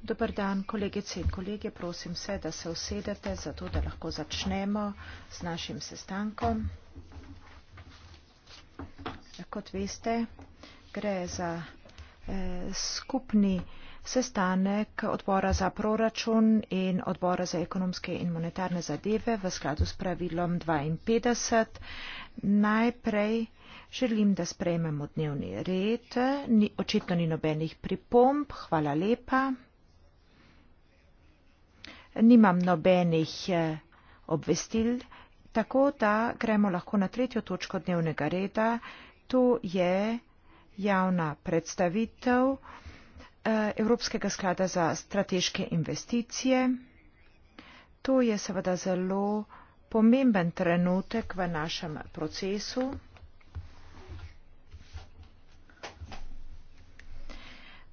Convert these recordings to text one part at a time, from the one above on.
dober dan kolegice in kolege prosim vse da se usedete zato da lahko začnemo s našim sestankom kot veste gre za eh, skupni sestanek odbora za proračun in odbora za ekonomske in monetarne zadeve v skladu s pravilom dvainpetdeset najprej Želim, da sprejmemo dnevni red. Ni, očitno ni nobenih pripomb. Hvala lepa. Nimam nobenih eh, obvestil, tako da gremo lahko na tretjo točko dnevnega reda. To je javna predstavitev eh, Evropskega sklada za strateške investicije. To je seveda zelo pomemben trenutek v našem procesu.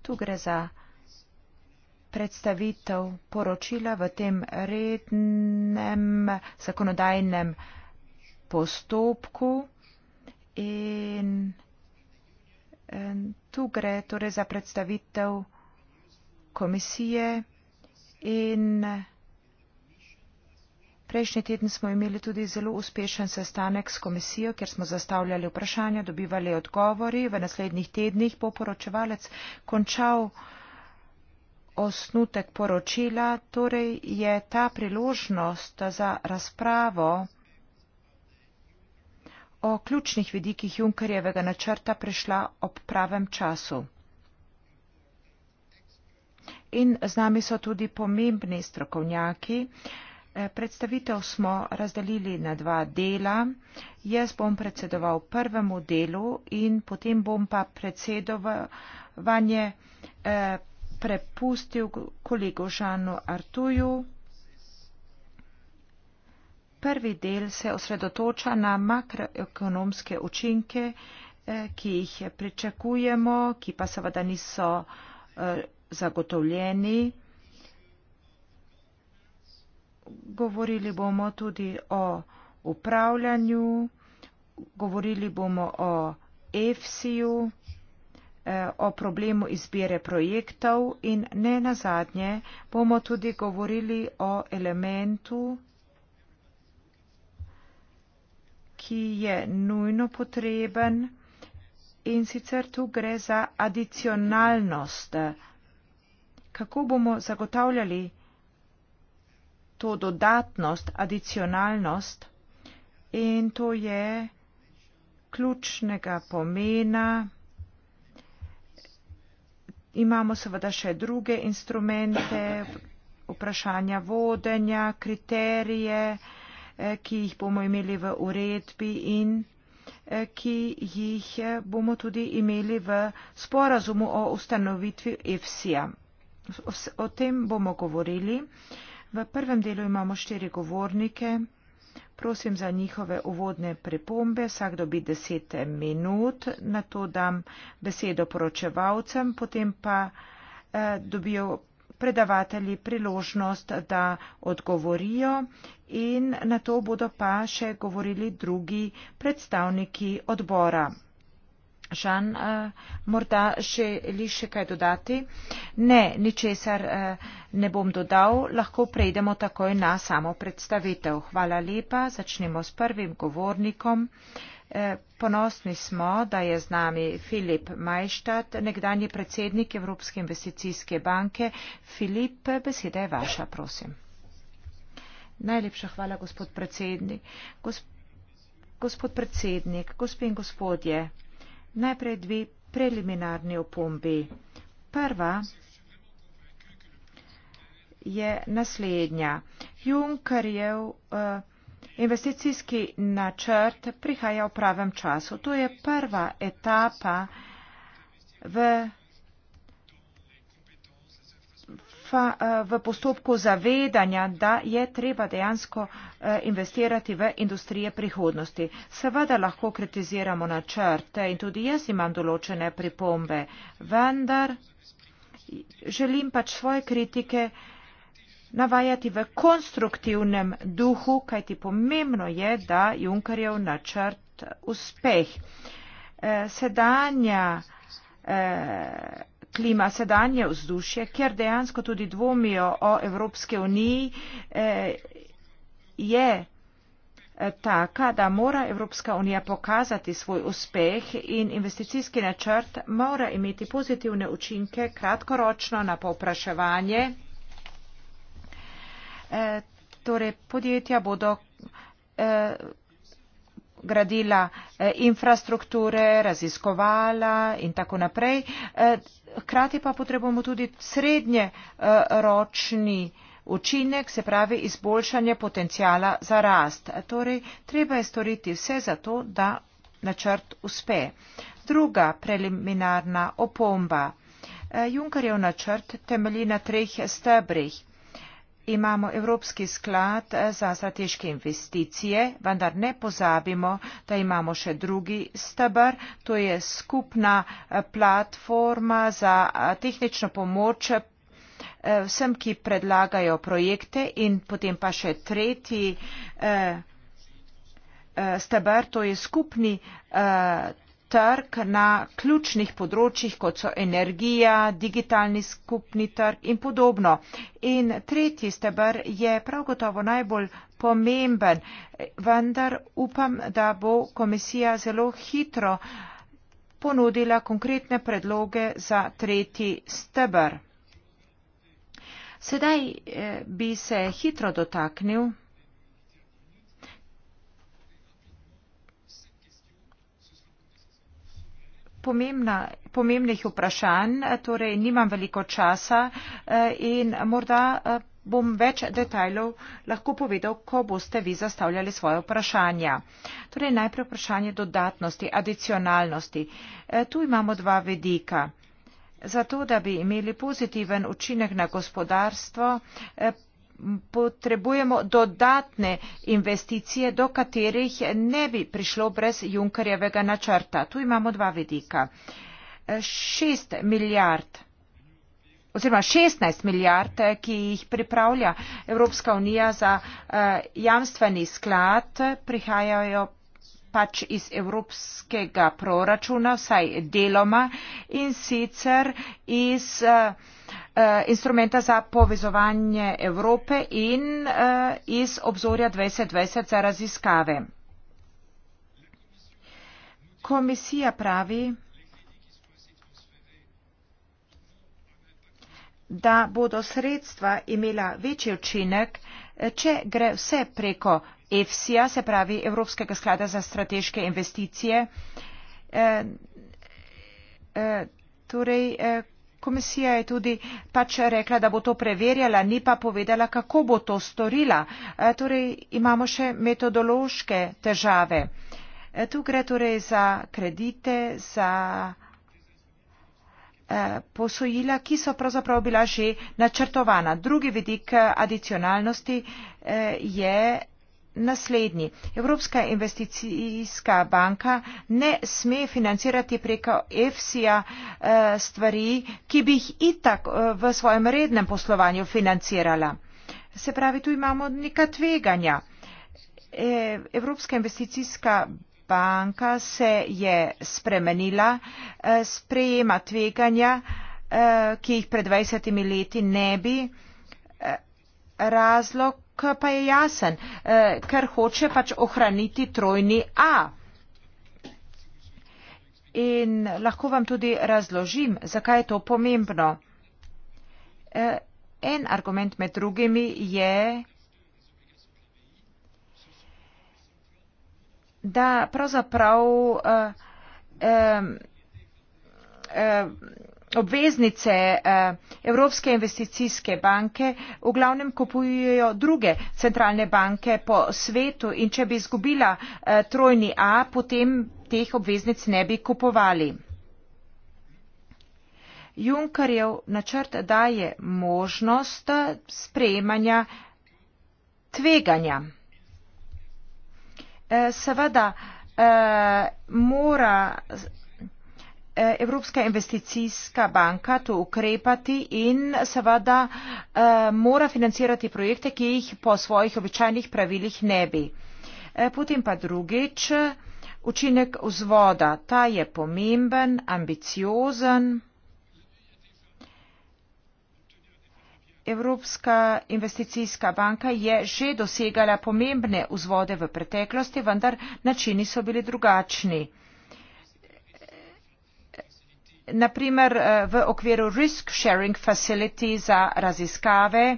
Tu gre za predstavitev poročila v tem rednem zakonodajnem postopku in eh, tu gre torej za predstavitev komisije in Prejšnji teden smo imeli tudi zelo uspešen sestanek s komisijo, kjer smo zastavljali vprašanja, dobivali odgovori. V naslednjih tednih bo poročevalec končal osnutek poročila, torej je ta priložnost za razpravo o ključnih vidikih Junkerjevega načrta prišla ob pravem času. In z nami so tudi pomembni strokovnjaki, Eh, predstavitev smo razdelili na dva dela. Jaz bom predsedoval prvemu delu in potem bom pa predsedovanje eh, prepustil kolegu Žanu Artuju. Prvi del se osredotoča na makroekonomske učinke, eh, ki jih pričakujemo, ki pa seveda niso zagotovljeni govorili bomo tudi o upravljanju, govorili bomo o EFSI-ju, eh, o problemu izbire projektov in ne nazadnje bomo tudi govorili o elementu, ki je nujno potreben in sicer tu gre za adicionalnost. Kako bomo zagotavljali to dodatnost, adicionalnost in to je ključnega pomena. Imamo seveda še druge instrumente, vprašanja vodenja, kriterije, eh, ki jih bomo imeli v uredbi in eh, ki jih eh, bomo tudi imeli v sporazumu o ustanovitvi EFSI-a. O tem bomo govorili. V prvem delu imamo štiri govornike. Prosim za njihove uvodne pripombe. Vsak dobi deset minut, na to dam besedo poročevalcem, potem pa eh, dobijo predavatelji priložnost, da odgovorijo in na to bodo pa še govorili drugi predstavniki odbora. Žan, eh, morda želiš še kaj dodati? Ne, ničesar eh, ne bom dodal, lahko prejdemo takoj na samo predstavitev. Hvala lepa, začnemo s prvim govornikom. Eh, ponosni smo, da je z nami Filip Majštad, nekdanji predsednik Evropske investicijske banke. Filip, beseda je vaša, prosim. Najlepša hvala, gospod predsednik. Gosp gospod predsednik, gospe in gospodje, Najprej dve preliminarni opombi. Prva je naslednja. Junkerjev eh, investicijski načrt prihaja v pravem času. To je prva etapa v pa eh, v postopku zavedanja, da je treba dejansko eh, investirati v industrije prihodnosti. Seveda lahko kritiziramo načrte in tudi jaz imam določene pripombe, vendar želim pač svoje kritike navajati v konstruktivnem duhu, kajti pomembno je, da Junkerjev načrt uspeh. Eh, sedanja klima, sedanje vzdušje, kjer dejansko tudi dvomijo o Evropske uniji, eh, je eh, taka, da mora Evropska unija pokazati svoj uspeh in investicijski načrt mora imeti pozitivne učinke kratkoročno na povpraševanje. Eh, torej, podjetja bodo gradila infrastrukture, raziskovala in tako naprej hkrati pa potrebujemo tudi srednjeročni eh, učinek, se pravi izboljšanje potencijala za rast. Torej, treba je storiti vse za to, da načrt uspe. Druga preliminarna opomba. Eh, Junkarjev načrt temelji na treh stebrih imamo Evropski sklad eh, za strateške investicije, vendar ne pozabimo, da imamo še drugi stebr, to je skupna eh, platforma za eh, tehnično pomoč vsem, ki predlagajo projekte in potem pa še tretji stebr, to je skupni trg na ključnih področjih, kot so energija, digitalni skupni trg in podobno. In tretji stebr je prav gotovo najbolj pomemben, vendar upam, da bo komisija zelo hitro ponudila konkretne predloge za tretji stebr. Sedaj eh, bi se hitro dotaknil pomembna, pomembnih vprašanj, torej nimam veliko časa eh, in morda eh, bom več detajlov lahko povedal, ko boste vi zastavljali svoje vprašanja. Torej najprej vprašanje dodatnosti, adicionalnosti. Eh, tu imamo dva vedika. Zato, da bi imeli pozitiven učinek na gospodarstvo, potrebujemo dodatne investicije, do katerih ne bi prišlo brez Junkerjevega načrta. Tu imamo dva vidika. 6 milijard oziroma 16 milijard, ki jih pripravlja Evropska unija za eh, jamstveni sklad, prihajajo pač iz evropskega proračuna, vsaj deloma, in sicer iz uh, Eh, instrumenta za povezovanje Evrope in eh, iz obzorja 2020 za raziskave. Komisija pravi, da bodo sredstva imela večji učinek, eh, če gre vse preko EFSI-ja, se pravi Evropskega sklada za strateške investicije. Torej, komisija je tudi pač rekla, da bo to preverjala, ni pa povedala, kako bo to storila. E, torej imamo še metodološke težave. E, tu gre torej za kredite, za e, posojila, ki so pravzaprav bila že načrtovana. Drugi vidik adicionalnosti je Naslednji. Evropska investicijska banka ne sme financirati preko EFSI-ja eh, stvari, ki bi jih itak eh, v svojem rednem poslovanju financirala. Se pravi, tu imamo neka tveganja. E, Evropska investicijska banka se je spremenila, eh, sprejema tveganja, ki jih pred 20 leti ne bi. Razlog ki pa je jasen, eh, ker hoče pač ohraniti trojni A. In lahko vam tudi razložim, zakaj je to pomembno. Eh, en argument med drugimi je, da pravzaprav eh, eh, eh, obveznice eh, evropske investicijske banke v glavnem kupujejo druge centralne banke po svetu in če bi izgubila eh, trojni A, potem teh obveznic ne bi kupovali. Junkarjev načrt daje možnost eh, sprejemanja tveganja. Seveda mora Eh, Evropska investicijska banka to ukrepati in seveda eh, mora financirati projekte, ki jih po svojih običajnih pravilih ne bi. Eh, potem pa drugič, učinek vzvoda. Ta je pomemben, ambiciozen. Evropska investicijska banka je že dosegala pomembne vzvode v preteklosti, vendar načini so bili drugačni na primer eh, v okviru risk sharing facility za raziskave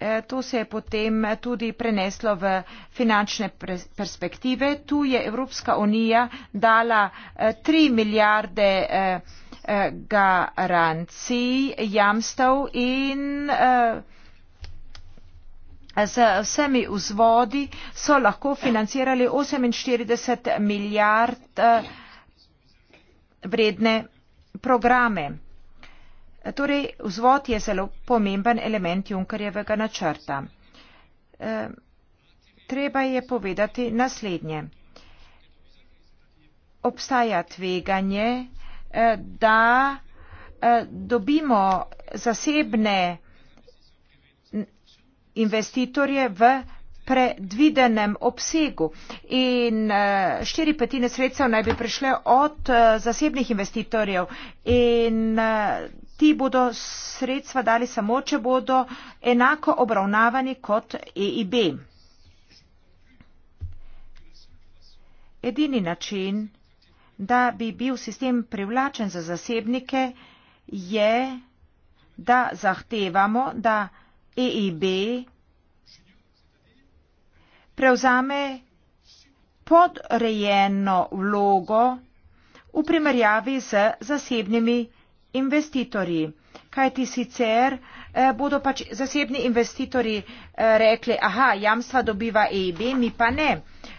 eh, to se je potem tudi preneslo v finančne perspektive tu je evropska unija dala eh, tri milijarde garancij jamstev in z vsemi vzvodi so lahko financirali oseminštirideset milijard vredne programe. Torej, vzvod je zelo pomemben element Junkerjevega načrta. E, treba je povedati naslednje. Obstaja tveganje, e, da e, dobimo zasebne investitorje v predvidenem obsegu in eh, štiri petine sredstev naj bi prišle od eh, zasebnih investitorjev in eh, ti bodo sredstva dali samo, če bodo enako obravnavani kot EIB. Edini način, da bi bil sistem privlačen za zasebnike, je, da zahtevamo, da EIB prevzame podrejeno vlogo v primerjavi z zasebnimi investitorji. Kajti sicer eh, bodo pač zasebni investitorji eh, rekli, aha, jamstva dobiva EIB, mi pa ne.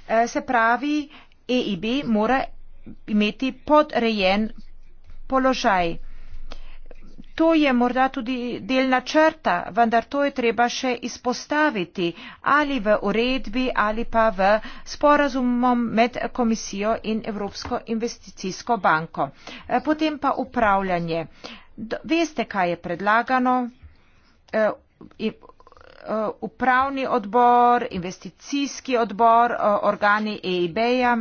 Eh, se pravi, EIB mora imeti podrejen položaj to je morda tudi del načrta, vendar to je treba še izpostaviti ali v uredbi ali pa v sporazumom med komisijo in Evropsko investicijsko banko. E, potem pa upravljanje. Veste, kaj je predlagano? E, e, upravni odbor, investicijski odbor, organi EIB-ja,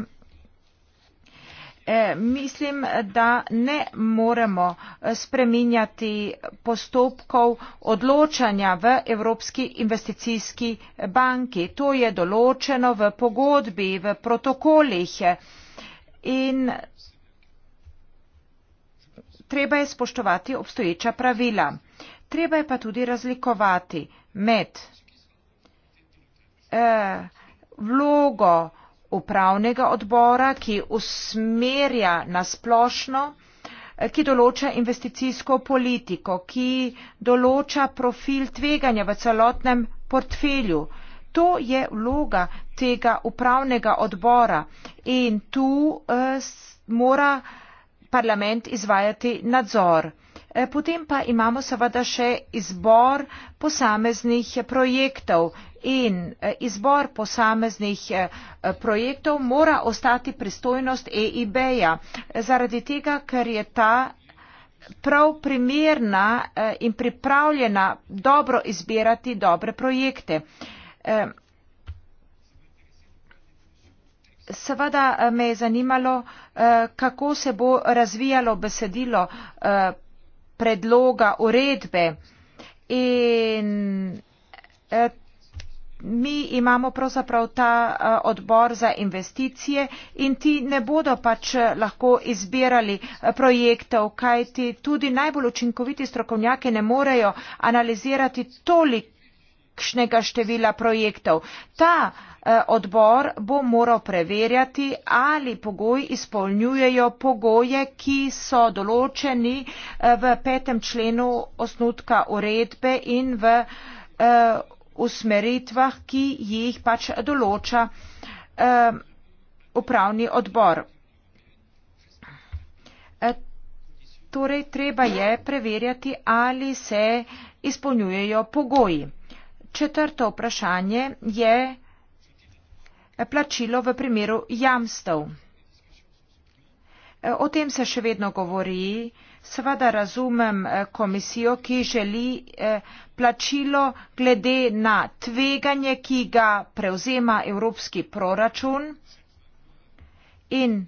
E, mislim da ne moremo e, spreminjati postopkov odločanja v evropski investicijski banki to je določeno v pogodbi v protokolih in treba je spoštovati obstoječa pravila treba je pa tudi razlikovati med eh, vlogo upravnega odbora, ki usmerja na splošno, eh, ki določa investicijsko politiko, ki določa profil tveganja v celotnem portfelju. To je vloga tega upravnega odbora in tu eh, mora parlament izvajati nadzor. Eh, potem pa imamo seveda še izbor posameznih projektov in eh, izbor posameznih eh, projektov mora ostati pristojnost EIB-ja, zaradi tega, ker je ta prav primerna in pripravljena dobro izbirati dobre projekte. Seveda me je zanimalo, kako se bo razvijalo besedilo predloga uredbe. In eh, mi imamo pravzaprav ta eh, odbor za investicije in ti ne bodo pač eh, lahko izbirali projektov, kaj ti tudi najbolj učinkoviti strokovnjaki ne morejo analizirati tolikšnega števila projektov. Ta uh, Eh, odbor bo moral preverjati, ali pogoji izpolnjujejo pogoje, ki so določeni eh, v petem členu osnutka uredbe in v eh, usmeritvah, ki jih pač določa upravni odbor. Torej, treba je preverjati, ali se izpolnjujejo pogoji. Četrto vprašanje je, plačilo v primeru jamstev. O tem se še vedno govori. Seveda razumem eh, komisijo, ki želi eh, plačilo glede na tveganje, ki ga prevzema evropski proračun. In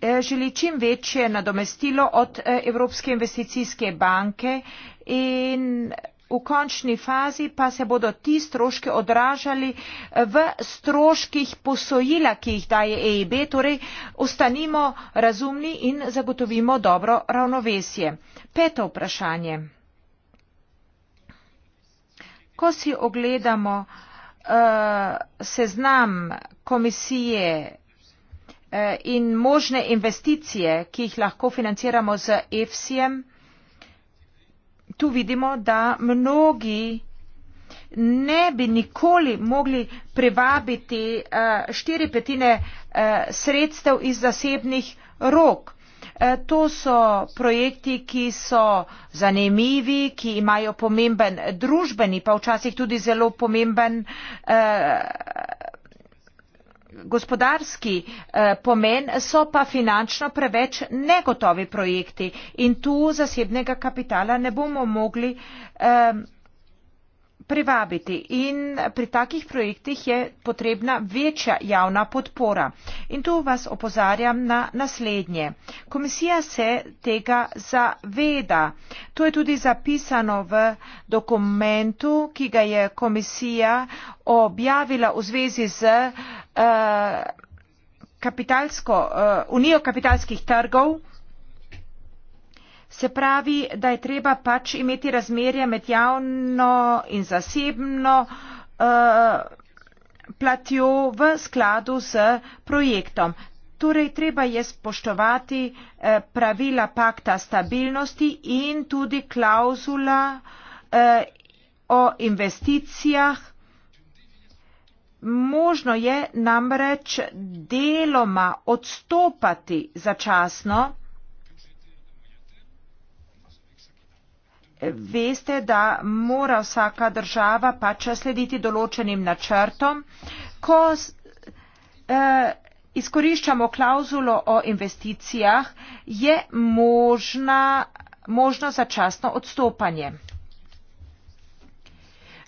eh, želi čim večje nadomestilo od Evropske investicijske banke in V končni fazi pa se bodo ti stroški odražali eh, v stroških posojila, ki jih daje EIB, torej ostanimo razumni in zagotovimo dobro ravnovesje. Peto vprašanje. Ko si ogledamo uh, seznam komisije uh, in možne investicije, ki jih lahko financiramo z EFSI-em, tu vidimo, da mnogi ne bi nikoli mogli privabiti uh, štiri petine uh, sredstev iz zasebnih rok. Eh, to so projekti, ki so zanimivi, ki imajo pomemben družbeni, pa včasih tudi zelo pomemben eh, gospodarski eh, pomen so pa finančno preveč negotovi projekti in tu zasebnega kapitala ne bomo mogli um, privabiti in pri takih projektih je potrebna večja javna podpora. In tu vas opozarjam na naslednje. Komisija se tega zaveda. To je tudi zapisano v dokumentu, ki ga je komisija objavila v zvezi z uh, kapitalsko, uh, Unijo kapitalskih trgov Se pravi, da je treba pač imeti razmerje med javno in zasebno uh, platjo v skladu s projektom. Torej, treba je spoštovati eh, pravila pakta stabilnosti in tudi klauzula eh, o investicijah. Možno je namreč deloma odstopati začasno veste, da mora vsaka država pač slediti določenim načrtom. Ko eh, izkoriščamo klauzulo o investicijah, je možna, možno začasno odstopanje.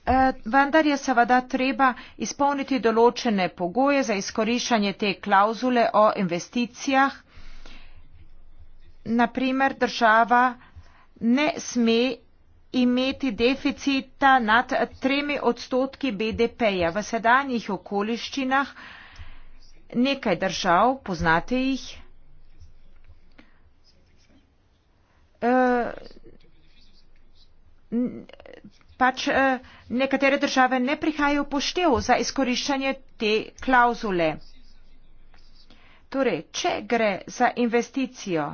Eh, vendar je seveda treba izpolniti določene pogoje za izkoriščanje te klauzule o investicijah. Naprimer, država ne sme imeti deficita nad tremi odstotki BDP-ja. V sedanjih okoliščinah nekaj držav, poznate jih, eh, pač eh, nekatere države ne prihajajo poštev za izkoriščanje te klauzule. Torej, če gre za investicijo,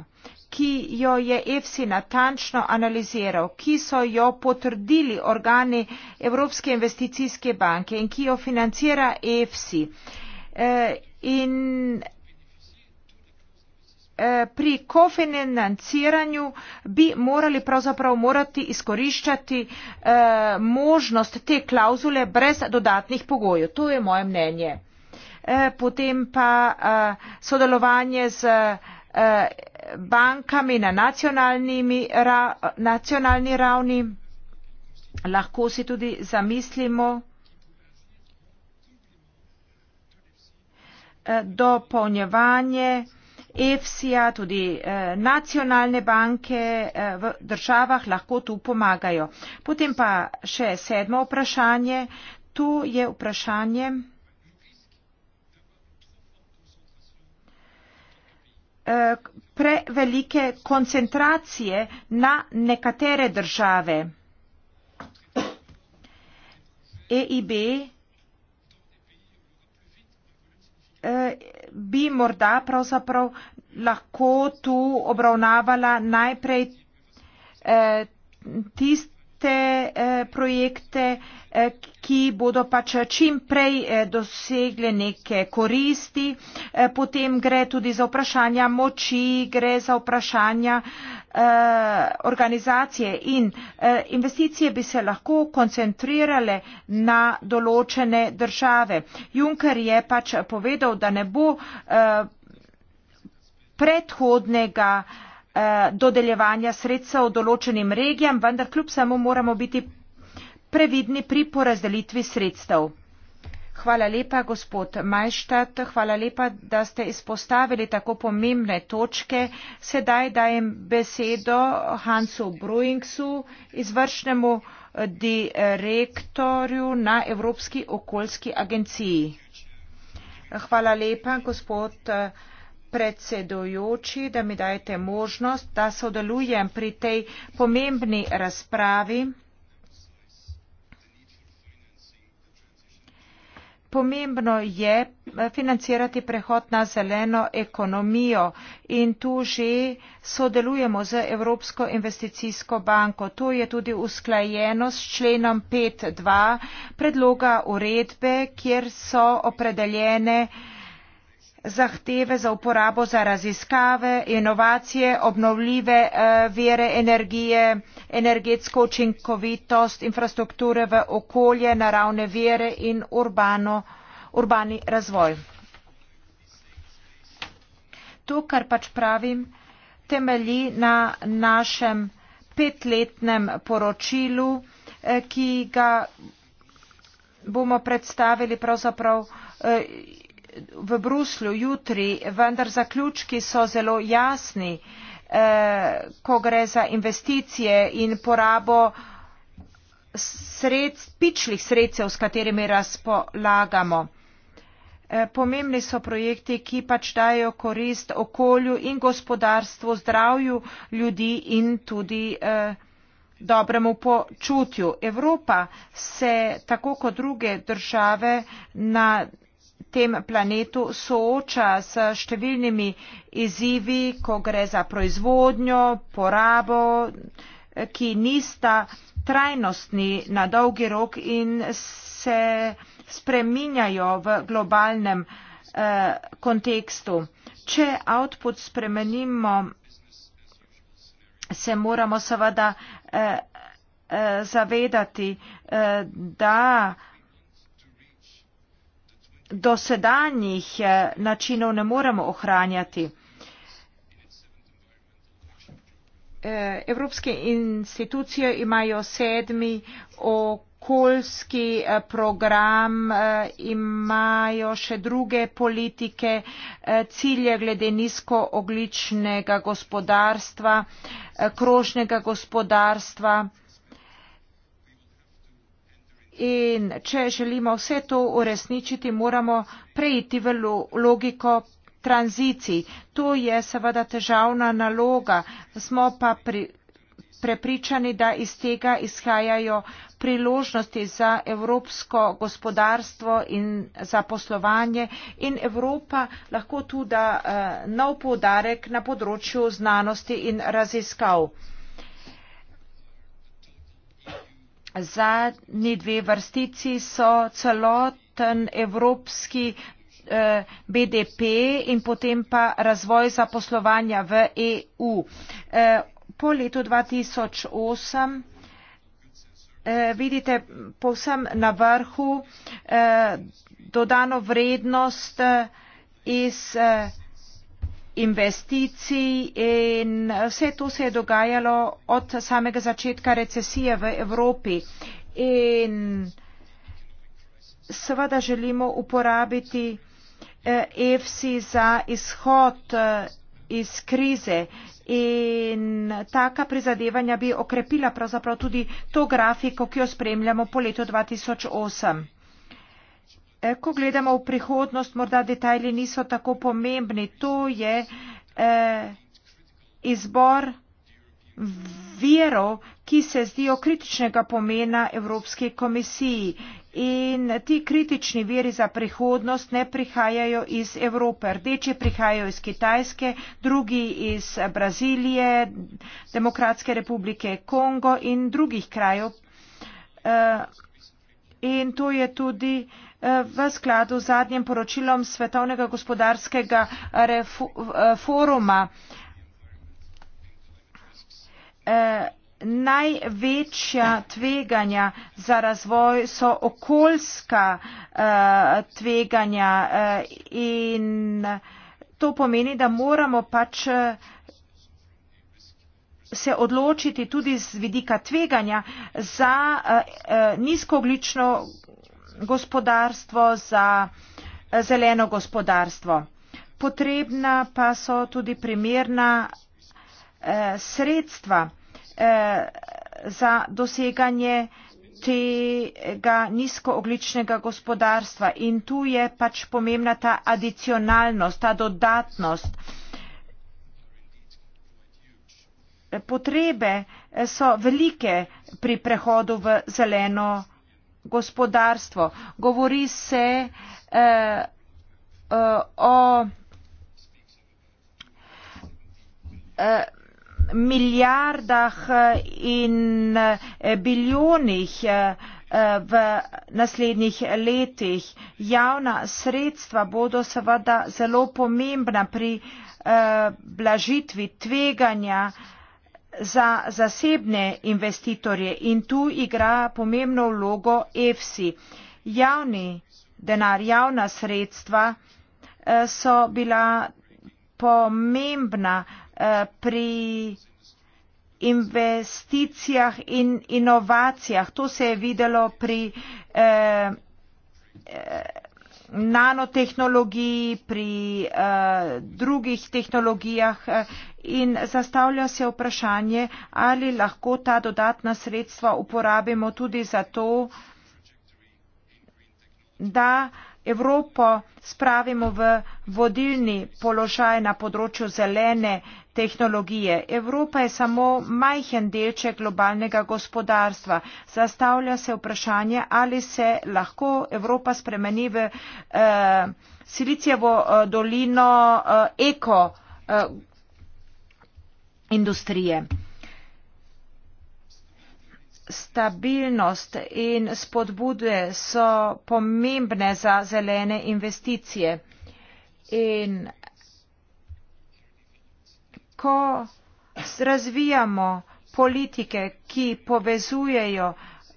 ki jo je EFSI natančno analiziral, ki so jo potrdili organi Evropske investicijske banke in ki jo financira EFSI. Eh, in eh, pri kofinanciranju bi morali pravzaprav morati izkoriščati eh, možnost te klauzule brez dodatnih pogojev. To je moje mnenje. Potem pa sodelovanje z bankami na, ra, nacionalni ravni. Lahko si tudi zamislimo eh, dopolnjevanje EFSI-ja, tudi eh, nacionalne banke eh, v državah lahko tu pomagajo. Potem pa še sedmo vprašanje. Tu je vprašanje. Eh, prevelike koncentracije na nekatere države. EIB eh, bi morda pravzaprav lahko tu obravnavala najprej eh, tiste, te eh, projekte, eh, ki bodo pač čim prej eh, dosegle neke koristi. Potem gre tudi za vprašanja moči, gre za vprašanja organizacije in investicije bi se lahko koncentrirale na določene države. Juncker je pač povedal, da ne bo predhodnega Eh, dodeljevanja sredstev določenim regijam, vendar kljub samo moramo biti previdni pri porazdelitvi sredstev. Hvala lepa, gospod Majštad. Hvala lepa, da ste izpostavili tako pomembne točke. Sedaj dajem besedo Hansu Bruingsu, izvršnemu direktorju na Evropski okoljski agenciji. Hvala lepa, gospod Majštad. Eh, predsedujoči, da mi dajete možnost, da sodelujem pri tej pomembni razpravi. Pomembno je financirati prehod na zeleno ekonomijo in tu že sodelujemo z Evropsko investicijsko banko. To je tudi usklajeno s členom 5.2 predloga uredbe, kjer so opredeljene uh, zahteve za uporabo za raziskave, inovacije, obnovljive eh, vere energije, energetsko učinkovitost, infrastrukture v okolje, naravne vere in urbano, urbani razvoj. To, kar pač pravim, temelji na našem petletnem poročilu, eh, ki ga bomo predstavili pravzaprav eh, v Bruslju jutri, vendar zaključki so zelo jasni, eh, ko gre za investicije in porabo sred, pičlih sredstev, s katerimi razpolagamo. Eh, pomembni so projekti, ki pač dajo korist okolju in gospodarstvu, zdravju ljudi in tudi eh, dobremu počutju. Evropa se tako kot druge države na tem planetu sooča s številnimi izzivi, ko gre za proizvodnjo, porabo, eh, ki nista trajnostni na dolgi rok in se spreminjajo v globalnem eh, kontekstu. Če output spremenimo, se moramo seveda eh, eh, zavedati, eh, da dosedanjih eh, načinov ne moremo ohranjati. Eh, evropske institucije imajo sedmi okoljski eh, program, imajo še druge politike, cilje glede nizkoogličnega gospodarstva, krožnega gospodarstva. In če želimo vse to uresničiti, moramo preiti v logiko tranziciji. To je seveda težavna naloga. Smo pa pri, prepričani, da iz tega izhajajo priložnosti za evropsko gospodarstvo in za poslovanje. In Evropa lahko tu da eh, nov podarek na področju znanosti in raziskav. zadnji dve vrstici so celoten evropski eh, BDP in potem pa razvoj zaposlovanja v EU. Eh, po letu 2008 eh, vidite povsem na vrhu dodano vrednost iz investicij in vse to se je dogajalo od samega začetka recesije v Evropi. In seveda želimo uporabiti EFSI eh, e za izhod eh, iz krize in taka prizadevanja bi okrepila pravzaprav tudi to grafiko, ki jo spremljamo po letu 2008. Eh, ko gledamo v prihodnost, morda detajli niso tako pomembni. To je eh, izbor verov, ki se zdijo kritičnega pomena Evropske komisiji. In ti kritični veri za prihodnost ne prihajajo iz Evrope. Rdeči prihajajo iz Kitajske, drugi iz Brazilije, Demokratske republike Kongo in drugih krajev. Eh, in to je tudi. Eh, v skladu z zadnjim poročilom Svetovnega gospodarskega foruma e, največja tveganja za razvoj so okoljska e, tveganja e, in to pomeni, da moramo pač se odločiti tudi z vidika tveganja za nizkooglično gospodarstvo, za eh, zeleno gospodarstvo. Potrebna pa so tudi primerna eh, sredstva eh, za doseganje tega nizkoogličnega gospodarstva in tu je pač pomembna ta adicionalnost, ta dodatnost. Potrebe so velike pri prehodu v zeleno gospodarstvo gospodarstvo, govori se eh, eh, o eh, milijardah eh, in eh, biljonih v naslednjih letih. Javna sredstva bodo seveda zelo pomembna pri blažitvi tveganja eh, za zasebne investitorje in tu igra pomembno vlogo EFSI. Javni denar, javna sredstva eh, so bila pomembna eh, pri investicijah in inovacijah. To se je videlo pri eh, eh nanotehnologiji, pri uh, drugih tehnologijah eh, in zastavlja se vprašanje, ali lahko ta dodatna sredstva uporabimo tudi za to, da uh, Evropo spravimo v vodilni položaj na področju zelene tehnologije. Evropa je samo majhen delček globalnega gospodarstva. Zastavlja se vprašanje, ali se lahko Evropa spremeni v eh, Silicijevo eh, dolino eh, ekoindustrije. Eh, stabilnost in spodbude so pomembne za zelene investicije. In ko razvijamo politike, ki povezujejo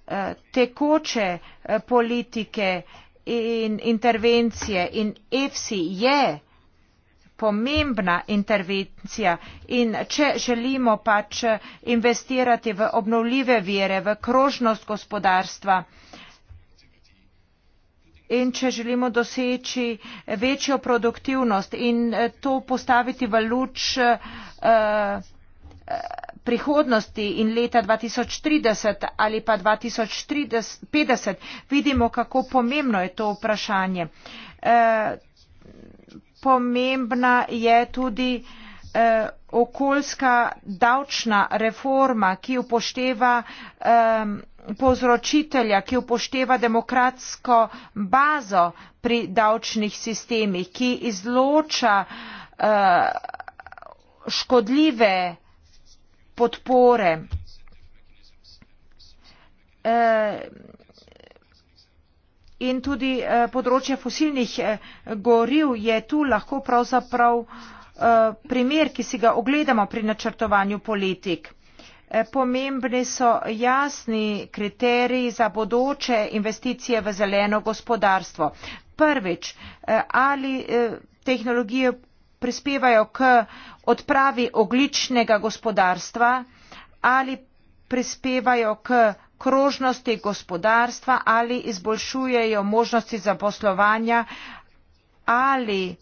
eh, tekoče eh, politike in intervencije in EFSI je pomembna intervencija in če želimo pač investirati v obnovljive vire, v krožnost gospodarstva in če želimo doseči večjo produktivnost in eh, to postaviti v luč uh, prihodnosti in leta 2030 ali pa 2050, vidimo, kako pomembno je to vprašanje. Uh, pomembna je tudi eh, okoljska davčna reforma, ki upošteva eh, povzročitelja, ki upošteva demokratsko bazo pri davčnih sistemih, ki izloča eh, škodljive podpore. Eh, in tudi eh, področje fosilnih eh, goriv je tu lahko pravzaprav eh, primer, ki si ga ogledamo pri načrtovanju politik. Pomembni so jasni kriteriji za bodoče investicije v zeleno gospodarstvo. Prvič, ali tehnologije prispevajo k odpravi ogličnega gospodarstva ali prispevajo k krožnosti gospodarstva ali izboljšujejo možnosti zaposlovanja ali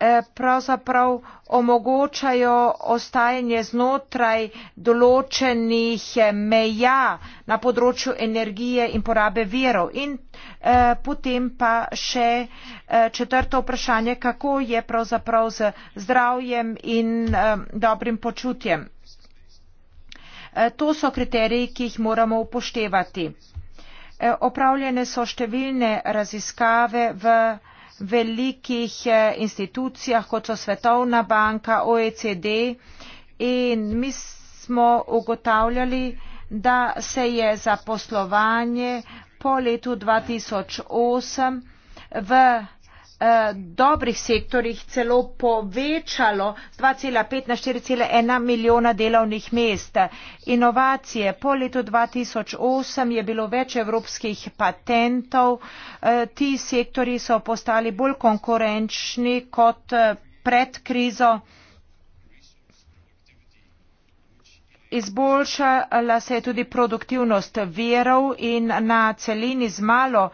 eh, pravzaprav omogočajo ostajanje znotraj določenih eh, meja na področju energije in porabe virov. In eh, potem pa še četrto vprašanje, kako je pravzaprav z zdravjem in dobrim počutjem. Eh, to so kriteriji, ki jih moramo upoštevati. Eh, opravljene so številne raziskave v velikih eh, institucijah, kot so Svetovna banka, OECD in mi smo ugotavljali, da se je zaposlovanje po letu 2008 v Eh, dobrih sektorjih celo povečalo z 2,5 na 4,1 milijona delovnih mest. Inovacije po letu 2008 je bilo več evropskih patentov. Eh, ti sektori so postali bolj konkurenčni kot eh, pred krizo. Izboljšala se je tudi produktivnost verov in na celini z malo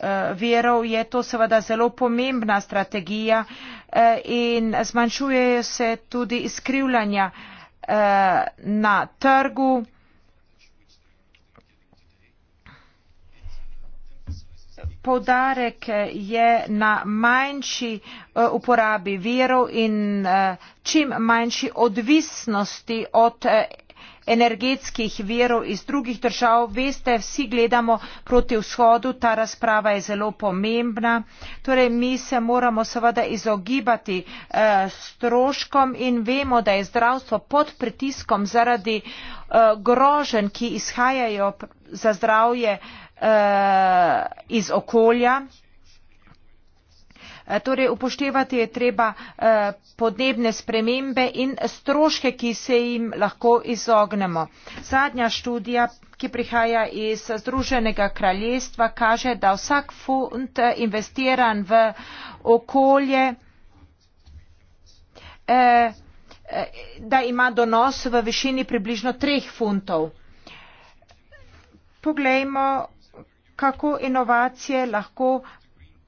Eh, virov je to seveda zelo pomembna strategija eh, in zmanjšujejo se tudi izkrivljanja eh, na trgu. Podarek je na manjši uporabi virov in čim manjši odvisnosti od energetskih virov iz drugih držav veste vsi gledamo proti vzhodu ta razprava je zelo pomembna torej mi se moramo seveda izogibati eh, stroškom in vemo da je zdravstvo pod pritiskom zaradi eh, grožen ki izhajajo za zdravje eh, iz okolja Eh, torej upoštevati je treba eh, podnebne spremembe in stroške, ki se jim lahko izognemo. Zadnja študija, ki prihaja iz Združenega kraljestva, kaže, da vsak funt eh, investiran v okolje da ima donos v višini približno 3 funtov. Poglejmo, kako inovacije lahko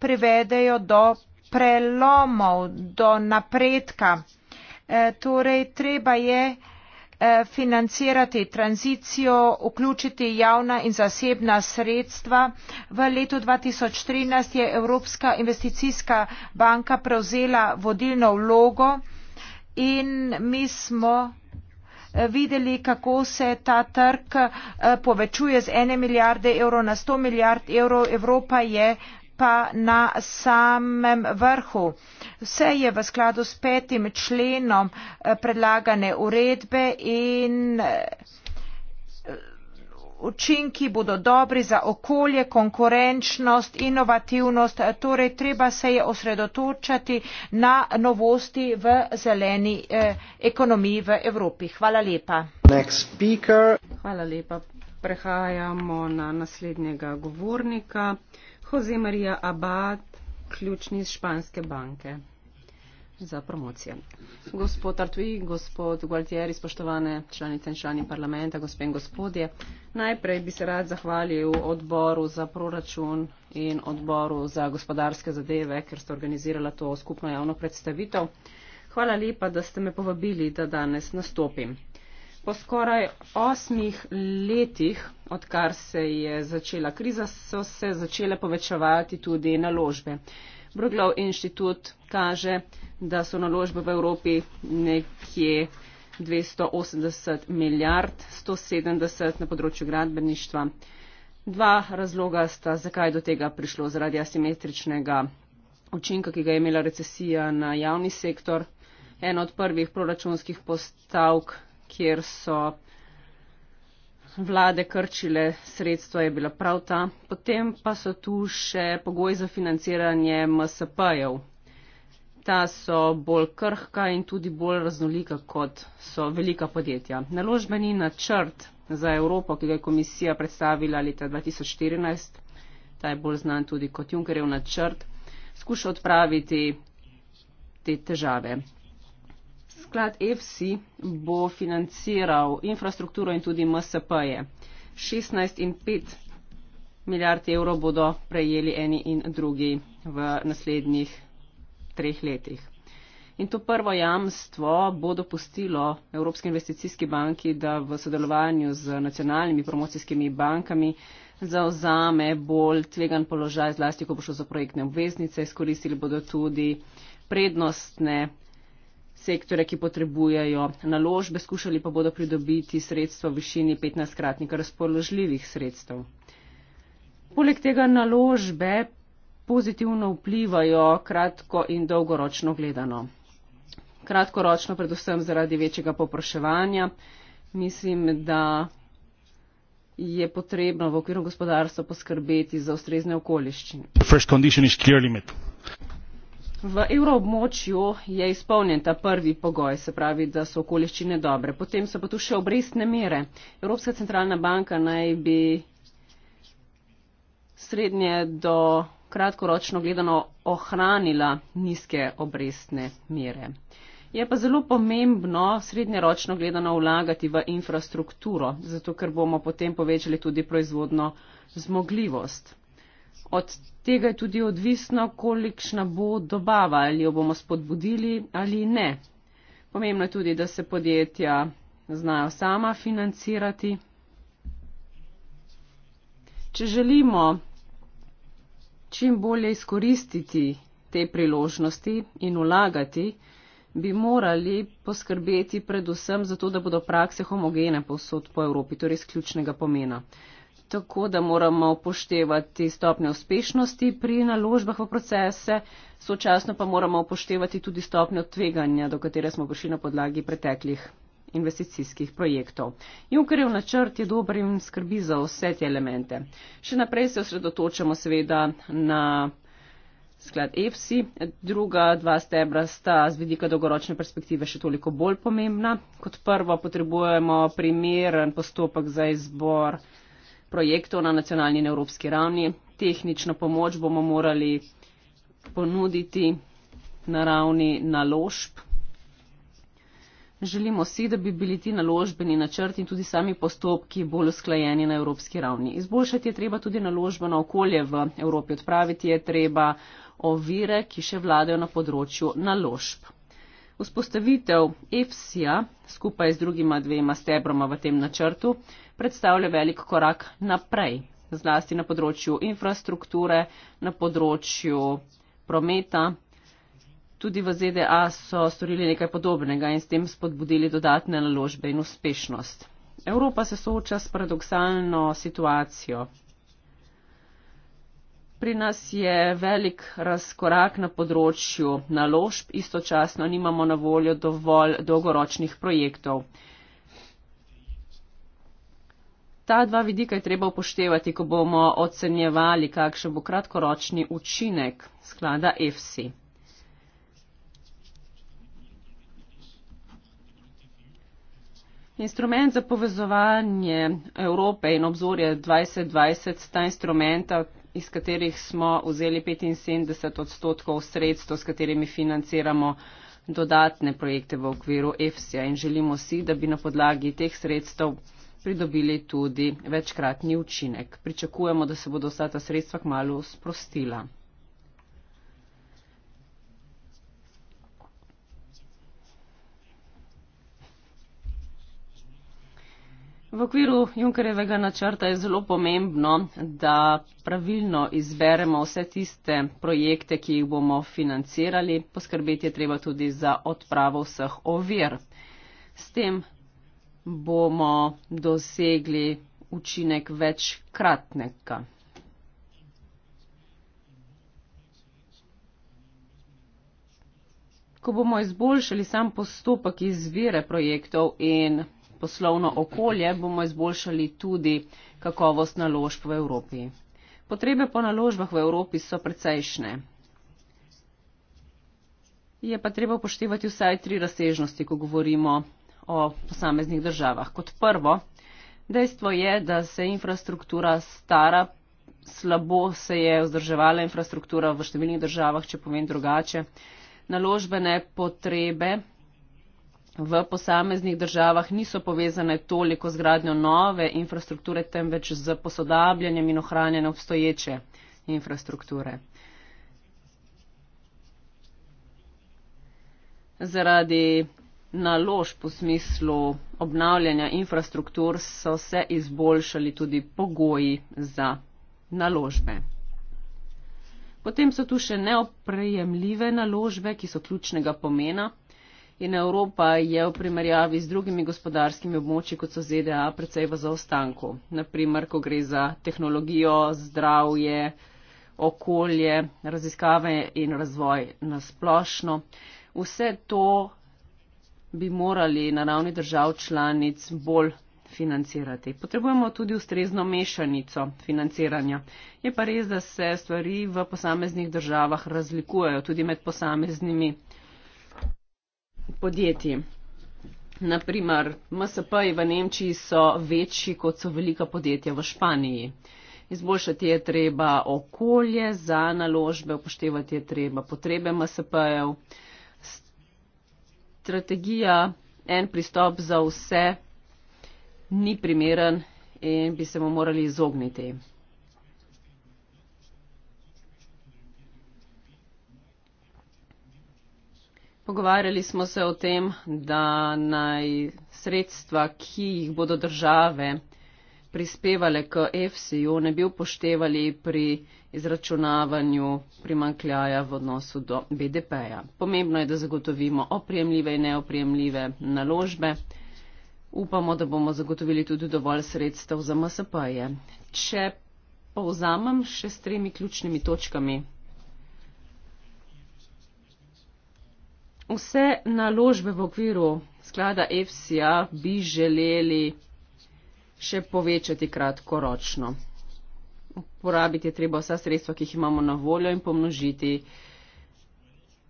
privedejo do prelomov, do napredka. E, torej, treba je e, financirati tranzicijo, vključiti javna in zasebna sredstva. V letu 2013 je Evropska investicijska banka prevzela vodilno vlogo in mi smo e, videli, kako se ta trg povečuje z 1 milijarde evrov na 100 milijard evrov. Evropa je pa na samem vrhu. Vse je v skladu s petim členom eh, predlagane uredbe in eh, učinki bodo dobri za okolje, konkurenčnost, inovativnost, eh, torej treba se je osredotočati na novosti v zeleni eh, ekonomiji v Evropi. Hvala lepa. Hvala lepa. Prehajamo na naslednjega govornika. Eh, Jose Maria Abad, ključni iz Španske banke za promocije. Gospod Artui, gospod Gualtieri, spoštovane članice in člani parlamenta, gospe in gospodje, najprej bi se rad zahvalil odboru za proračun in odboru za gospodarske zadeve, ker ste organizirala to skupno javno predstavitev. Hvala lepa, da ste me povabili, da danes nastopim. Po skoraj osmih letih, odkar se je začela kriza, so se začele povečevati tudi naložbe. Broglov inštitut kaže, da so naložbe v Evropi nekje 280 milijard, 170 na področju gradbeništva. Dva razloga sta, zakaj je do tega prišlo, zaradi asimetričnega učinka, ki ga je imela recesija na javni sektor. Ena od prvih proračunskih postavk kjer so vlade krčile sredstva, je bila prav ta. Potem pa so tu še pogoji za financiranje MSP-jev. Ta so bolj krhka in tudi bolj raznolika, kot so velika podjetja. Naložbeni načrt za Evropo, ki ga je komisija predstavila leta 2014, ta je bolj znan tudi kot Junkerjev načrt, skuša odpraviti te težave sklad EFSI bo financiral infrastrukturo in tudi MSP-je. 16 in 5 milijard evrov bodo prejeli eni in drugi v naslednjih treh letih. In to prvo jamstvo bo dopustilo Evropski investicijski banki, da v sodelovanju z nacionalnimi promocijskimi bankami zauzame bolj tvegan položaj, zlasti ko bo šlo za projektne obveznice, izkoristili bodo tudi prednostne sektore, ki potrebujejo naložbe, skušali pa bodo pridobiti sredstva v višini 15-kratnika razpoložljivih sredstev. Poleg tega naložbe pozitivno vplivajo kratko in dolgoročno gledano. Kratkoročno predvsem zaradi večjega popraševanja. Mislim, da je potrebno v okviru gospodarstva poskrbeti za ustrezne okoliščine. V evroobmočju je izpolnjen ta prvi pogoj, se pravi, da so okoliščine dobre. Potem so pa tu še obrestne mere. Evropska centralna banka naj bi srednje do kratkoročno gledano ohranila nizke obrestne mere. Je pa zelo pomembno srednjeročno gledano vlagati v infrastrukturo, zato ker bomo potem povečali tudi proizvodno zmogljivost. Od tega je tudi odvisno, kolikšna bo dobava, ali jo bomo spodbudili ali ne. Pomembno je tudi, da se podjetja znajo sama financirati. Če želimo čim bolje izkoristiti te priložnosti in ulagati, bi morali poskrbeti predvsem za to, da bodo prakse homogene povsod po Evropi, torej izključnega pomena tako da moramo upoštevati stopne uspešnosti pri naložbah v procese, sočasno pa moramo upoštevati tudi stopne tveganja, do katere smo prišli na podlagi preteklih investicijskih projektov. Junkerjev načrt je dober in skrbi za vse te elemente. Še naprej se osredotočamo seveda na sklad EPSI. Druga dva stebra sta z vidika dolgoročne perspektive še toliko bolj pomembna. Kot prvo potrebujemo primeren postopek za izbor projektov na nacionalni in evropski ravni. Tehnično pomoč bomo morali ponuditi na ravni naložb. Želimo si, da bi bili ti naložbeni načrti in tudi sami postopki bolj usklajeni na evropski ravni. Izboljšati je treba tudi naložbeno okolje v Evropi, odpraviti je treba ovire, ki še vladajo na področju naložb. Vzpostavitev EFSIA skupaj z drugima dvema stebroma v tem načrtu predstavlja velik korak naprej, zlasti na področju infrastrukture, na področju prometa. Tudi v ZDA so storili nekaj podobnega in s tem spodbudili dodatne naložbe in uspešnost. Evropa se sooča s paradoksalno situacijo. Pri nas je velik razkorak na področju naložb, istočasno nimamo na voljo dovolj dolgoročnih projektov ta dva vidika je treba upoštevati, ko bomo ocenjevali, kakšen bo kratkoročni učinek sklada EFSI. Instrument za povezovanje Evrope in obzorje 2020 sta instrumenta, iz katerih smo vzeli 75 odstotkov sredstev, s katerimi financiramo dodatne projekte v okviru EFSI-ja in želimo si, da bi na podlagi teh sredstev pridobili tudi večkratni učinek. Pričakujemo, da se bodo vsa ta sredstva kmalo sprostila. V okviru Junkerjevega načrta je zelo pomembno, da pravilno izberemo vse tiste projekte, ki jih bomo financirali. Poskrbeti je treba tudi za odpravo vseh ovir. S tem bomo dosegli učinek večkratnega. Ko bomo izboljšali sam postopek izvire projektov in poslovno okolje, bomo izboljšali tudi kakovost naložb v Evropi. Potrebe po naložbah v Evropi so precejšne. Je pa treba upoštevati vsaj tri razsežnosti, ko govorimo o posameznih državah. Kot prvo, dejstvo je, da se infrastruktura stara, slabo se je vzdrževala infrastruktura v številnih državah, če povem drugače. Naložbene potrebe v posameznih državah niso povezane toliko z gradnjo nove infrastrukture, temveč z posodabljanjem in ohranjanjem obstoječe infrastrukture. Zaradi naložb v smislu obnavljanja infrastruktur so se izboljšali tudi pogoji za naložbe. Potem so tu še neoprejemljive naložbe, ki so ključnega pomena. In Evropa je v primerjavi z drugimi gospodarskimi območji, kot so ZDA, predvsej v zaostanku. Naprimer, ko gre za tehnologijo, zdravje, okolje, raziskave in razvoj na splošno. Vse to bi morali na ravni držav članic bolj financirati. Potrebujemo tudi ustrezno mešanico financiranja. Je pa res, da se stvari v posameznih državah razlikujejo tudi med posameznimi podjetji. Naprimer, MSP-ji v Nemčiji so večji, kot so velika podjetja v Španiji. Izboljšati je treba okolje za naložbe, upoštevati je treba potrebe MSP-jev strategija, en pristop za vse, ni primeren in bi se mu morali izogniti. Pogovarjali smo se o tem, da naj sredstva, ki jih bodo države, prispevale k EFSI-ju, ne bi upoštevali pri izračunavanju primankljaja v odnosu do BDP-ja. Pomembno je, da zagotovimo opremljive in neopremljive naložbe. Upamo, da bomo zagotovili tudi dovolj sredstev za MSP-je. Če povzamem še s tremi ključnimi točkami. Vse naložbe v okviru sklada EFSI-ja bi želeli še povečati kratkoročno. Uporabiti je treba vsa sredstva, ki jih imamo na voljo in pomnožiti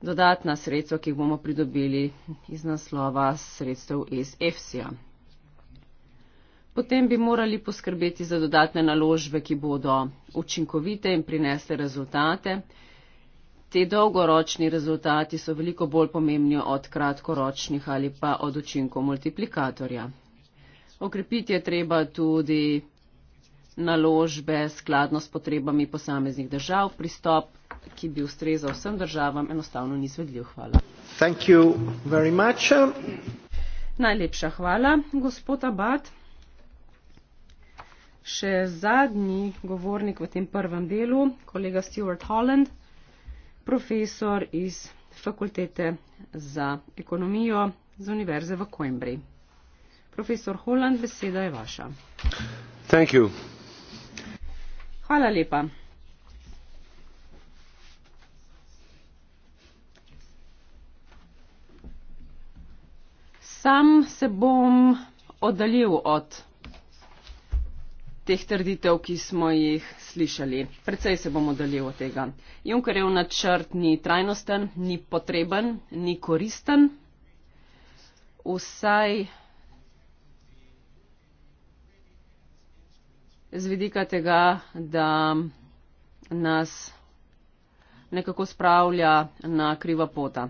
dodatna sredstva, ki jih bomo pridobili iz naslova sredstev iz EFSIA. Potem bi morali poskrbeti za dodatne naložbe, ki bodo učinkovite in prinesle rezultate. Te dolgoročni rezultati so veliko bolj pomembni od kratkoročnih ali pa od učinkov multiplikatorja. Okrepiti je treba tudi naložbe skladno s potrebami posameznih držav. Pristop, ki bi ustrezal vsem državam, enostavno ni zvedljiv. Hvala. Najlepša hvala, gospod Abad. Še zadnji govornik v tem prvem delu, kolega Stuart Holland, profesor iz Fakultete za ekonomijo z Univerze v Coimbrae profesor Holland, beseda je vaša. Thank you. Hvala lepa. Sam se bom oddaljil od teh trditev, ki smo jih slišali. Predvsej se bom oddaljil od tega. Junkerjev načrt ni trajnosten, ni potreben, ni koristen. Vsaj z vidika tega, da nas nekako spravlja na kriva pota.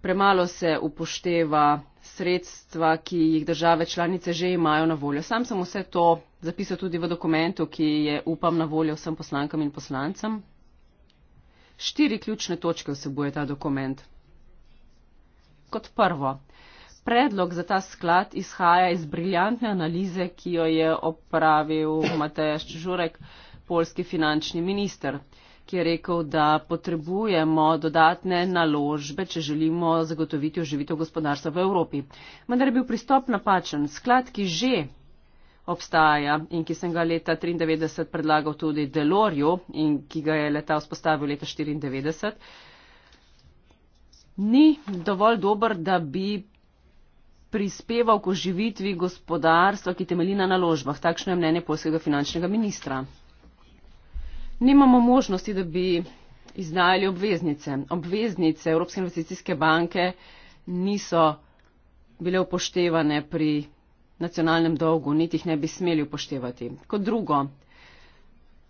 Premalo se upošteva sredstva, ki jih države članice že imajo na voljo. Sam sem vse to zapisal tudi v dokumentu, ki je upam na voljo vsem poslankam in poslancem. Štiri ključne točke vsebuje ta dokument. Kot prvo, predlog za ta sklad izhaja iz briljantne analize, ki jo je opravil Matejaš Žurek, polski finančni minister, ki je rekel, da potrebujemo dodatne naložbe, če želimo zagotoviti oživitev gospodarstva v Evropi. Vendar je bil pristop napačen. Sklad, ki že obstaja in ki sem ga leta 1993 predlagal tudi Delorju in ki ga je leta vzpostavil leta 1994, ni dovolj dober, da bi prispeval k oživitvi gospodarstva, ki temelji na naložbah. Takšno je mnenje polskega finančnega ministra. Nimamo možnosti, da bi izdajali obveznice. Obveznice Evropske investicijske banke niso bile upoštevane pri nacionalnem dolgu, niti jih ne bi smeli upoštevati. Kot drugo,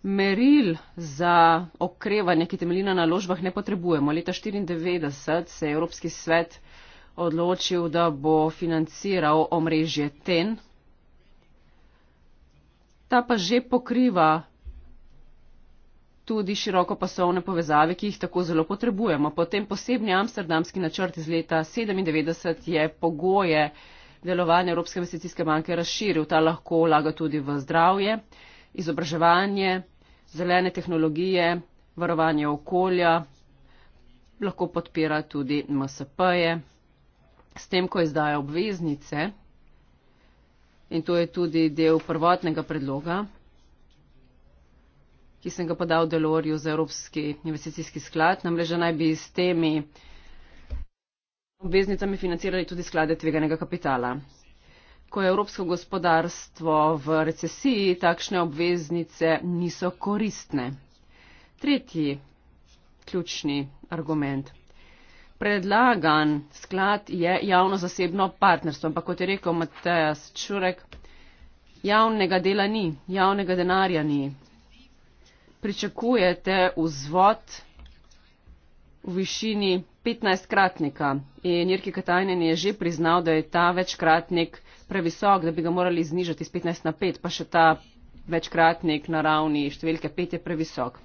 meril za okrevanje, ki temelji na naložbah, ne potrebujemo. Leta 1994 se je Evropski svet odločil, da bo financiral omrežje TEN. Ta pa že pokriva tudi široko pasovne povezave, ki jih tako zelo potrebujemo. Potem posebni amsterdamski načrt iz leta 1997 je pogoje delovanja Evropske investicijske banke razširil. Ta lahko vlaga tudi v zdravje, izobraževanje, zelene tehnologije, varovanje okolja, lahko podpira tudi MSP-je s tem, ko izdaja obveznice, in to je tudi del prvotnega predloga, ki sem ga podal Delorju za Evropski investicijski sklad, namreč da naj bi s temi obveznicami financirali tudi sklade tveganega kapitala. Ko je evropsko gospodarstvo v recesiji, takšne obveznice niso koristne. Tretji ključni argument predlagan sklad je javno-zasebno partnerstvo, ampak kot je rekel Matejas Čurek, javnega dela ni, javnega denarja ni. Pričakujete vzvod v višini 15 kratnika in Jirki Katajnen je že priznal, da je ta večkratnik previsok, da bi ga morali znižati z 15 na 5, pa še ta večkratnik na ravni številke 5 je previsok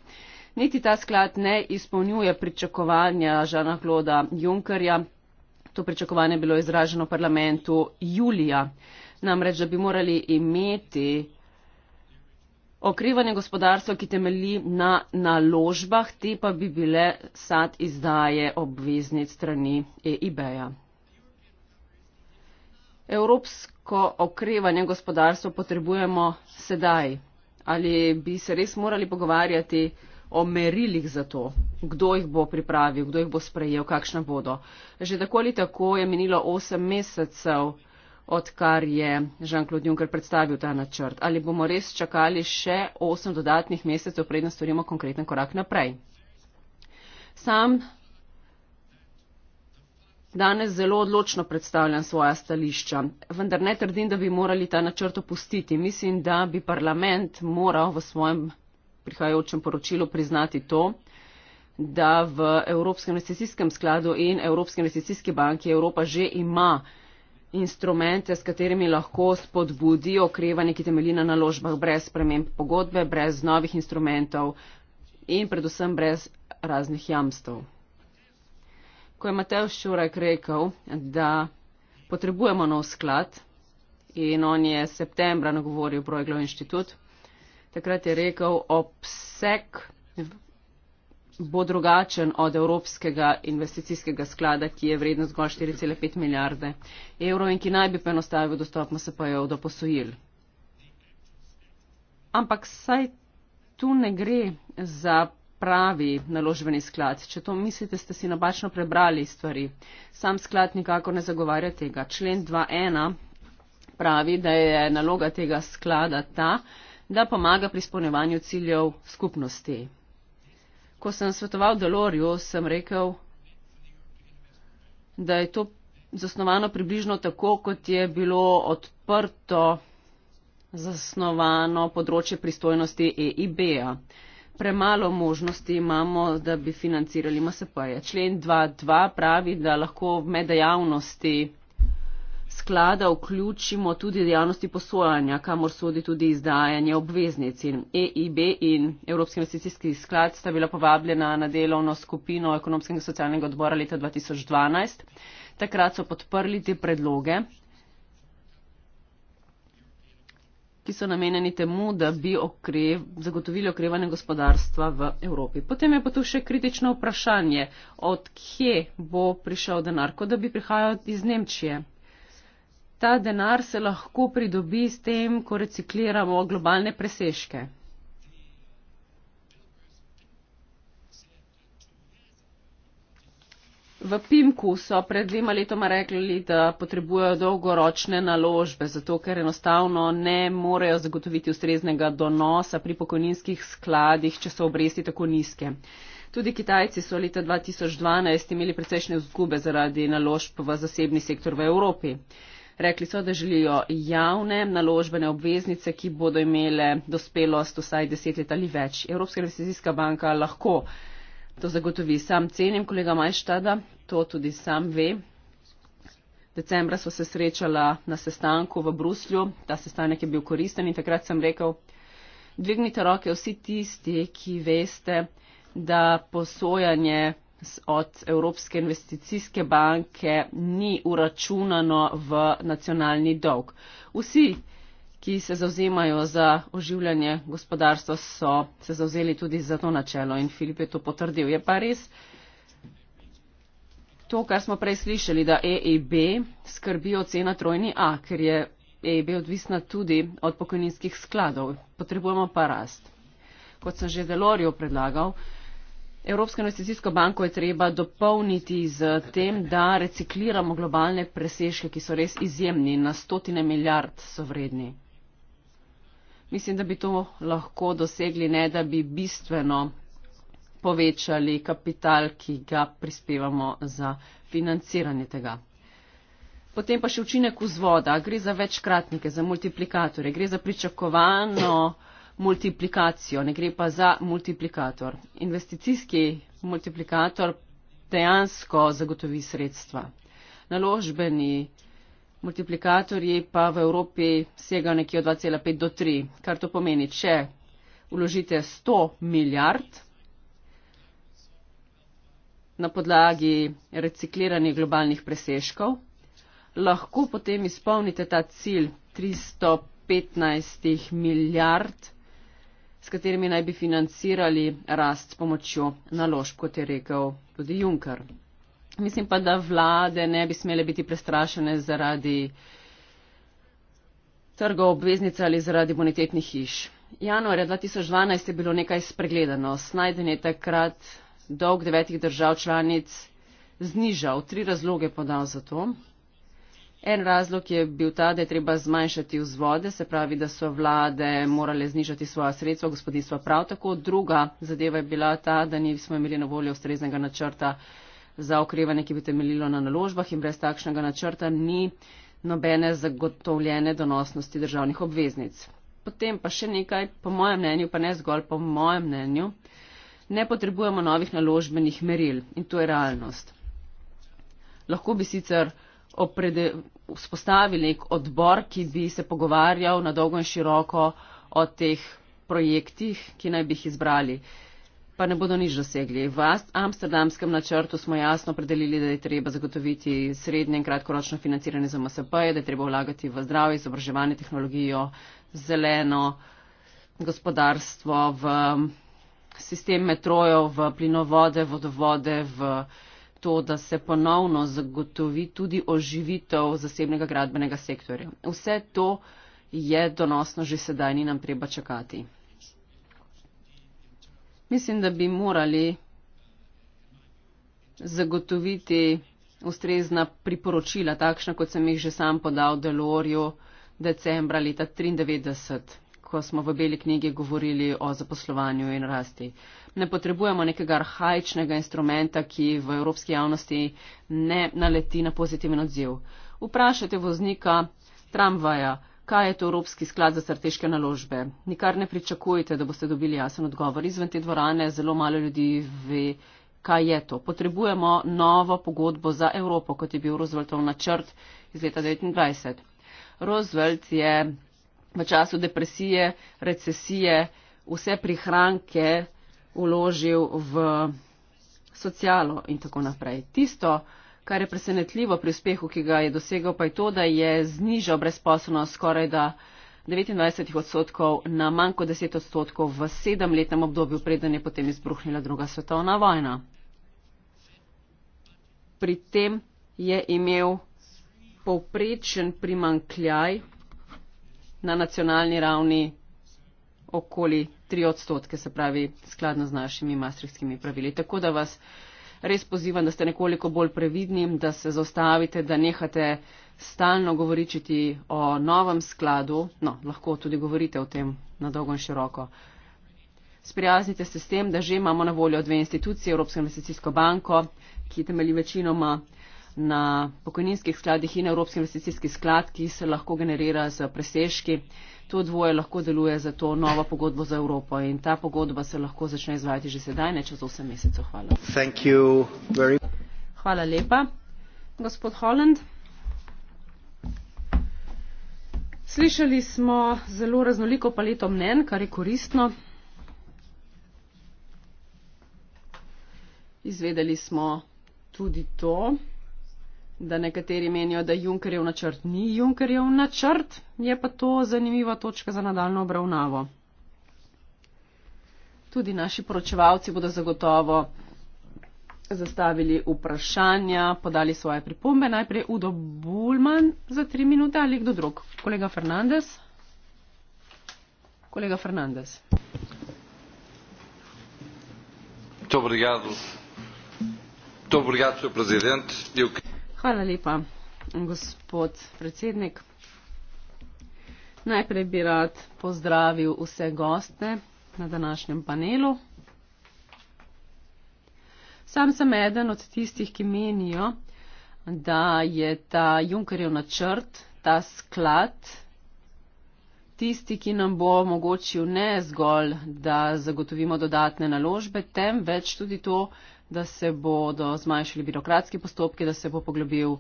niti ta sklad ne izpolnjuje pričakovanja Žana Kloda Junkerja. To pričakovanje je bilo izraženo v parlamentu julija. Namreč, da bi morali imeti okrivanje gospodarstva, ki temelji na naložbah, te pa bi bile sad izdaje obveznic strani EIB-ja. Evropsko okrevanje gospodarstva potrebujemo sedaj. Ali bi se res morali pogovarjati o merilih za to, kdo jih bo pripravil, kdo jih bo sprejel, kakšne bodo. Že tako ali tako je minilo 8 mesecev, odkar je Jean-Claude Juncker predstavil ta načrt. Ali bomo res čakali še 8 dodatnih mesecev, predno storimo konkreten korak naprej? Sam danes zelo odločno predstavljam svoja stališča, vendar ne trdim, da bi morali ta načrt opustiti. Mislim, da bi parlament moral v svojem prihajajočem poročilu priznati to, da v Evropskem investicijskem skladu in Evropske investicijske banki Evropa že ima instrumente, s katerimi lahko spodbudi okrevanje, ki temelji na naložbah brez sprememb pogodbe, brez novih instrumentov in predvsem brez raznih jamstev. Ko je Mateo Ščurek rekel, da potrebujemo nov sklad in on je septembra nagovoril Projeglov inštitut, takrat je rekel, obseg bo drugačen od Evropskega investicijskega sklada, ki je vredno zgolj 4,5 milijarde evrov in ki naj bi penostavil dostop MSP-jev do posojil. Ampak saj tu ne gre za pravi naložbeni sklad. Če to mislite, ste si nabačno prebrali stvari. Sam sklad nikako ne zagovarja tega. Člen 2.1 pravi, da je naloga tega sklada ta, da pomaga pri spolnevanju ciljev skupnosti. Ko sem svetoval Delorju, sem rekel, da je to zasnovano približno tako, kot je bilo odprto zasnovano področje pristojnosti EIB-a. Premalo možnosti imamo, da bi financirali MSP-je. Člen 2.2 pravi, da lahko med dejavnosti sklada vključimo tudi dejavnosti posojanja, kamor sodi tudi izdajanje obveznic. In EIB in Evropski investicijski sklad sta bila povabljena na delovno skupino ekonomskega in socialnega odbora leta 2012. Takrat so podprli te predloge, ki so namenjeni temu, da bi okrev, zagotovili okrevanje gospodarstva v Evropi. Potem je pa tu še kritično vprašanje, od kje bo prišel denar, kot da bi prihajal iz Nemčije ta denar se lahko pridobi s tem, ko recikliramo globalne presežke. V Pimku so pred dvema letoma rekli, da potrebujejo dolgoročne naložbe, zato ker enostavno ne morejo zagotoviti ustreznega donosa pri pokojninskih skladih, če so obresti tako nizke. Tudi Kitajci so leta 2012 imeli precejšnje zgube zaradi naložb v zasebni sektor v Evropi. Rekli so, da želijo javne naložbene obveznice, ki bodo imele dospelost vsaj deset let ali več. Evropska investicijska banka lahko to zagotovi. Sam cenim kolega Majštada, to tudi sam ve. Decembra so se srečala na sestanku v Bruslju, ta sestanek je bil koristen in takrat sem rekel, dvignite roke vsi tisti, ki veste, da posojanje od Evropske investicijske banke ni uračunano v nacionalni dolg. Vsi, ki se zauzemajo za oživljanje gospodarstva, so se zauzeli tudi za to načelo in Filip je to potrdil. Je pa res to, kar smo prej slišali, da EIB e skrbi ocena trojni A, ker je EIB e odvisna tudi od pokojninskih skladov. Potrebujemo pa rast. Kot sem že Delorju predlagal, Evropsko investicijsko banko je treba dopolniti z tem, da recikliramo globalne presežke, ki so res izjemni, na stotine milijard so vredni. Mislim, da bi to lahko dosegli, ne da bi bistveno povečali kapital, ki ga prispevamo za financiranje tega. Potem pa še učinek vzvoda. Gre za večkratnike, za multiplikatore, gre za pričakovano multiplikacijo, ne gre pa za multiplikator. Investicijski multiplikator dejansko zagotovi sredstva. Naložbeni multiplikatorji pa v Evropi segajo nekje od 2,5 do 3, kar to pomeni, če uložite 100 milijard na podlagi recikliranih globalnih presežkov, lahko potem izpolnite ta cilj 315 milijard s katerimi naj bi financirali rast s pomočjo naložb, kot je rekel tudi Juncker. Mislim pa, da vlade ne bi smele biti prestrašene zaradi trgov obveznice ali zaradi bonitetnih hiš. Januarja 2012 je bilo nekaj spregledano. Snajden je takrat dolg devetih držav članic znižal. Tri razloge podal za to. En razlog je bil ta, da je treba zmanjšati vzvode, se pravi, da so vlade morale znižati svoja sredstva, gospodinstva prav tako. Druga zadeva je bila ta, da nismo imeli na voljo ustreznega načrta za okrevanje, ki bi temeljilo na naložbah in brez takšnega načrta ni nobene zagotovljene donosnosti državnih obveznic. Potem pa še nekaj, po mojem mnenju, pa ne zgolj po mojem mnenju, ne potrebujemo novih naložbenih meril in to je realnost. Lahko bi sicer oprede, vzpostavili nek odbor, ki bi se pogovarjal na dolgo in široko o teh projektih, ki naj bi jih izbrali. Pa ne bodo nič dosegli. V amsterdamskem načrtu smo jasno predelili, da je treba zagotoviti srednje in kratkoročno financiranje za MSP, da je treba vlagati v zdravje, izobraževanje, tehnologijo, zeleno gospodarstvo, v sistem metrojev, v plinovode, vodovode, v to, da se ponovno zagotovi tudi oživitev zasebnega gradbenega sektorja. Vse to je donosno že sedaj, ni nam treba čakati. Mislim, da bi morali zagotoviti ustrezna priporočila, takšna kot sem jih že sam podal Delorju decembra leta 1993 ko smo v beli knjigi govorili o zaposlovanju in rasti. Ne potrebujemo nekega arhajičnega instrumenta, ki v evropski javnosti ne naleti na pozitiven odziv. Vprašajte voznika tramvaja, kaj je to Evropski sklad za strateške naložbe. Nikar ne pričakujte, da boste dobili jasen odgovor. Izven te dvorane zelo malo ljudi ve, kaj je to. Potrebujemo novo pogodbo za Evropo, kot je bil Rooseveltov načrt iz leta 1929. Roosevelt je v času depresije, recesije vse prihranke uložil v socialo in tako naprej. Tisto, kar je presenetljivo pri uspehu, ki ga je dosegel, pa je to, da je znižal brezposobnost skoraj da 29 odstotkov na manj kot 10 odstotkov v sedemletnem obdobju, preden je potem izbruhnila druga svetovna vojna. Pri tem je imel povprečen primankljaj na nacionalni ravni okoli 3 odstotke, se pravi skladno z našimi mastrihskimi pravili. Tako da vas res pozivam, da ste nekoliko bolj previdni, da se zaustavite, da nehate stalno govoričiti o novem skladu, no, lahko tudi govorite o tem na dolgo in široko. Sprijaznite se s tem, da že imamo na voljo dve institucije, Evropsko investicijsko banko, ki temeli večinoma na pokojninskih skladih in Evropski investicijski sklad, ki se lahko generira z presežki. To dvoje lahko deluje za to novo pogodbo za Evropo in ta pogodba se lahko začne izvajati že sedaj, ne čez 8 mesecev. Hvala. Hvala lepa. Gospod Holland. Slišali smo zelo raznoliko paleto mnen, kar je koristno. Izvedeli smo tudi to, da nekateri menijo, da Junkerjev načrt ni Junkerjev načrt, je pa to zanimiva točka za nadaljno obravnavo. Tudi naši poročevalci bodo zagotovo zastavili vprašanja, podali svoje pripombe. Najprej Udo Bulman za tri minute ali kdo drug. Kolega Fernandez. Kolega Fernandez. Dobro, jaz. Dobro, jaz, predsednik. Hvala lepa, gospod predsednik. Najprej bi rad pozdravil vse goste na današnjem panelu. Sam sem eden od tistih, ki menijo, da je ta Junkerjev načrt, ta sklad, tisti, ki nam bo omogočil ne zgolj, da zagotovimo dodatne naložbe, temveč tudi to, da se bodo zmanjšali birokratski postopki, da se bo poglobil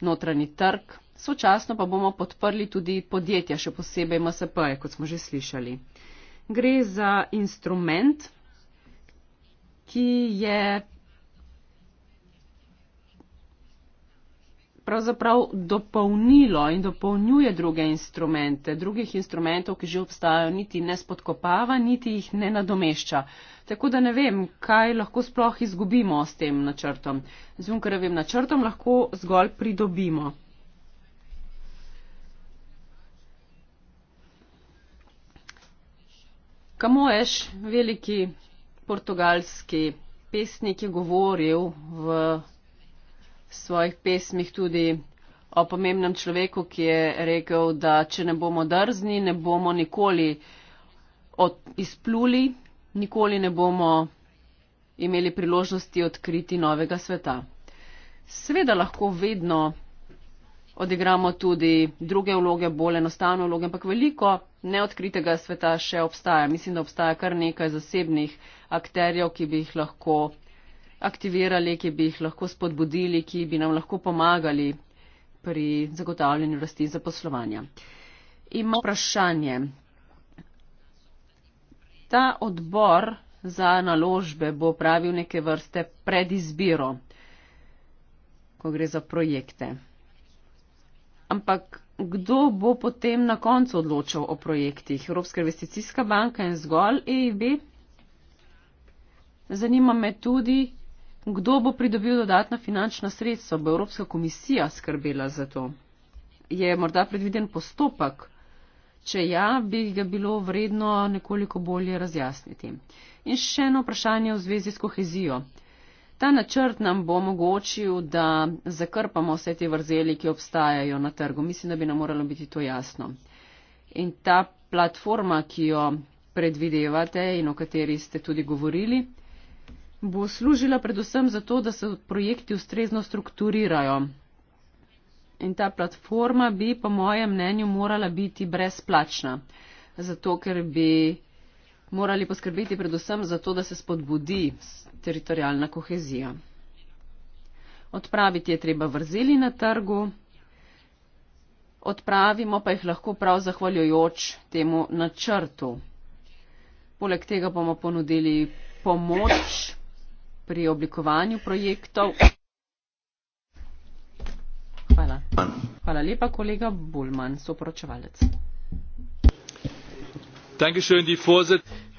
notranji trg. Sočasno pa bomo podprli tudi podjetja, še posebej MSP, kot smo že slišali. Gre za instrument, ki je pravzaprav dopolnilo in dopolnjuje druge instrumente, drugih instrumentov, ki že obstajajo, niti ne spodkopava, niti jih ne nadomešča. Tako da ne vem, kaj lahko sploh izgubimo s tem načrtom. Z Junkerovim načrtom lahko zgolj pridobimo. Kamoješ, veliki portugalski pesnik, je govoril v svojih pesmih tudi o pomembnem človeku, ki je rekel, da če ne bomo drzni, ne bomo nikoli od, izpluli, nikoli ne bomo imeli priložnosti odkriti novega sveta. Sveda lahko vedno odigramo tudi druge vloge, bolj enostavne vloge, ampak veliko neodkritega sveta še obstaja. Mislim, da obstaja kar nekaj zasebnih akterjev, ki bi jih lahko aktivirali, ki bi jih lahko spodbudili, ki bi nam lahko pomagali pri zagotavljanju rasti zaposlovanja. Ima vprašanje. Ta odbor za naložbe bo pravil neke vrste predizbiro, ko gre za projekte. Ampak kdo bo potem na koncu odločal o projektih? Evropska investicijska banka in zgolj EIB? Zanima me tudi, Kdo bo pridobil dodatna finančna sredstva? Bo Evropska komisija skrbela za to? Je morda predviden postopek? Če ja, bi ga bilo vredno nekoliko bolje razjasniti. In še eno vprašanje v zvezi s kohezijo. Ta načrt nam bo omogočil, da zakrpamo vse te vrzeli, ki obstajajo na trgu. Mislim, da bi nam moralo biti to jasno. In ta platforma, ki jo predvidevate in o kateri ste tudi govorili, bo služila predvsem zato, da se projekti ustrezno strukturirajo. In ta platforma bi, po mojem mnenju, morala biti brezplačna, zato ker bi morali poskrbeti predvsem zato, da se spodbudi teritorijalna kohezija. Odpraviti je treba vrzeli na trgu, odpravimo pa jih lahko prav zahvaljujoč temu načrtu. Poleg tega bomo ponudili pomoč pri oblikovanju projektov. Hvala. Hvala lepa, kolega Bulman, soporočevalec.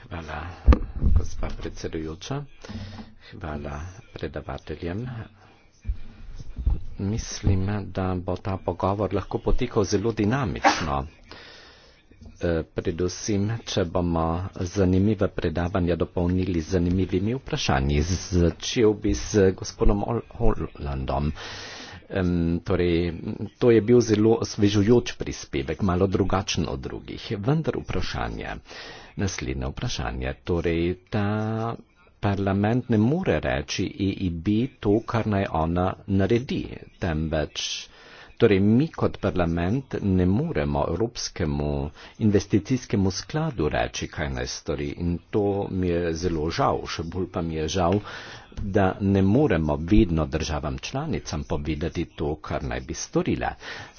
Hvala, gospa predsedujoča. Hvala predavateljem. Mislim, da bo ta pogovor lahko potekal zelo dinamično. Uh, Eh, predvsem, če bomo zanimive predavanja dopolnili z zanimivimi vprašanji. Začel bi z gospodom Hollandom. Um, torej, to je bil zelo osvežujoč prispevek, malo drugačen od drugih. Vendar vprašanje, naslednje vprašanje, torej ta parlament ne more reči EIB to, kar naj ona naredi, temveč Torej, mi kot parlament ne moremo Evropskemu investicijskemu skladu reči, kaj naj stori in to mi je zelo žal, še bolj pa mi je žal, da ne moremo vedno državam članicam povedati to, kar naj bi storile.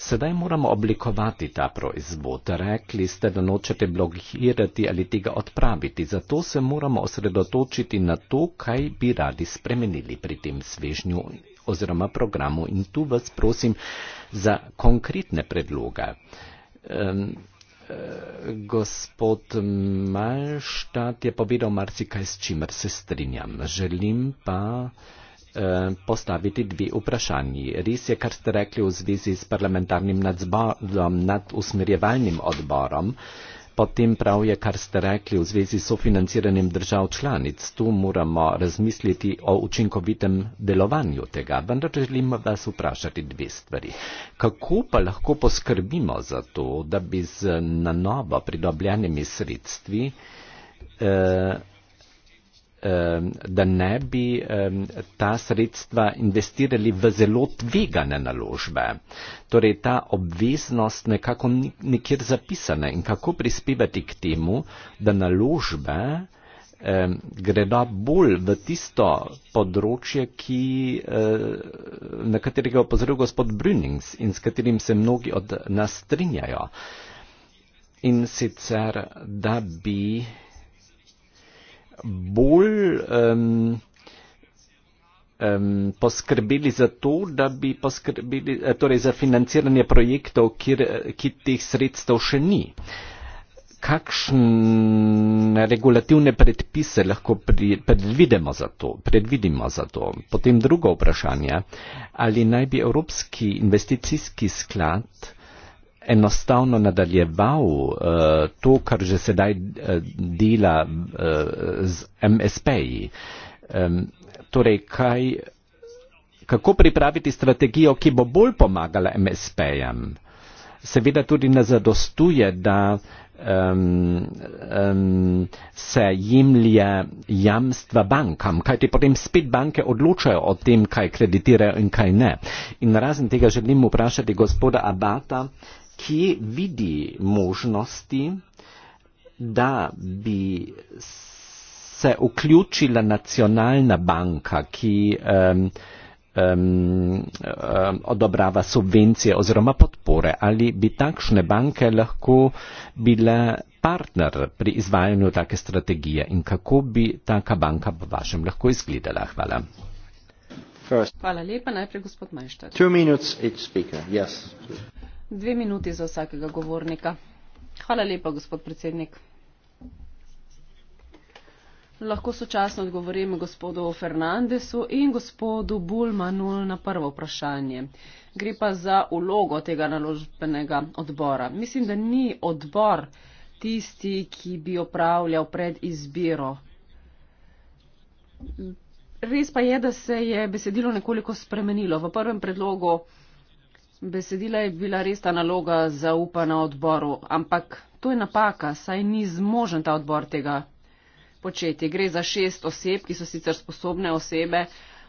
Sedaj moramo oblikovati ta proizvod. Rekli ste, da nočete blokirati ali tega odpraviti. Zato se moramo osredotočiti na to, kaj bi radi spremenili pri tem svežnju oziroma programu. In tu vas prosim za konkretne predloge. Um, gospod Malštat je povedal marsikaj, s čimer se strinjam. Želim pa eh, postaviti dve vprašanji. Res je, kar ste rekli v zvezi s parlamentarnim nadzorom nad usmerjevalnim odborom, Potem prav je, kar ste rekli v zvezi s sofinanciranjem držav članic. Tu moramo razmisliti o učinkovitem delovanju tega. Vendar želim vas vprašati dve stvari. Kako pa lahko poskrbimo za to, da bi z na novo pridobljenimi sredstvi eh, Ehm, da ne bi ehm, ta sredstva investirali v zelo tvegane naložbe. Torej ta obveznost nekako nekjer zapisana in kako prispevati k temu, da naložbe ehm, gredo bolj v tisto področje, ki, eh, na katerega je opozoril gospod Brunings in s katerim se mnogi od nas strinjajo. In sicer, da bi bolj um, um, poskrbeli za to, da bi poskrbeli eh, torej za financiranje projektov, kjer, eh, ki teh sredstev še ni. Kakšne regulativne predpise lahko pri, predvidimo, za to, predvidimo za to? Potem drugo vprašanje. Ali naj bi Evropski investicijski sklad uh, enostavno nadaljeval uh, to, kar že sedaj uh, dela uh, z MSP-ji. Um, torej, kaj, kako pripraviti strategijo, ki bo bolj pomagala MSP-jem? Seveda tudi ne zadostuje, da um, um, se jimlje jamstva bankam, kajti potem spet banke odločajo o tem, kaj kreditirajo in kaj ne. In razen tega želim vprašati gospoda Abata, uh, ki vidi možnosti, da bi se vključila nacionalna banka, ki um, um, um, odobrava subvencije oziroma podpore, ali bi takšne banke lahko bile partner pri izvajanju take strategije in kako bi taka banka po vašem lahko izgledala. Hvala. First. Hvala lepa, najprej gospod Majštar dve minuti za vsakega govornika. Hvala lepa, gospod predsednik. Lahko sočasno odgovorim gospodu Fernandesu in gospodu Bulmanu na prvo vprašanje. Gre pa za ulogo tega naložbenega odbora. Mislim, da ni odbor tisti, ki bi opravljal pred izbiro. Res pa je, da se je besedilo nekoliko spremenilo. V prvem predlogu Besedila je bila res ta naloga zaupa na odboru, ampak to je napaka, saj ni zmožen ta odbor tega početi. Gre za šest oseb, ki so sicer sposobne osebe,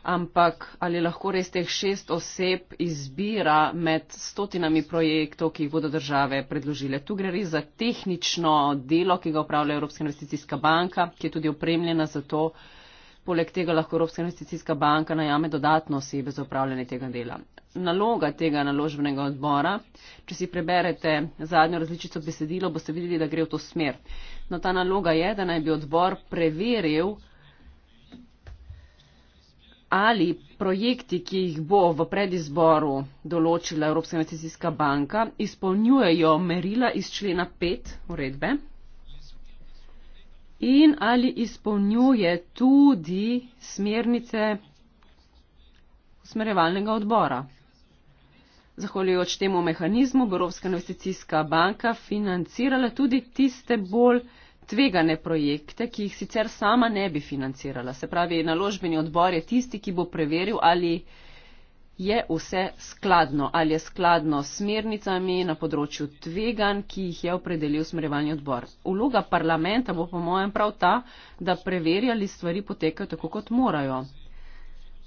ampak ali lahko res teh šest oseb izbira med stotinami projektov, ki jih bodo države predložile. Tu gre res za tehnično delo, ki ga upravlja Evropska investicijska banka, ki je tudi opremljena za to. Poleg tega lahko Evropska investicijska banka najame dodatno osebe za upravljanje tega dela naloga tega naložbenega odbora. Če si preberete zadnjo različico besedila, boste videli, da gre v to smer. No, ta naloga je, da naj bi odbor preveril, ali projekti, ki jih bo v predizboru določila Evropska investicijska banka, izpolnjujejo merila iz člena 5 uredbe in ali izpolnjuje tudi smernice usmerjevalnega odbora zahvaljujoč temu mehanizmu, bo Evropska investicijska banka financirala tudi tiste bolj tvegane projekte, ki jih sicer sama ne bi financirala. Se pravi, naložbeni odbor je tisti, ki bo preveril, ali je vse skladno, ali je skladno s smernicami na področju tvegan, ki jih je opredelil smerevalni odbor. Uloga parlamenta bo po mojem prav ta, da preverja, ali stvari potekajo tako, kot morajo.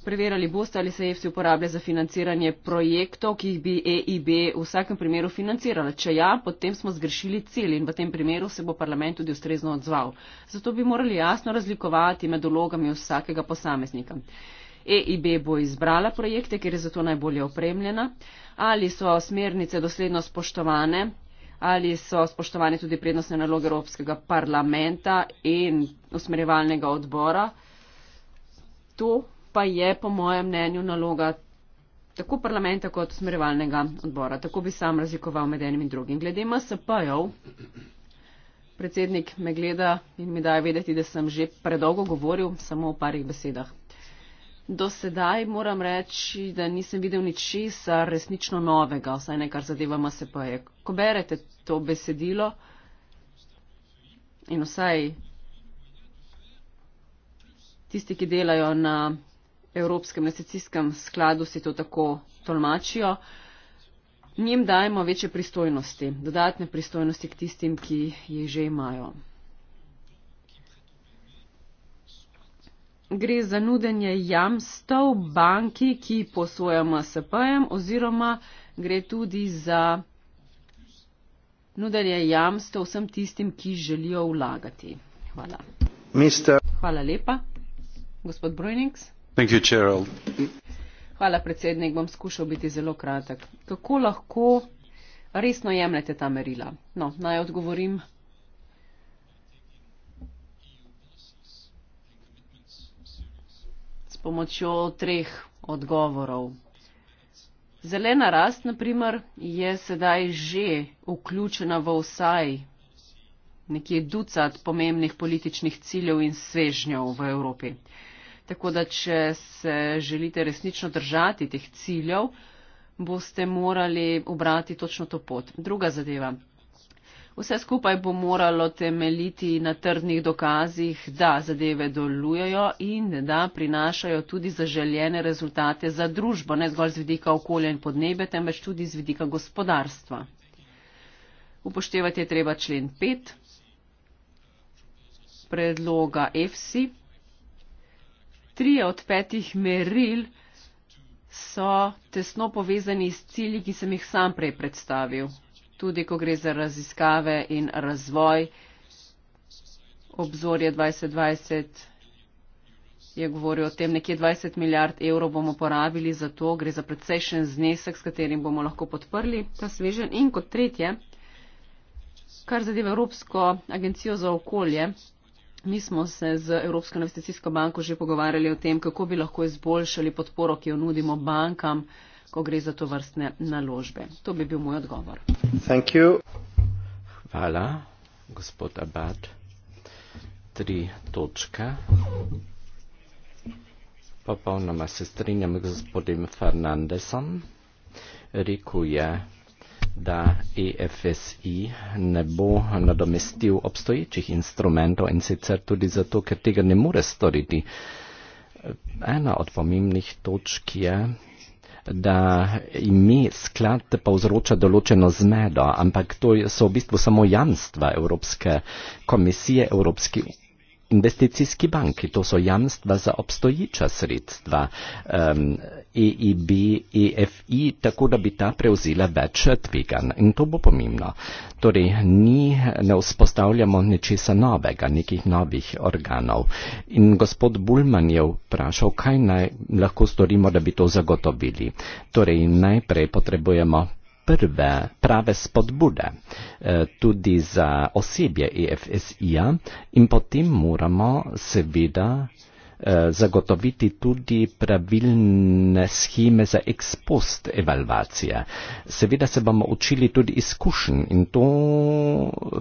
Preverjali boste, ali se EFSI uporablja za financiranje projektov, ki jih bi EIB v vsakem primeru financirala. Če ja, potem smo zgrešili cilj in v tem primeru se bo parlament tudi ustrezno odzval. Zato bi morali jasno razlikovati med vlogami vsakega posameznika. EIB bo izbrala projekte, kjer je zato najbolje opremljena, ali so smernice dosledno spoštovane, ali so spoštovane tudi prednostne naloge Evropskega parlamenta in usmerjevalnega odbora. To pa je po mojem mnenju naloga tako parlamenta kot smerevalnega odbora. Tako bi sam razlikoval med enim in drugim. Glede MSP-jev, predsednik me gleda in mi daje vedeti, da sem že predolgo govoril samo o parih besedah. Do sedaj moram reči, da nisem videl ničesar resnično novega, vsaj ne kar zadeva MSP-je. Ko berete to besedilo in vsaj tisti, ki delajo na Evropskem investicijskem skladu si to tako tolmačijo. Njim dajemo večje pristojnosti, dodatne pristojnosti k tistim, ki jih že imajo. Gre za nudenje jamstov banki, ki posoja MSP-jem oziroma gre tudi za nudenje jamstov vsem tistim, ki želijo vlagati. Hvala. Mister. Hvala lepa. Gospod Brojniks. Hvala, predsednik. Bom skušal biti zelo kratek. Kako lahko resno jemljete ta merila? No, naj odgovorim. S pomočjo treh odgovorov. Zelena rast, naprimer, je sedaj že vključena v vsaj nekje ducat pomembnih političnih ciljev in svežnjev v Evropi. Tako da, če se želite resnično držati teh ciljev, boste morali obrati točno to pot. Druga zadeva. Vse skupaj bo moralo temeljiti na trdnih dokazih, da zadeve dolujejo in da prinašajo tudi zaželjene rezultate za družbo, ne zgolj z vidika okolja in podnebe, temveč tudi z vidika gospodarstva. Upoštevati je treba člen 5 predloga EFSI. Tri od petih meril so tesno povezani s cilji, ki sem jih sam prej predstavil. Tudi, ko gre za raziskave in razvoj, obzorje 2020 je govoril o tem, nekje 20 milijard evrov bomo porabili za to, gre za precejšen znesek, s katerim bomo lahko podprli ta svežen. In kot tretje, kar zadeva Evropsko agencijo za okolje, Mi smo se z Evropsko investicijsko banko že pogovarjali o tem, kako bi lahko izboljšali podporo, ki jo nudimo bankam, ko gre za to vrstne naložbe. To bi bil moj odgovor. Hvala, gospod Abad. Tri točke. Popolnoma se strinjam z gospodim Fernandesom. Rekel je, da EFSI ne bo nadomestil obstoječih instrumentov in sicer tudi zato, ker tega ne more storiti. Ena od pomembnih točk je, da ime sklad povzroča določeno zmedo, ampak to so v bistvu samo jamstva Evropske komisije, Evropske unije investicijske banke, to so jamstva za obstoječa sredstva um, EIB, EFI, tako da bi ta prevzela več tvegan. In to bo pomembno. Torej, ni, ne vzpostavljamo nečesa novega, nekih novih organov. In gospod Bulman je vprašal, kaj naj lahko storimo, da bi to zagotovili. Torej, najprej potrebujemo prve prave spodbude eh, tudi za osebje EFSI-ja in potem moramo seveda eh, zagotoviti tudi pravilne scheme za ekspost evalvacije. Seveda se bomo učili tudi izkušen in to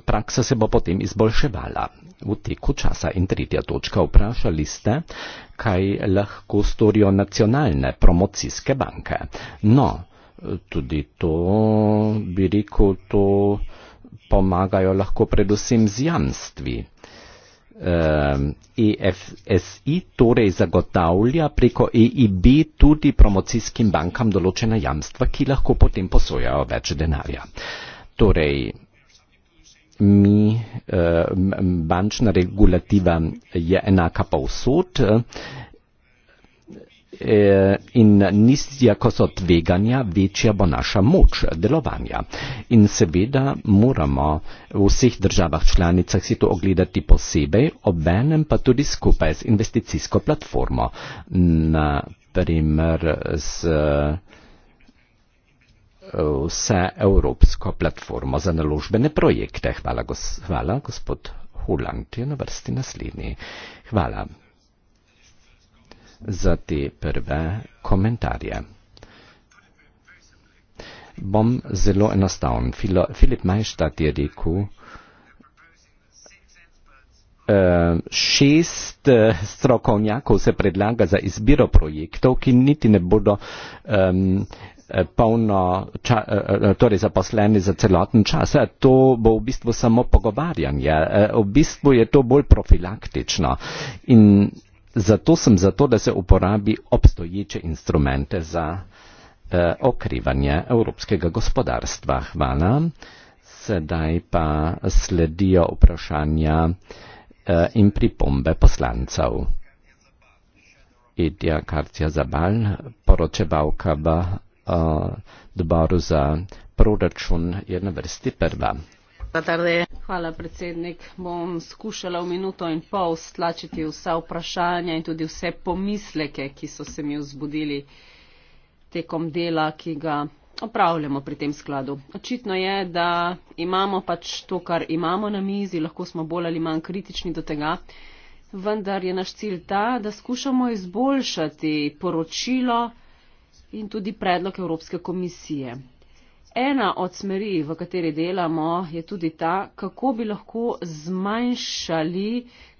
praksa se bo potem izboljševala. V teku časa in tretja točka vprašali ste, kaj lahko storijo nacionalne promocijske banke. No, tudi to, bi rekel, to pomagajo lahko predvsem z jamstvi. EFSI ehm, e torej zagotavlja preko EIB tudi promocijskim bankam določena jamstva, ki lahko potem posojajo več denarja. Torej, mi, ehm, bančna regulativa je enaka povsod, Eh, in nizja, ko so tveganja, večja bo naša moč delovanja. In seveda moramo v vseh državah članicah si to ogledati posebej, obenem pa tudi skupaj z investicijsko platformo, na primer z eh, vse evropsko platformo za naložbene projekte. Hvala, gos hvala gospod Huland, je na vrsti naslednji. Hvala za te prve komentarje. Bom zelo enostaven. Filip Majštad je rekel, eh, šest eh, strokovnjakov se predlaga za izbiro projektov, ki niti ne bodo um, polno, ča, torej zaposleni za celoten čas. To bo v bistvu samo pogovarjanje. V bistvu je to bolj profilaktično. In zato sem zato, da se uporabi obstoječe instrumente za eh, okrivanje evropskega gospodarstva. Hvala. Sedaj pa sledijo vprašanja eh, in pripombe poslancev. Idija Karcija Zabal, poročevalka v eh, odboru za proračun, je na vrsti prva. Hvala, predsednik. Bom skušala v minuto in pol stlačiti vsa vprašanja in tudi vse pomisleke, ki so se mi vzbudili tekom dela, ki ga opravljamo pri tem skladu. Očitno je, da imamo pač to, kar imamo na mizi, lahko smo bolj ali manj kritični do tega, vendar je naš cilj ta, da skušamo izboljšati poročilo in tudi predlog Evropske komisije. Ena od smeri, v kateri delamo, je tudi ta, kako bi lahko zmanjšali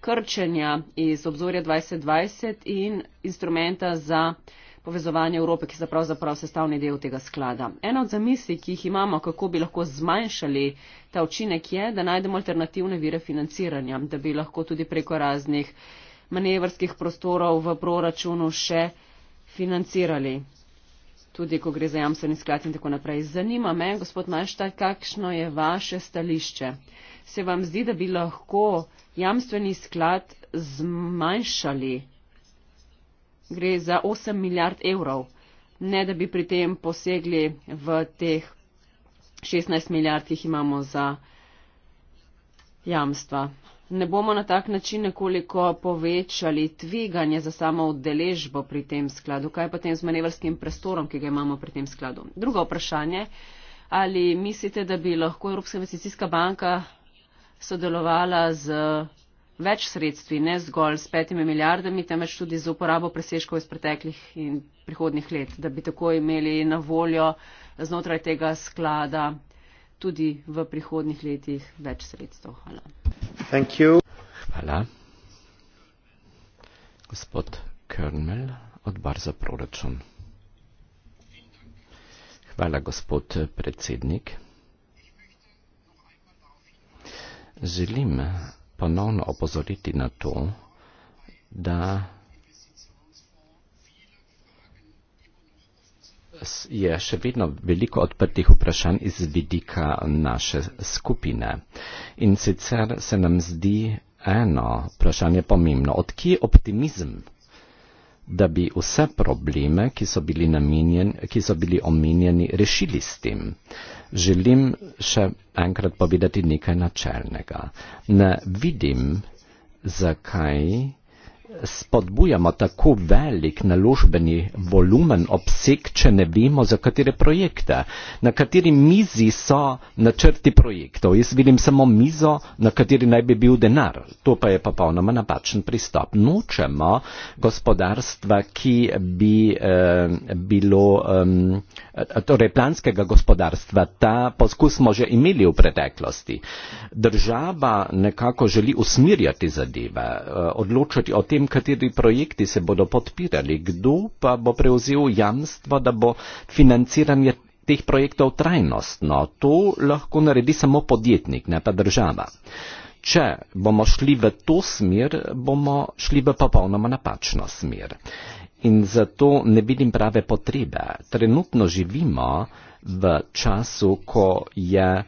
krčenja iz obzorja 2020 in instrumenta za povezovanje Evrope, ki so pravzaprav sestavni del tega sklada. Ena od zamisli, ki jih imamo, kako bi lahko zmanjšali ta učinek, je, da najdemo alternativne vire financiranja, da bi lahko tudi preko raznih manevrskih prostorov v proračunu še financirali tudi ko gre za jamstveni sklad in tako naprej. Zanima me, gospod Majšta, kakšno je vaše stališče? Se vam zdi, da bi lahko jamstveni sklad zmanjšali? Gre za 8 milijard evrov, ne da bi pri tem posegli v teh 16 milijard, ki jih imamo za jamstva ne bomo na tak način nekoliko povečali tveganje za samo udeležbo pri tem skladu? Kaj pa tem z manevrskim prostorom, ki ga imamo pri tem skladu? Drugo vprašanje, ali mislite, da bi lahko Evropska investicijska banka sodelovala z več sredstvi, ne zgolj s petimi milijardami, temveč tudi z uporabo preseškov iz preteklih in prihodnih let, da bi tako imeli na voljo znotraj tega sklada tudi v prihodnih letih več sredstev. Hvala. Hvala. Gospod Körnmel, odbar za proračun. Hvala, gospod predsednik. Želim ponovno opozoriti na to, da je še vedno veliko odprtih vprašanj iz vidika naše skupine. In sicer se nam zdi eno vprašanje pomembno. Odkje je optimizem, da bi vse probleme, ki so bili, namenjen, ki so bili omenjeni, rešili s tem? Želim še enkrat povedati nekaj načelnega. Ne vidim, zakaj spodbujamo tako velik naložbeni volumen, obseg, če ne vemo, za katere projekte. Na kateri mizi so načrti projektov? Jaz vidim samo mizo, na kateri naj bi bil denar. To pa je popolnoma napačen pristop. Nočemo gospodarstva, ki bi eh, bilo, eh, torej planskega gospodarstva, ta poskus smo že imeli v preteklosti. Država nekako želi usmirjati zadeve, eh, odločati o tem, tem, kateri projekti se bodo podpirali, kdo pa bo prevzel jamstvo, da bo financiranje teh projektov trajnostno. To lahko naredi samo podjetnik, ne pa država. Če bomo šli v to smer, bomo šli v popolnoma napačno smer. In zato ne vidim prave potrebe. Trenutno živimo v času, ko je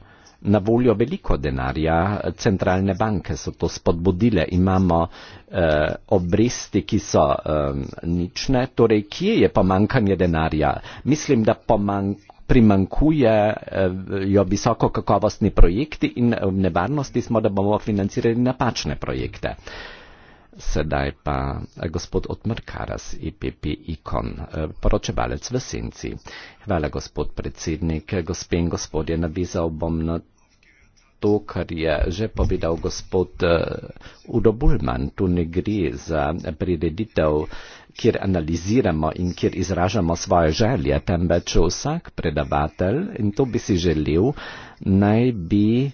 na voljo veliko denarja, centralne banke so to spodbudile, imamo eh, obresti, ki so eh, nične. Torej, kje je pomankanje denarja? Mislim, da pomankanje primankujejo eh, visoko kakovostni projekti in v nevarnosti smo, da bomo financirali napačne projekte. Sedaj pa eh, gospod Otmrkaras, IPP e Ikon, eh, poročevalec v Senci. Hvala gospod predsednik, gospe in gospodje, navizal bom na to, kar je že povedal gospod eh, Udo Bulman, tu ne gre za prireditev, kjer analiziramo in kjer izražamo svoje želje, temveč vsak predavatelj, in to bi si želel, naj bi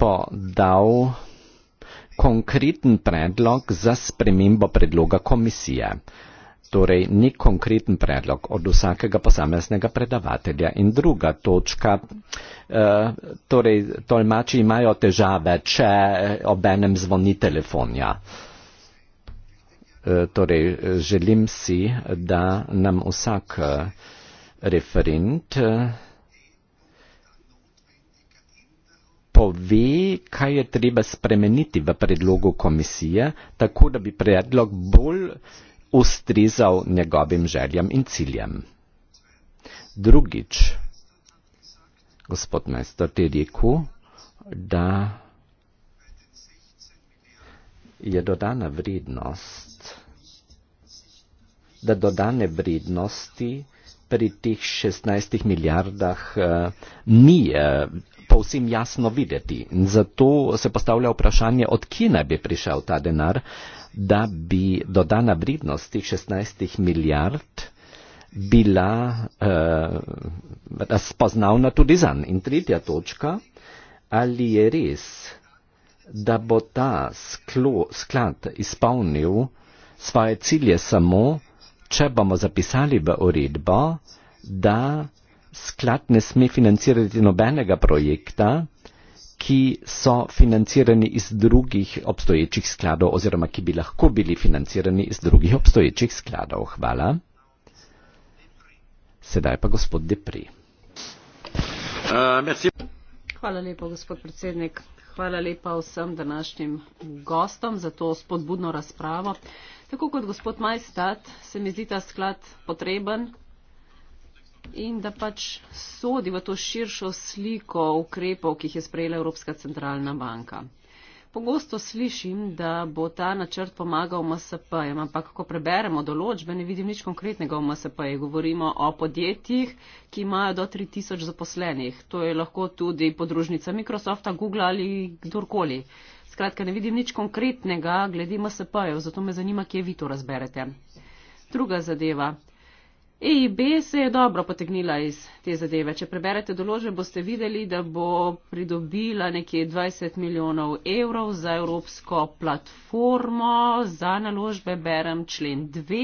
podal konkreten predlog za spremembo predloga komisije torej ni konkreten predlog od vsakega posameznega predavatelja. In druga točka, eh, torej tolmači imajo težave, če ob enem zvoni telefonja. Eh, torej, želim si, da nam vsak eh, referent pove, kaj je treba spremeniti v predlogu komisije, tako da bi predlog bolj ustrezal njegovim željam in ciljem. Drugič, gospod Mester ti rekel, da je dodana vrednost, da dodane vrednosti pri teh 16 milijardah eh, ni eh, povsem jasno videti. In zato se postavlja vprašanje, odkje naj bi prišel ta denar. Uh, da bi dodana vrednost tih 16 milijard bila eh, spoznavna tudi za njih. In tretja točka, ali je res, da bo ta sklo, sklad izpolnil svoje cilje samo, če bomo zapisali v uredbo, da sklad ne sme financirati nobenega projekta, ki so financirani iz drugih obstoječih skladov oziroma ki bi lahko bili financirani iz drugih obstoječih skladov. Hvala. Sedaj pa gospod Depri. Uh, Hvala lepa, gospod predsednik. Hvala lepa vsem današnjim gostom za to spodbudno razpravo. Tako kot gospod Majstat, se mi zdi ta sklad potreben, in da pač sodi v to širšo sliko ukrepov, ki jih je sprejela Evropska centralna banka. Pogosto slišim, da bo ta načrt pomagal MSP-jem, ampak ko preberemo določbe, ne vidim nič konkretnega v MSP-jih. Govorimo o podjetjih, ki imajo do 3000 zaposlenih. To je lahko tudi podružnica Microsofta, Google ali kdorkoli. Skratka, ne vidim nič konkretnega glede MSP-jev, zato me zanima, kje vi to razberete. Druga zadeva. EIB se je dobro potegnila iz te zadeve. Če preberete doložbe, boste videli, da bo pridobila nekje 20 milijonov evrov za evropsko platformo za naložbe, berem člen 2.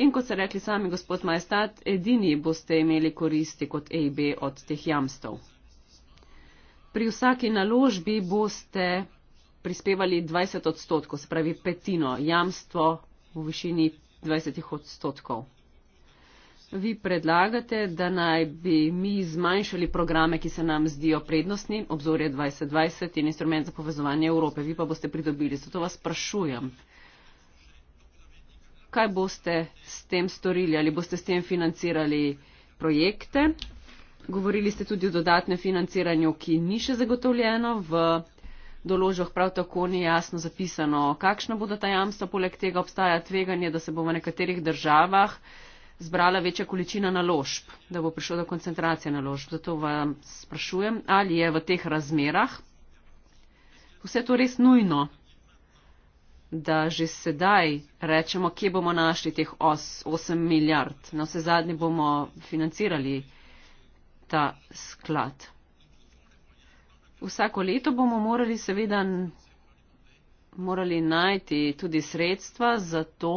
In kot ste rekli sami, gospod Majestat, edini boste imeli koristi kot EIB od teh jamstev. Pri vsaki naložbi boste prispevali 20 odstotkov, se pravi petino jamstvo v višini 20 odstotkov vi predlagate, da naj bi mi zmanjšali programe, ki se nam zdijo prednostni, obzorje 2020 in instrument za povezovanje Evrope. Vi pa boste pridobili. Zato vas sprašujem, kaj boste s tem storili ali boste s tem financirali projekte. Govorili ste tudi o dodatnem financiranju, ki ni še zagotovljeno v. Doložoh prav tako ni jasno zapisano, kakšna bodo ta jamstva, poleg tega obstaja tveganje, da se bo v nekaterih državah eh, zbrala večja količina naložb, da bo prišlo do koncentracije naložb. Zato vam sprašujem, ali je v teh razmerah vse to res nujno, da že sedaj rečemo, kje bomo našli teh 8 milijard. Na vse zadnje bomo financirali ta sklad. Vsako leto bomo morali seveda morali najti tudi sredstva za to,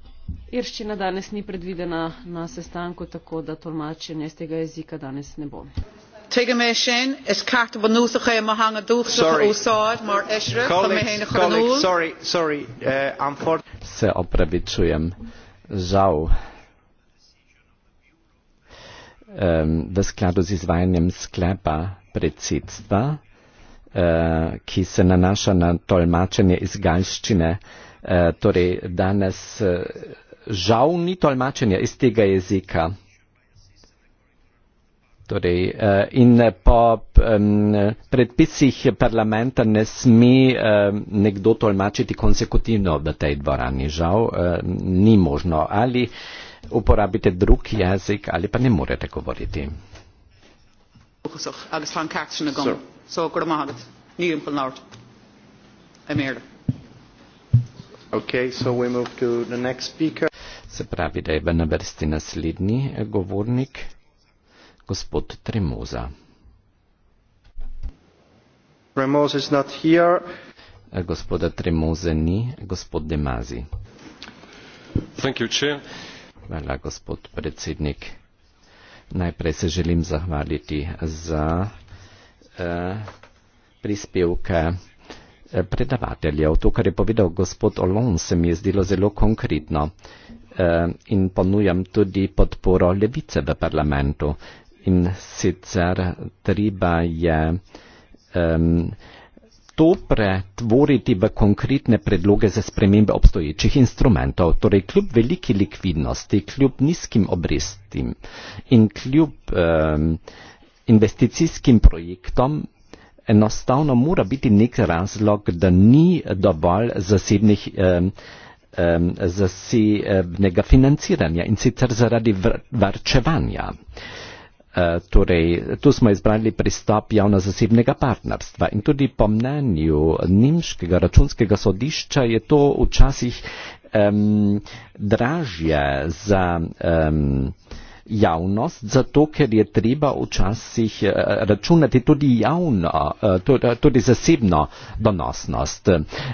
Irščina danes ni predvidena na sestanku, tako da tolmačenje iz tega jezika danes ne bo. Eh, se opravičujem, žal. V skladu z izvajanjem sklepa predsedstva, eh, ki se nanaša na tolmačenje iz galščine, eh, torej danes žal ni tolmačenja iz tega jezika. Torej, eh, in po predpisih parlamenta ne sme nekdo tolmačiti konsekutivno v tej dvorani. Žal, ni možno. Ali uporabite drug jezik, ali pa ne morete govoriti. Sir. Se pravi, da je v vrsti naslednji govornik, gospod Tremoza. Gospoda Tremoze ni, gospod Demazi. Hvala, gospod predsednik. Najprej se želim zahvaliti za uh, prispevke. Eh, predavateljev. To, kar je povedal gospod Olon, se mi je zdelo zelo konkretno eh, in ponujam tudi podporo levice v parlamentu. In sicer treba je to pretvoriti v konkretne predloge za spremembe obstoječih instrumentov. Torej, kljub veliki likvidnosti, kljub nizkim obrestim in kljub investicijskim projektom enostavno mora biti nek razlog, da ni dovolj zasebnih, um, um, zasebnega financiranja in sicer zaradi vr varčevanja. Uh, torej, tu smo izbrali pristop javno-zasebnega partnerstva in tudi po mnenju nemškega računskega sodišča je to včasih um, dražje za um, javnost, zato ker je treba včasih eh, računati tudi javno, eh, tudi zasebno donosnost.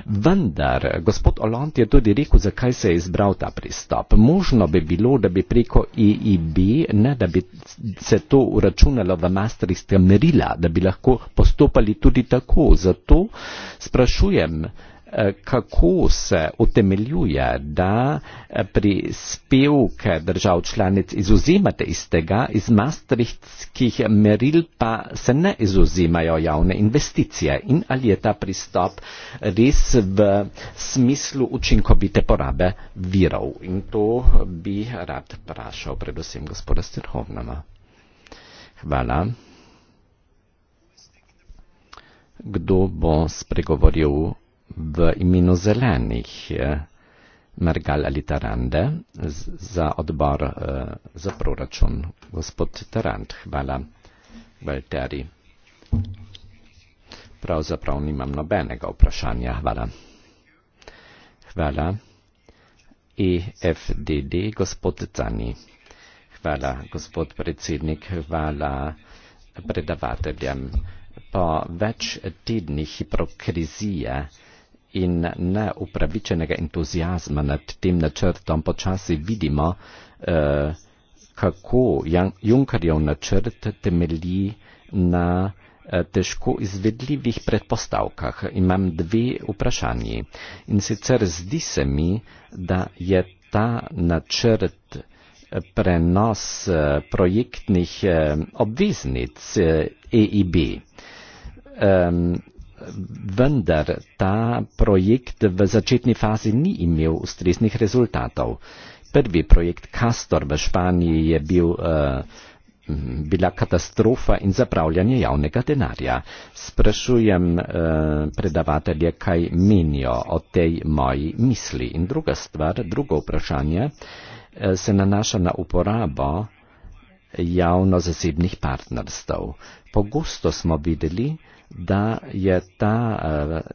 Vendar, gospod Olant je tudi rekel, zakaj se je izbral ta pristop. Možno bi bilo, da bi preko EIB, e ne da bi se to uračunalo v masteristka merila, da bi lahko postopali tudi tako. Zato sprašujem, kako se utemeljuje, da prispevke držav članic izuzimate iz tega, iz mastrihtskih meril pa se ne izuzimajo javne investicije in ali je ta pristop res v smislu učinkovite porabe virov. In to bi rad vprašal predvsem gospoda Stirhovnama. Hvala. Kdo bo spregovoril v imenu zelenih Mergal ali Tarande za odbor eh, za proračun. Gospod Tarant, hvala, Valteri. Pravzaprav nimam nobenega vprašanja. Hvala. Hvala. EFDD, gospod Cani. Hvala, gospod predsednik. Hvala predavateljem. Po več tednih hipokrizije, in neupravičenega entuzijazma nad tem načrtom počasi vidimo, eh, kako Junkerjev načrt temelji na eh, težko izvedljivih predpostavkah. Imam dve vprašanji. In sicer zdi se mi, da je ta načrt eh, prenos projektnih obveznic EIB. E ehm, vendar ta projekt v začetni fazi ni imel ustreznih rezultatov. Prvi projekt Castor v Španiji je bil, eh, bila katastrofa in zapravljanje javnega denarja. Sprašujem eh, predavatelje, kaj menijo o tej moji misli. In druga stvar, drugo vprašanje eh, se nanaša na uporabo javno-zasebnih partnerstv. Pogosto smo videli, da je ta,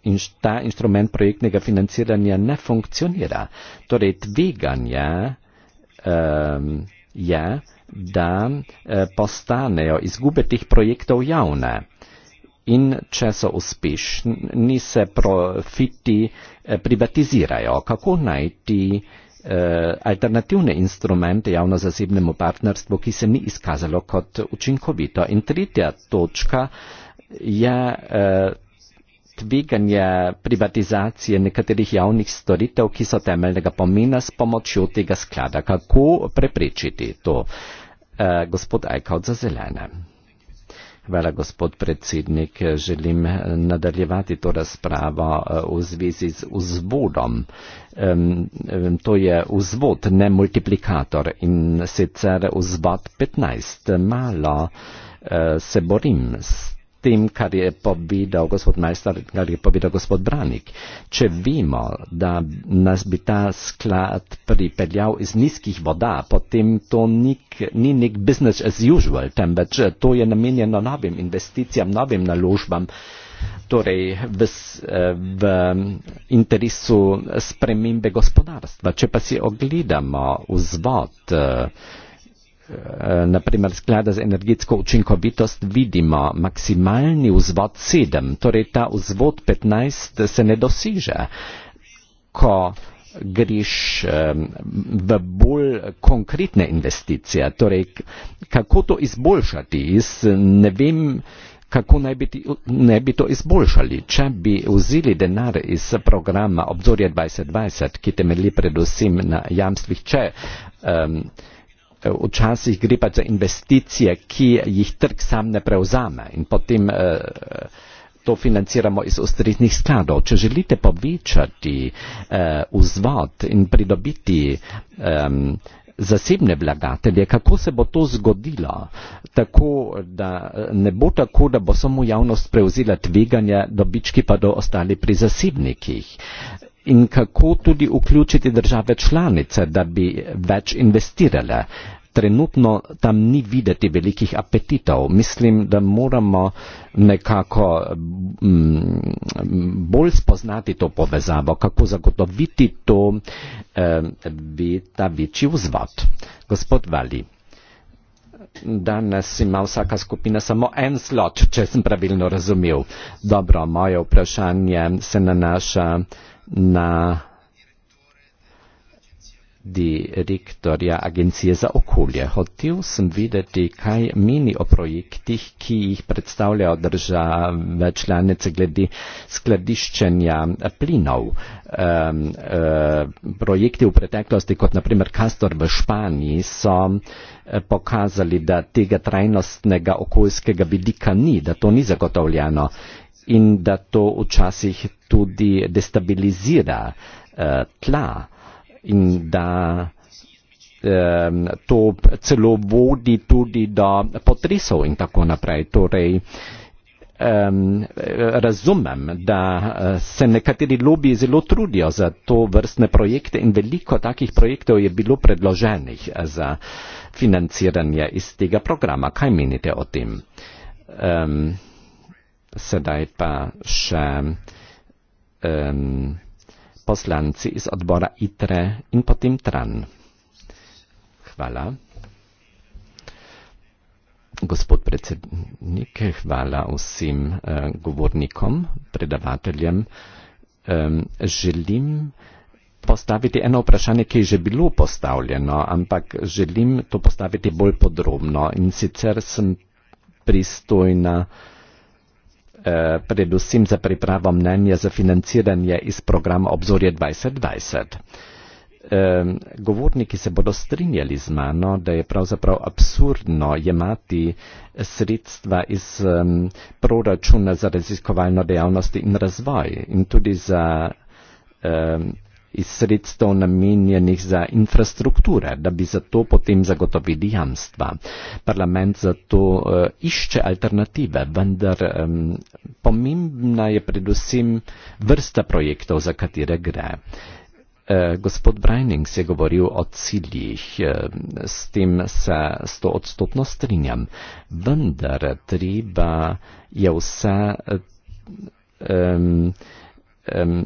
eh, ta inštrument projektnega financiranja ne funkcionira. Torej, tveganje ehm, je, da eh, postanejo izgube teh projektov javne. In če so uspešni, se profiti eh, privatizirajo. Kako najti uh, Eh, alternativne instrumente javno-zasebnemu partnerstvu, ki se ni izkazalo kot učinkovito. In tretja točka je eh, tveganje privatizacije nekaterih javnih storitev, ki so temeljnega pomena s pomočjo tega sklada. Kako preprečiti to? Eh, gospod Ajkaut za zelene. Hvala, gospod predsednik. Želim nadaljevati to razpravo eh, v zvezi z vzvodom. To je vzvod, ne multiplikator in sicer vzvod 15. Malo eh, se borim s tem, kar je povedal gospod Majstor, kar je povedal gospod Branik. Če vemo, da nas bi ta sklad pripeljal iz nizkih voda, potem to nik, ni nek business as usual, temveč eh, to je namenjeno novim investicijam, novim naložbam, torej v, eh, v interesu spremembe gospodarstva. Če pa si ogledamo vzvod, eh, Eh, na primer sklada za energetsko učinkovitost vidimo maksimalni vzvod 7, torej ta vzvod 15 se ne dosiže, ko greš v bolj konkretne investicije. Torej, kako to izboljšati? Jaz ne vem, kako naj bi, ne bi to izboljšali. Če bi vzeli denar iz programa Obzorje 2020, ki temelji predvsem na jamstvih, če um, Eh, včasih gre pa za investicije, ki jih trg sam ne prevzame in potem eh, to financiramo iz ustreznih skladov. Če želite povečati eh, vzvod in pridobiti zasebne vlagatelje, kako se bo to zgodilo, tako da ne bo tako, da bo samo javnost prevzela tveganja, dobički pa do ostali pri zasebnikih in kako tudi vključiti države članice, da bi več investirale. Trenutno tam ni videti velikih apetitov. Mislim, da moramo nekako mm, bolj spoznati to povezavo, kako zagotoviti to, ta večji vzvod. Gospod Vali, danes ima vsaka skupina samo en slot, če sem pravilno razumel. Dobro, moje vprašanje se nanaša. Na na direktorja Agencije za okolje. Hotel sem videti, kaj meni o projektih, ki jih predstavljajo države članice glede skladiščenja plinov. E, e, projekti v preteklosti, kot naprimer Castor v Španiji, so eh, pokazali, da tega trajnostnega okoljskega vidika ni, da to ni zagotovljeno in da to včasih tudi destabilizira uh, tla in da um, to celo vodi tudi do potresov in tako naprej. Torej, um, razumem, da eh, se nekateri lobiji zelo trudijo za to vrstne projekte in veliko takih projektov je bilo predloženih eh, za financiranje iz tega programa. Kaj menite o tem? Um, sedaj pa še um, poslanci iz odbora ITRE in potem TRAN. Hvala. Gospod predsednik, hvala vsem uh, govornikom, predavateljem. Um, želim postaviti eno vprašanje, ki je že bilo postavljeno, ampak želim to postaviti bolj podrobno in sicer sem pristojna uh, Eh, predvsem za pripravo mnenja za financiranje iz programa Obzorje 2020. Govorniki se bodo strinjali z mano, da je pravzaprav absurdno jemati sredstva iz proračuna za raziskovalno dejavnost in razvoj in tudi za iz sredstev namenjenih za infrastrukture, da bi za to potem zagotovili jamstva. Parlament zato uh, eh, išče alternative, vendar um, pomembna je predvsem vrsta projektov, za katere gre. Eh, gospod Breining se je govoril o ciljih, s tem se sto odstotno strinjam, vendar treba je vse um, um,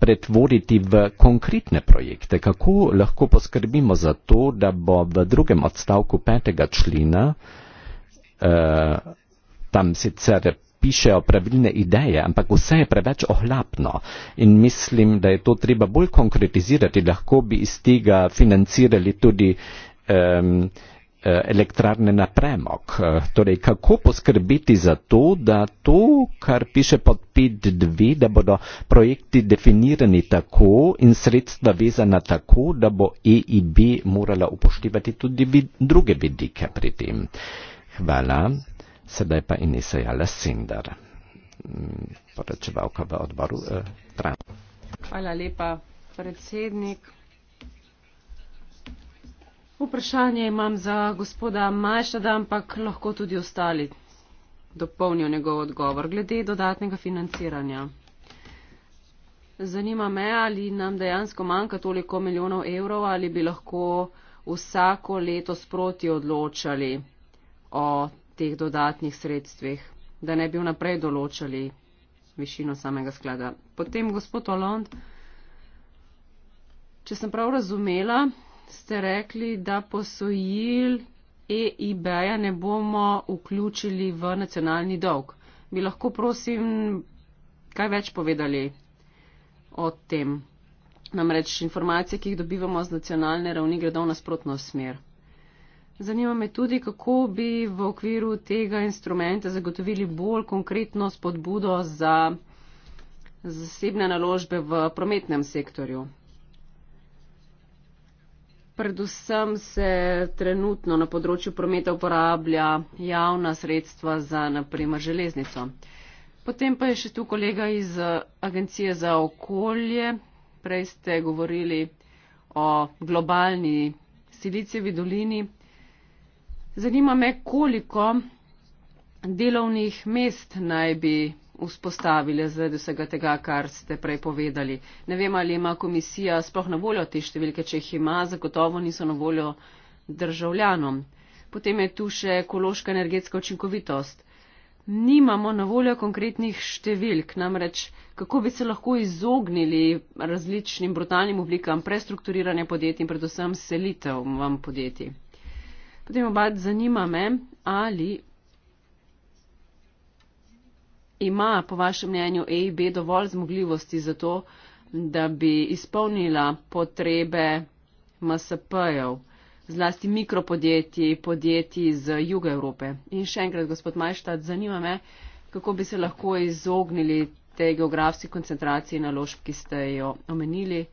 pretvoriti v konkretne projekte? Kako lahko poskrbimo za to, da bo v drugem odstavku petega člena, eh, tam sicer pišejo pravilne ideje, ampak vse je preveč ohlapno in mislim, da je to treba bolj konkretizirati, lahko bi iz tega financirali tudi. Eh, Eh, elektrarne na premog. Eh, torej, kako poskrbiti za to, da to, kar piše pod PID2, da bodo projekti definirani tako in sredstva vezana tako, da bo EIB morala upoštevati tudi vid druge vidike pri tem. Hvala. Sedaj pa Inisa Sindar, mm, poročevalka v odboru. Eh, Hvala lepa, predsednik. Vprašanje imam za gospoda Majšada, ampak lahko tudi ostali dopolnijo njegov odgovor glede dodatnega financiranja. Zanima me, ali nam dejansko manjka toliko milijonov evrov, ali bi lahko vsako leto sproti odločali o teh dodatnih sredstvih, da ne bi vnaprej določali višino samega sklada. Potem gospod Olond, če sem prav razumela, ste rekli, da posojil EIB-ja ne bomo vključili v nacionalni dolg. Bi lahko, prosim, kaj več povedali o tem? Namreč informacije, ki jih dobivamo z nacionalne ravni, gredo v nasprotno smer. Zanima me tudi, kako bi v okviru tega instrumenta zagotovili bolj konkretno spodbudo za zasebne naložbe v prometnem sektorju predvsem se trenutno na področju prometa uporablja javna sredstva za naprimer železnico. Potem pa je še tu kolega iz eh, Agencije za okolje. Prej ste govorili o globalni silicijevi dolini. Zanima me, koliko delovnih mest naj bi vzpostavile zaradi vsega tega, kar ste prej povedali. Ne vem, ali ima komisija sploh na voljo te številke, če jih ima, zagotovo niso na voljo državljanom. Potem je tu še ekološka energetska učinkovitost. Nimamo na voljo konkretnih številk, namreč kako bi se lahko izognili različnim brutalnim oblikam prestrukturiranja podjetij in predvsem selitev vam podjetij. Potem obad zanima me, ali ima po vašem mnenju EIB dovolj zmogljivosti za to, da bi izpolnila potrebe MSP-jev, zlasti mikropodjetij, podjetij z juga Evrope. In še enkrat, gospod Majštad, zanima me, kako bi se lahko izognili tej geografski koncentraciji naložb, ki ste jo omenili.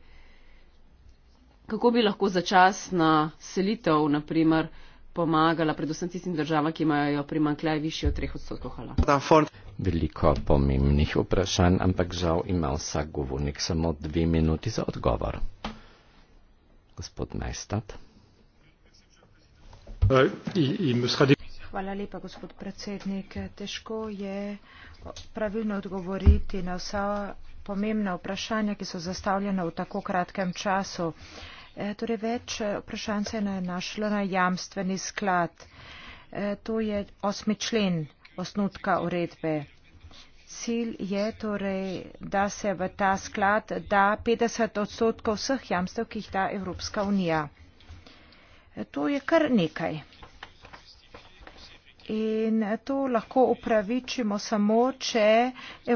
Kako bi lahko začasna selitev, naprimer, pomagala predvsem tistim državam, ki imajo primankljaj višji od 3 odstotkov? Hvala veliko pomembnih vprašanj, ampak žal ima vsak govornik samo dve minuti za odgovor. Gospod Majstad. Hvala lepa, gospod predsednik. Težko je pravilno odgovoriti na vsa pomembna vprašanja, ki so zastavljena v tako kratkem času. E, torej več vprašanj se je našlo na jamstveni sklad. E, to je osmi člen osnutka uredbe. Cilj je torej, da se v ta sklad da 50 odstotkov vseh jamstev, ki jih da Evropska unija. To je kar nekaj. In to lahko upravičimo samo, če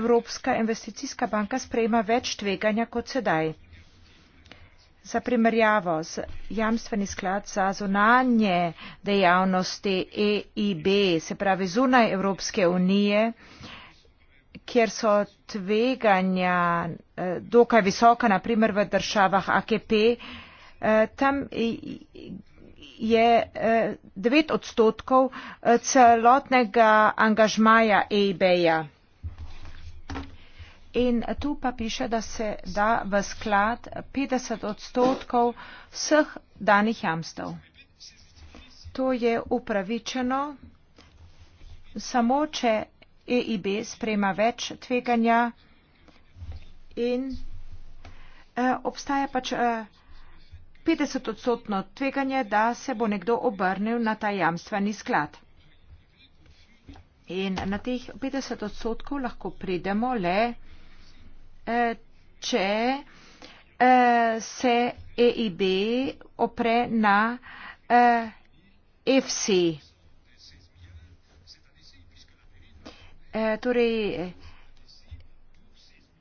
Evropska investicijska banka sprejema več tveganja kot sedaj. Za primerjavo, jamstveni sklad za zunanje dejavnosti EIB, se pravi zunaj Evropske unije, kjer so tveganja eh, dokaj visoka, naprimer v državah AKP, eh, tam je 9 eh, odstotkov celotnega angažmaja EIB-ja. In tu pa piše, da se da v sklad 50 odstotkov vseh danih jamstev. To je upravičeno samo, če EIB sprema več tveganja in eh, obstaja pač eh, 50 odstotno tveganje, da se bo nekdo obrnil na ta jamstveni sklad. In na teh 50 odstotkov lahko pridemo le, Eh, če eh, se EIB opre na eh, FC. Torej,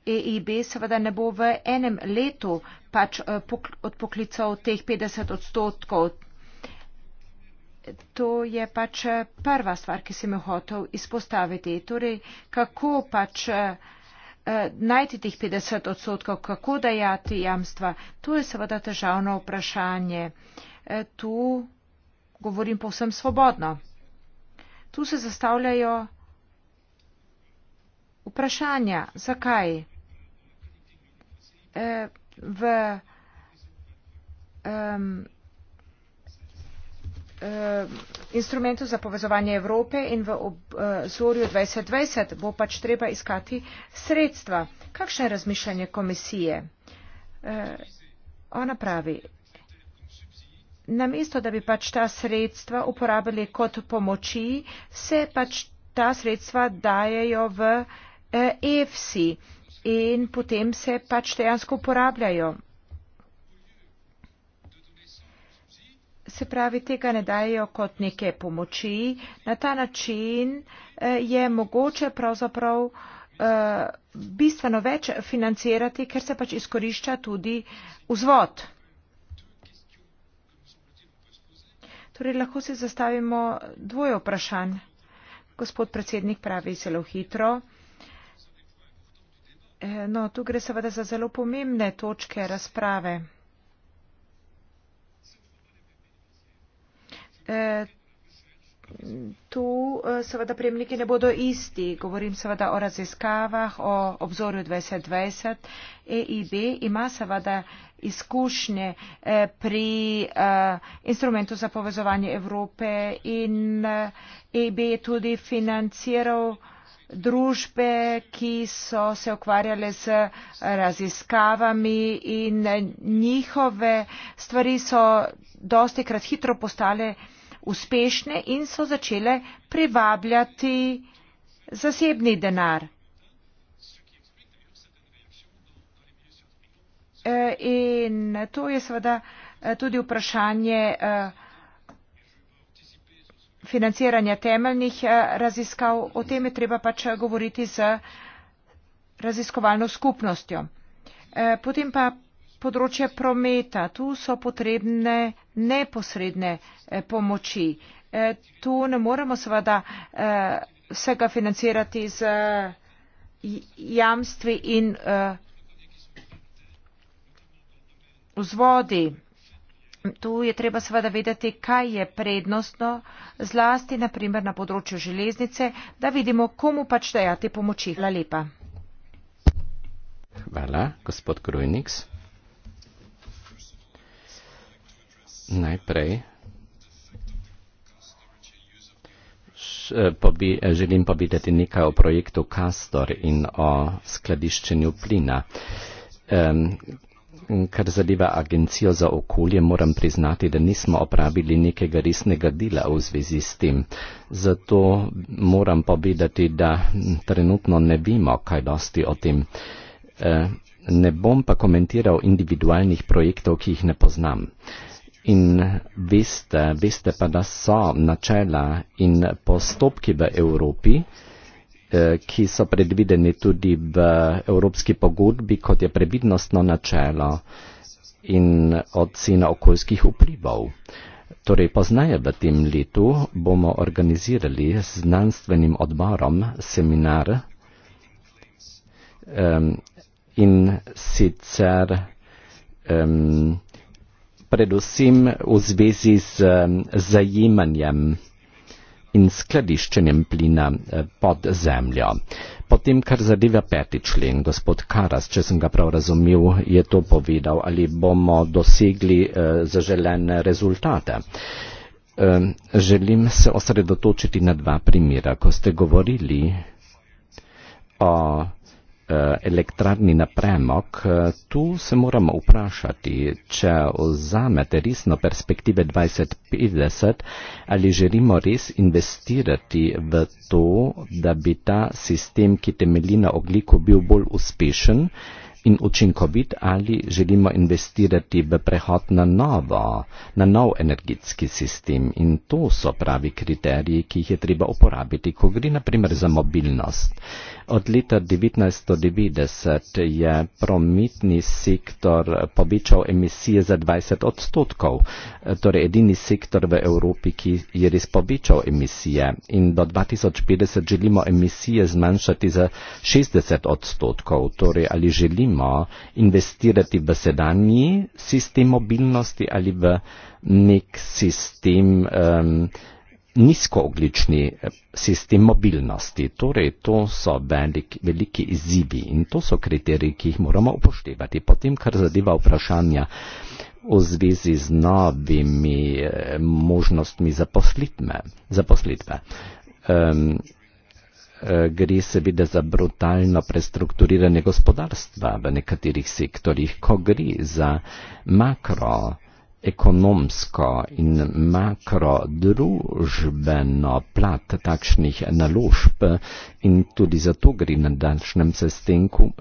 EIB seveda ne bo v enem letu pač odpoklical teh 50 odstotkov. To je pač prva stvar, ki sem jo hotel izpostaviti. Torej, kako pač Eh, najti tih 50 odstotkov, kako dajati jamstva. To je seveda težavno vprašanje. Eh, tu govorim povsem svobodno. Tu se zastavljajo vprašanja, zakaj. Eh, v, um, Eh, instrumentu za povezovanje Evrope in v eh, obzorju 2020 bo pač treba iskati sredstva. Kakšno je razmišljanje komisije? Eh, ona pravi, namesto da bi pač ta sredstva uporabili kot pomoči, se pač ta sredstva dajejo v EFSI e in potem se pač dejansko uporabljajo. se pravi, tega ne dajo kot neke pomoči. Na ta način eh, je mogoče pravzaprav eh, bistveno več financirati, ker se pač izkorišča tudi vzvod. Torej, lahko se zastavimo dvoje vprašanj. Gospod predsednik pravi zelo hitro. Eh, no, tu gre seveda za zelo pomembne točke razprave. E, tu e, seveda prejemniki ne bodo isti. Govorim seveda o raziskavah, o obzorju 2020. EIB ima seveda izkušnje e, pri instrumentu za povezovanje Evrope in EIB je tudi financiral družbe, ki so se ukvarjale z raziskavami in njihove stvari so dosti krat hitro postale uspešne in so začele privabljati zasebni denar. E, in to je seveda e, tudi vprašanje e, financiranja temeljnih raziskav. O tem je treba pač govoriti z raziskovalno skupnostjo. Potem pa področje prometa. Tu so potrebne neposredne eh, pomoči. Eh, tu ne moremo seveda eh, vsega financirati z jamstvi in vzvodi. Tu je treba seveda vedeti, kaj je prednostno zlasti, naprimer na področju železnice, da vidimo, komu pač dajati pomoči. Hvala lepa. Hvala, gospod Grujniks. najprej eh, pobi, eh, želim pobiteti nekaj o projektu Castor in o skladiščenju plina. Um, kar zadeva agencijo za okolje, moram priznati, da nismo opravili nekega resnega dela v zvezi s tem. Zato moram povedati, da trenutno ne vemo kaj dosti o tem. Eh, ne bom pa komentiral individualnih projektov, ki jih ne poznam. In veste, veste pa, da so načela in postopki v Evropi, eh, ki so predvideni tudi v Evropski pogodbi, kot je previdnostno načelo in ocena okoljskih vplivov. Torej, poznaje v tem letu bomo organizirali z znanstvenim odborom seminar um, in sicer um, predvsem v zvezi z um, zajemanjem in skladiščenjem plina eh, pod zemljo. Potem, kar zadeva peti člen, gospod Karas, če sem ga prav razumel, je to povedal, ali bomo dosegli eh, zaželene rezultate. Eh, želim se osredotočiti na dva primera, ko ste govorili o Eh, elektrarni na premok, eh, tu se moramo vprašati, če vzamete resno perspektive 2050, ali želimo res investirati v to, da bi ta sistem, ki temelji na ogliku, bil bolj uspešen in učinkovit ali želimo investirati v prehod na novo, na nov energetski sistem. In to so pravi kriteriji, ki jih je treba uporabiti, ko gre naprimer za mobilnost. Od leta 1990 je prometni sektor povečal emisije za 20 odstotkov, torej edini sektor v Evropi, ki je res povečal emisije. In do 2050 želimo emisije zmanjšati za 60 odstotkov, torej ali želimo želimo investirati v sedanji sistem mobilnosti ali v nek sistem, um, nizkooglični eh, sistem mobilnosti. Torej, to so velik, veliki izzivi in to so kriteriji, ki jih moramo upoštevati. Potem, kar zadeva vprašanja v zvezi z novimi eh, možnostmi zaposlitve. zaposlitve. Um, Eh, gre seveda za brutalno prestrukturiranje gospodarstva v nekaterih sektorjih, ko gre za makro ekonomsko in makrodružbeno plat takšnih naložb in tudi zato gre na današnjem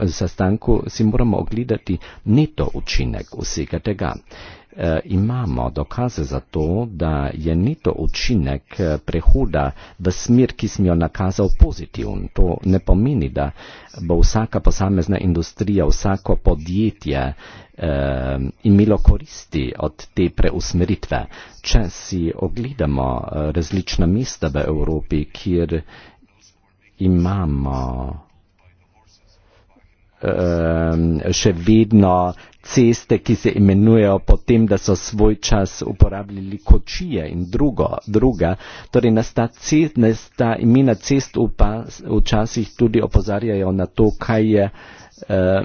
sestanku, si moramo ogledati neto učinek vsega tega eh, imamo dokaze za to, da je neto učinek eh, prehuda v smer, ki smo jo nakazal pozitivn. To ne pomeni, da bo vsaka posamezna industrija, vsako podjetje eh, imelo koristi od te preusmeritve. Če si ogledamo eh, različna mesta v Evropi, kjer imamo Ehm, še vedno ceste, ki se imenujejo potem, da so svoj čas uporabljali kočije in drugo, druga. Torej nas ta, cest, nas ta imena cest upa, včasih tudi opozarjajo na to, kaj je. Uh,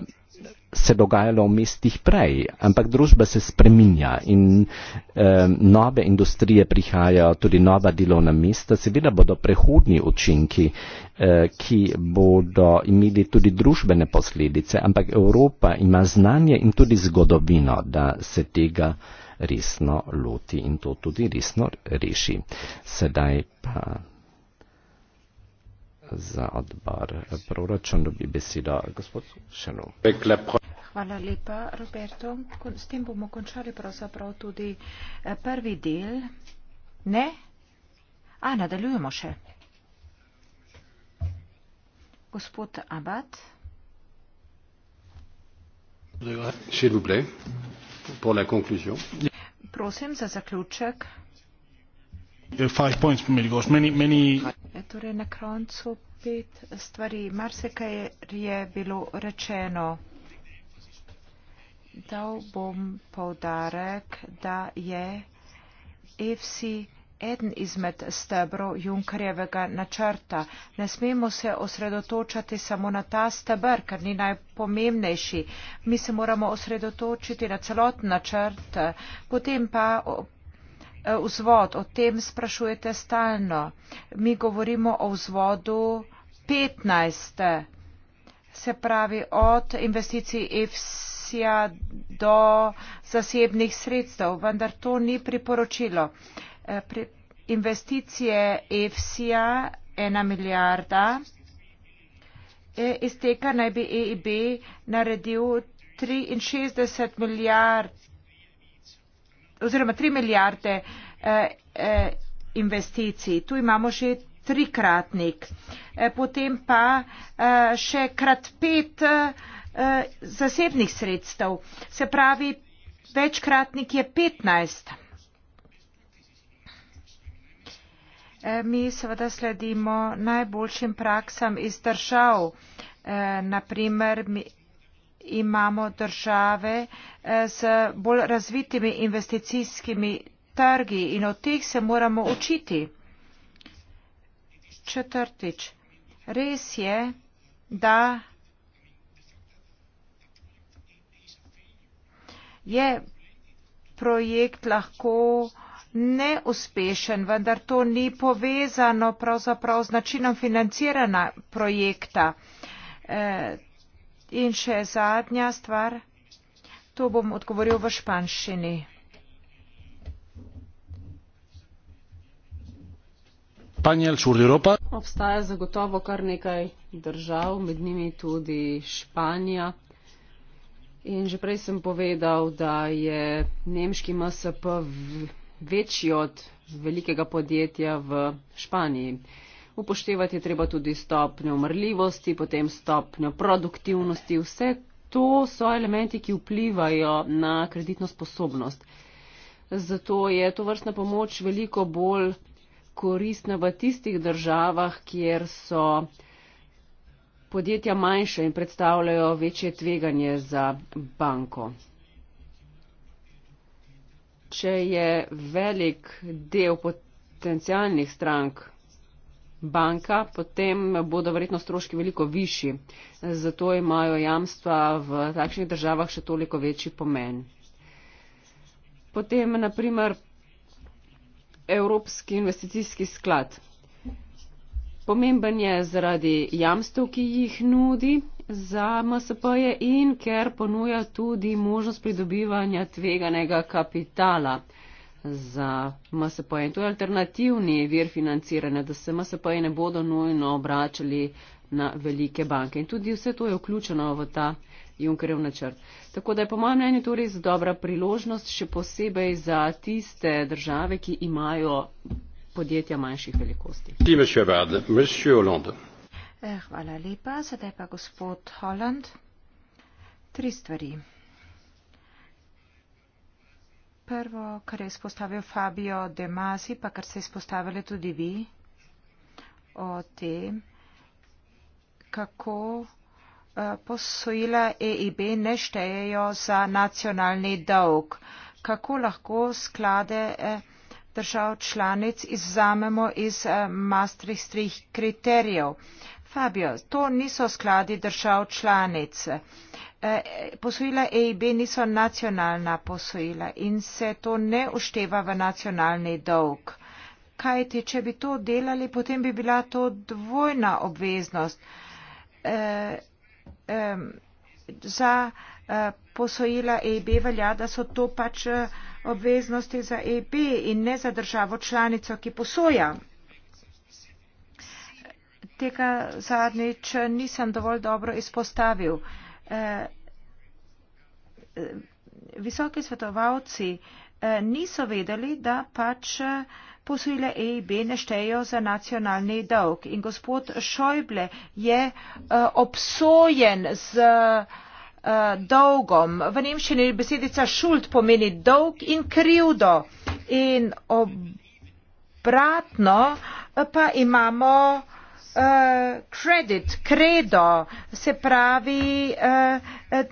se dogajalo v mestih prej, ampak družba se spreminja in eh, nove industrije prihajajo, tudi nova delovna mesta, seveda bodo prehodni učinki, eh, ki bodo imeli tudi družbene posledice, ampak Evropa ima znanje in tudi zgodovino, da se tega resno loti in to tudi resno reši. Sedaj pa za odbor. Proračun dobi beseda gospod Šenov. Hvala lepa, Roberto. S tem bomo končali pravzaprav tudi eh, prvi del. Ne? A, nadaljujemo še. Gospod Abad. Prosim za zaključek five points from Miligos. Many, many... E, torej, na koncu pet stvari. Marsikaj je bilo rečeno. Dal bom povdarek, da je EFSI eden izmed stebrov Junkarjevega načrta. Ne smemo se osredotočati samo na ta stebr, ker ni najpomembnejši. Mi se moramo osredotočiti na celoten načrt, potem pa Eh, vzvod, o tem sprašujete stalno. Mi govorimo o vzvodu 15, se pravi od investicij EFSIA do zasebnih sredstev, vendar to ni priporočilo. Eh, investicije EFSIA ena milijarda, e, iz tega naj bi EIB naredil 63 milijard oziroma tri milijarde eh, eh, investicij. Tu imamo že trikratnik. Eh, potem pa eh, še krat pet eh, zasebnih sredstev. Se pravi, večkratnik je 15. Eh, mi seveda sledimo najboljšim praksam iz držav. E, eh, naprimer, mi, imamo države z eh, bolj razvitimi investicijskimi trgi in od teh se moramo učiti. Četrtič. Res je, da je projekt lahko neuspešen, vendar to ni povezano pravzaprav z načinom financiranja projekta. Eh, In še zadnja stvar, to bom odgovoril v španščini. Obstaja zagotovo kar nekaj držav, med njimi tudi Španija. In že prej sem povedal, da je nemški MSP večji od velikega podjetja v Španiji upoštevati je treba tudi stopnjo umrljivosti, potem stopnjo produktivnosti. Vse to so elementi, ki vplivajo na kreditno sposobnost. Zato je to vrstna pomoč veliko bolj koristna v tistih državah, kjer so podjetja manjše in predstavljajo večje tveganje za banko. Če je velik del potencialnih strank banka, potem bodo verjetno stroški veliko višji. Zato imajo jamstva v takšnih državah še toliko večji pomen. Potem, naprimer, Evropski investicijski sklad. Pomemben je zaradi jamstev, ki jih nudi za MSP-je in ker ponuja tudi možnost pridobivanja tveganega kapitala. Uh, za MSP. In to je alternativni vir financiranja, da se MSP ne bodo nujno obračali na velike banke. In tudi vse to je vključeno v ta Junkerjev načrt. Tako da je po mojem mnenju to res dobra priložnost, še posebej za tiste države, ki imajo podjetja manjših velikosti. Eh, hvala lepa. Sedaj pa gospod Holland. Tri stvari. Prvo, kar je izpostavil Fabio De Masi, pa kar ste izpostavili tudi vi, o tem, kako eh, posojila EIB ne štejejo za nacionalni dolg. Kako lahko sklade eh, držav članic izzamemo iz eh, Maastrichtskih kriterijev? Fabio, to niso skladi držav članic. E, posojila EIB niso nacionalna posojila in se to ne ušteva v nacionalni dolg. Kaj ti, če bi to delali, potem bi bila to dvojna obveznost e, e, za e, posojila EIB velja, da so to pač e, obveznosti za EIB in ne za državo članico, ki posoja tega zadnjič nisem dovolj dobro izpostavil. Eh, visoki svetovalci eh, niso vedeli, da pač eh, posojile EIB ne štejo za nacionalni dolg. In gospod Šojble je obsojen z dolgom. V nemščini besedica šult pomeni dolg in krivdo. In obratno pa imamo kredit, eh, uh, kredo, se pravi, uh,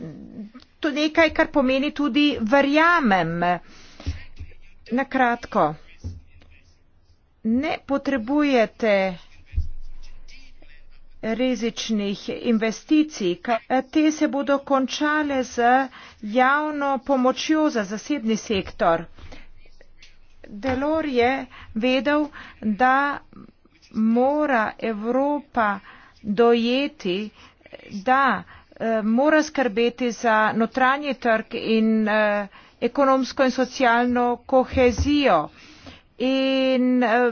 to nekaj, kar pomeni tudi verjamem. Na kratko, ne potrebujete rizičnih investicij, te se bodo končale z javno pomočjo za zasebni sektor. Delor je vedel, da mora Evropa dojeti, da eh, mora skrbeti za notranji trg in eh, ekonomsko in socialno kohezijo. In eh,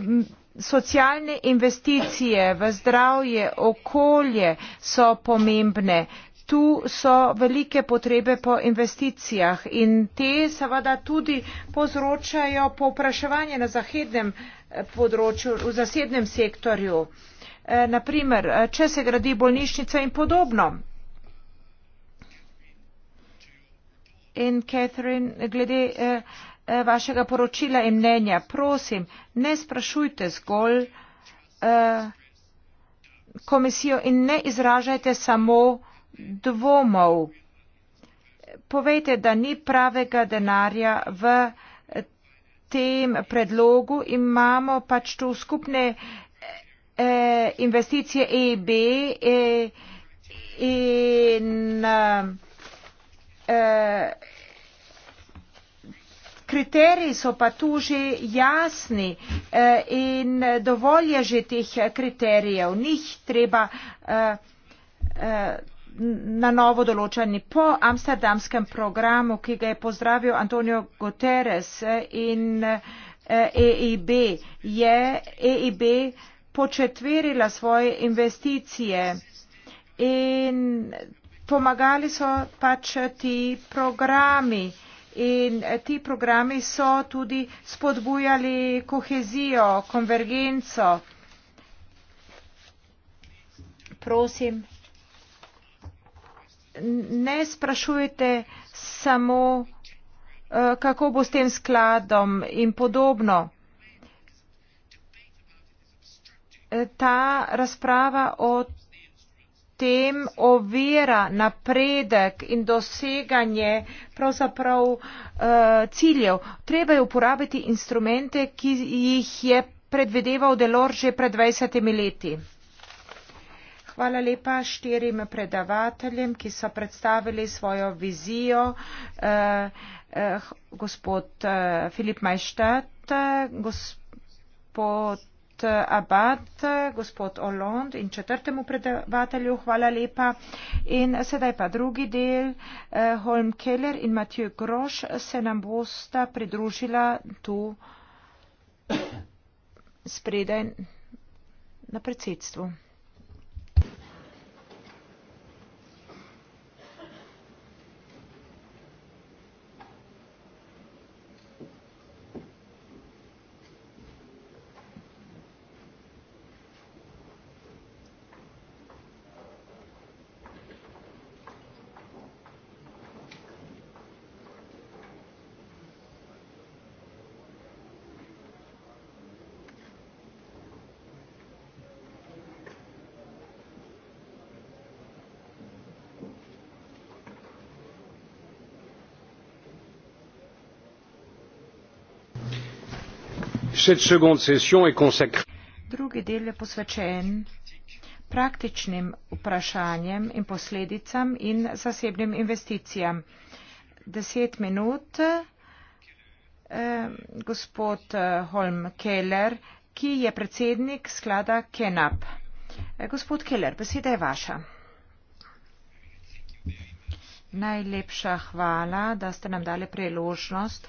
socialne investicije v zdravje, okolje so pomembne. Tu so velike potrebe po investicijah in te seveda tudi povzročajo povpraševanje na zahednem področju, v zasebnem sektorju, e, naprimer, e, če se gradi bolnišnica in podobno. In Catherine, glede eh, vašega poročila in mnenja, prosim, ne sprašujte zgolj eh, komisijo in ne izražajte samo dvomov. Povejte, da ni pravega denarja v eh, tem predlogu imamo pač tu skupne eh, investicije EIB eh, in eh, kriteriji so pa tu že jasni eh, in dovolj je že teh kriterijev. Njih treba. Eh, eh, na novo določeni po amsterdamskem programu, ki ga je pozdravil Antonio Guterres in EIB, eh, e je EIB početverila svoje investicije in pomagali so pač ti programi. In eh, ti programi so tudi spodbujali kohezijo, konvergenco. Prosim ne sprašujte samo, eh, kako bo s tem skladom in podobno. Eh, ta razprava o tem ovira napredek in doseganje pravzaprav uh, ciljev. Treba je uporabiti instrumente, ki jih je predvideval Delor že pred 20 leti. Hvala lepa štirim predavateljem, ki so predstavili svojo vizijo. Eh, eh, gospod eh, Filip Majštet, gospod eh, Abad, gospod Olond in četrtemu predavatelju hvala lepa. In sedaj pa drugi del, eh, Holm Keller in Matthew Groš se nam bosta pridružila tu spredaj na predsedstvu. drugi del je posvečen praktičnim vprašanjem in posledicam in zasebnim investicijam. Deset minut, eh, gospod eh, Holm Keller, ki je predsednik sklada Kenap. Eh, gospod Keller, beseda je vaša. Najlepša hvala, da ste nam dali priložnost,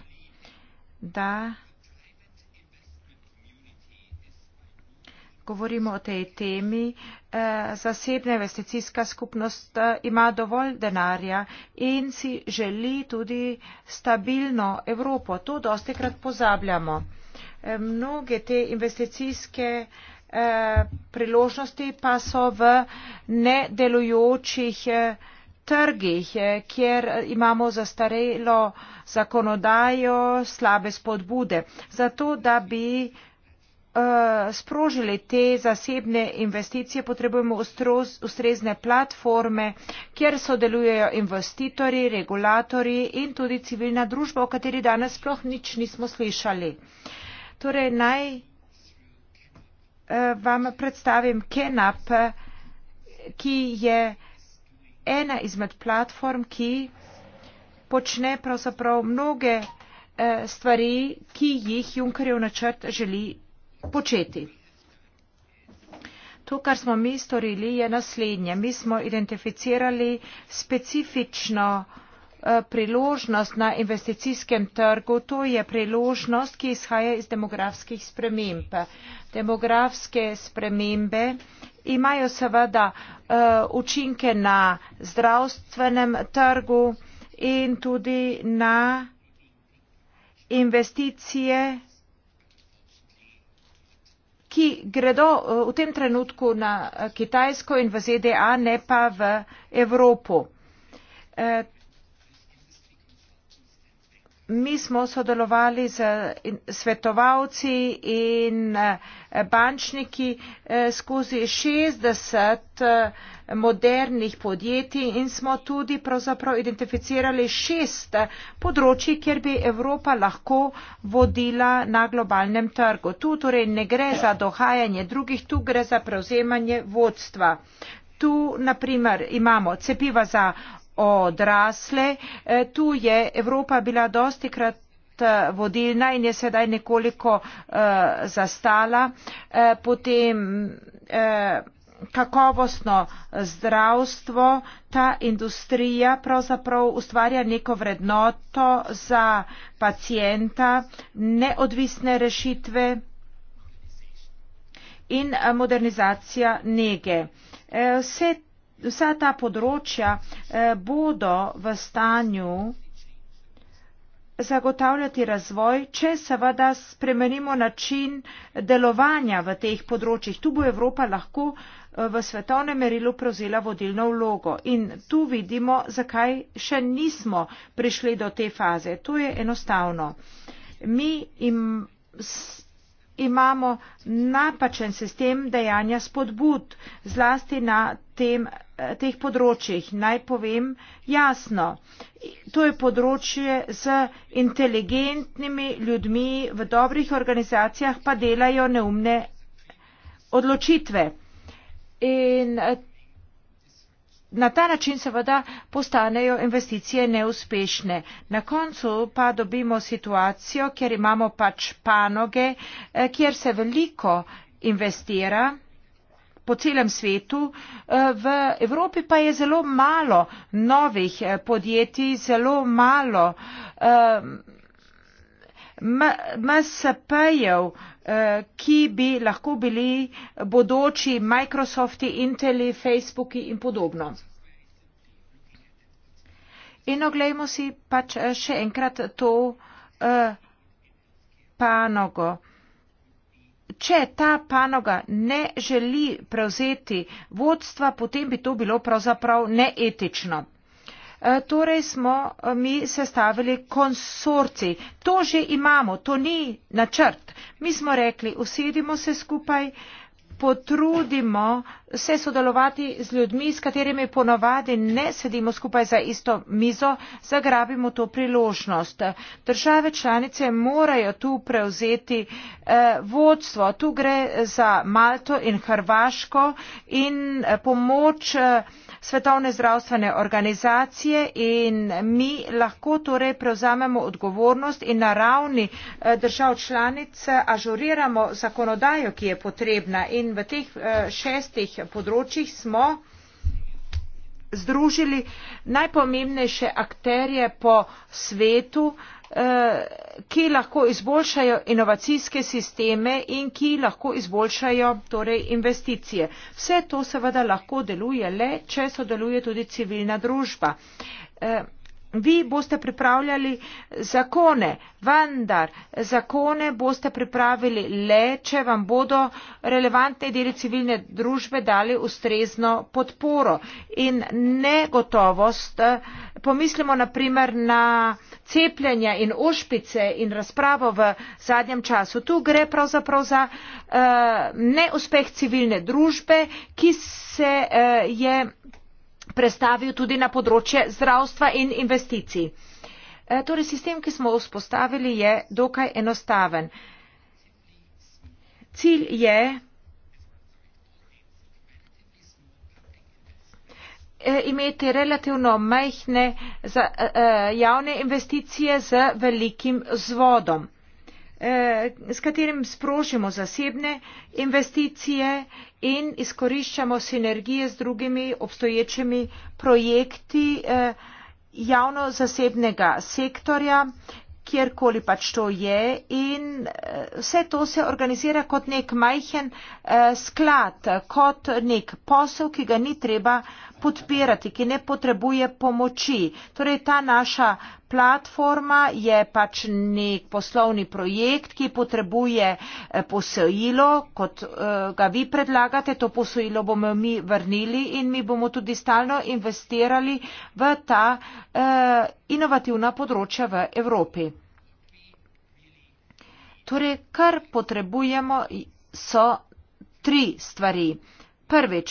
da govorimo o tej temi, eh, zasebna investicijska skupnost eh, ima dovolj denarja in si želi tudi stabilno Evropo. To dosti krat pozabljamo. Eh, mnoge te investicijske priložnosti pa so v nedelujočih trgih, kjer imamo zastarelo zakonodajo, slabe spodbude. Zato, da bi Eh, sprožili te zasebne investicije, potrebujemo ustroz, ustrezne platforme, kjer sodelujejo investitorji, regulatorji in tudi civilna družba, o kateri danes sploh nič nismo slišali. Torej, naj uh, vam predstavim Kenap, ki je ena izmed platform, ki počne pravzaprav mnoge uh, stvari, ki jih Junkerjev načrt želi početi. To, kar smo mi storili, je naslednje. Mi smo identificirali specifično eh, priložnost na investicijskem trgu, to je priložnost, ki izhaja iz demografskih sprememb. Demografske spremembe imajo seveda uh, učinke na zdravstvenem trgu in tudi na investicije ki gredo eh, v tem trenutku na eh, Kitajsko in v ZDA, ne pa v Evropo. Eh, mi smo sodelovali z svetovalci in eh, bančniki eh, skozi 60 eh, modernih podjetij in smo tudi pravzaprav identificirali šest področji, kjer bi Evropa lahko vodila na globalnem trgu. Tu torej ne gre za dohajanje drugih, tu gre za prevzemanje vodstva. Tu, naprimer, imamo cepiva za odrasle. E, tu je Evropa bila dostikrat e, vodilna in je sedaj nekoliko uh, zastala. Uh, potem uh, kakovostno zdravstvo, ta industrija pravzaprav ustvarja neko vrednoto za pacijenta, neodvisne rešitve in modernizacija nege. Uh, vse vsa ta področja eh, bodo v stanju zagotavljati razvoj, če seveda spremenimo način delovanja v teh področjih. Tu bo Evropa lahko eh, v svetovnem merilu prevzela vodilno vlogo. In tu vidimo, zakaj še nismo prišli do te faze. To je enostavno. Mi im, s, imamo napačen sistem dejanja spodbud, zlasti na tem, eh, teh področjih. Naj povem jasno, to je področje z inteligentnimi ljudmi v dobrih organizacijah, pa delajo neumne odločitve. In eh, na ta način seveda postanejo investicije neuspešne. Na koncu pa dobimo situacijo, kjer imamo pač panoge, eh, kjer se veliko investira po celem svetu. Eh, v Evropi pa je zelo malo novih eh, podjetij, zelo malo MSP-jev. Um, ki bi lahko bili bodoči Microsofti, Inteli, Facebooki in podobno. In oglejmo si pač eh, še enkrat to uh, panogo. Če ta panoga ne želi prevzeti vodstva, potem bi to bilo pravzaprav neetično. Eh, torej smo eh, mi sestavili konsorci. To že imamo, to ni načrt. Mi smo rekli, usedimo se skupaj, potrudimo, se sodelovati z ljudmi, s katerimi ponavadi ne sedimo skupaj za isto mizo, zagrabimo to priložnost. Države članice morajo tu prevzeti eh, vodstvo. Tu gre za Malto in Hrvaško in eh, pomoč eh, svetovne zdravstvene organizacije in mi lahko torej prevzamemo odgovornost in na ravni eh, držav članic eh, ažuriramo zakonodajo, ki je potrebna in v teh eh, šestih področjih smo združili najpomembnejše akterje po svetu, eh, ki lahko izboljšajo inovacijske sisteme in ki lahko izboljšajo torej, investicije. Vse to seveda lahko deluje le, če sodeluje tudi civilna družba. Eh, vi boste pripravljali zakone, vendar zakone boste pripravili le, če vam bodo relevantne deli civilne družbe dali ustrezno podporo. In negotovost, pomislimo naprimer na cepljenja in ošpice in razpravo v zadnjem času. Tu gre pravzaprav za uh, neuspeh civilne družbe, ki se uh, je prestavil tudi na področje zdravstva in investicij. E, torej, sistem, ki smo vzpostavili, je dokaj enostaven. Cilj je e, imeti relativno majhne e, javne investicije z velikim zvodom s katerim sprožimo zasebne investicije in izkoriščamo sinergije z drugimi obstoječimi projekti eh, javno-zasebnega sektorja, kjerkoli pač to je. In eh, vse to se organizira kot nek majhen eh, sklad, kot nek posel, ki ga ni treba podpirati, ki ne potrebuje pomoči. Torej, ta naša platforma je pač nek poslovni projekt, ki potrebuje eh, posojilo, kot eh, ga vi predlagate. To posojilo bomo mi vrnili in mi bomo tudi stalno investirali v ta eh, inovativna področja v Evropi. Torej, kar potrebujemo, so tri stvari. Prvič,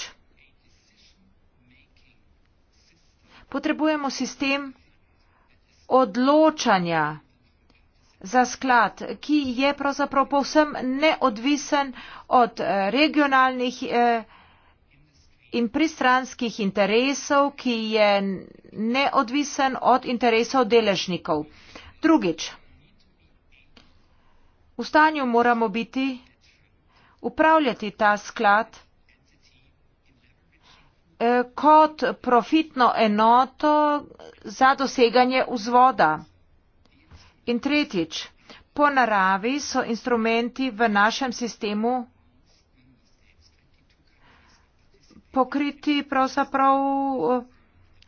potrebujemo sistem odločanja za sklad, ki je pravzaprav povsem neodvisen od eh, regionalnih eh, in pristranskih interesov, ki je neodvisen od interesov deležnikov. Drugič, v stanju moramo biti upravljati ta sklad, Eh, kot profitno enoto za doseganje vzvoda. In tretjič, po naravi so instrumenti v našem sistemu pokriti pravzaprav eh,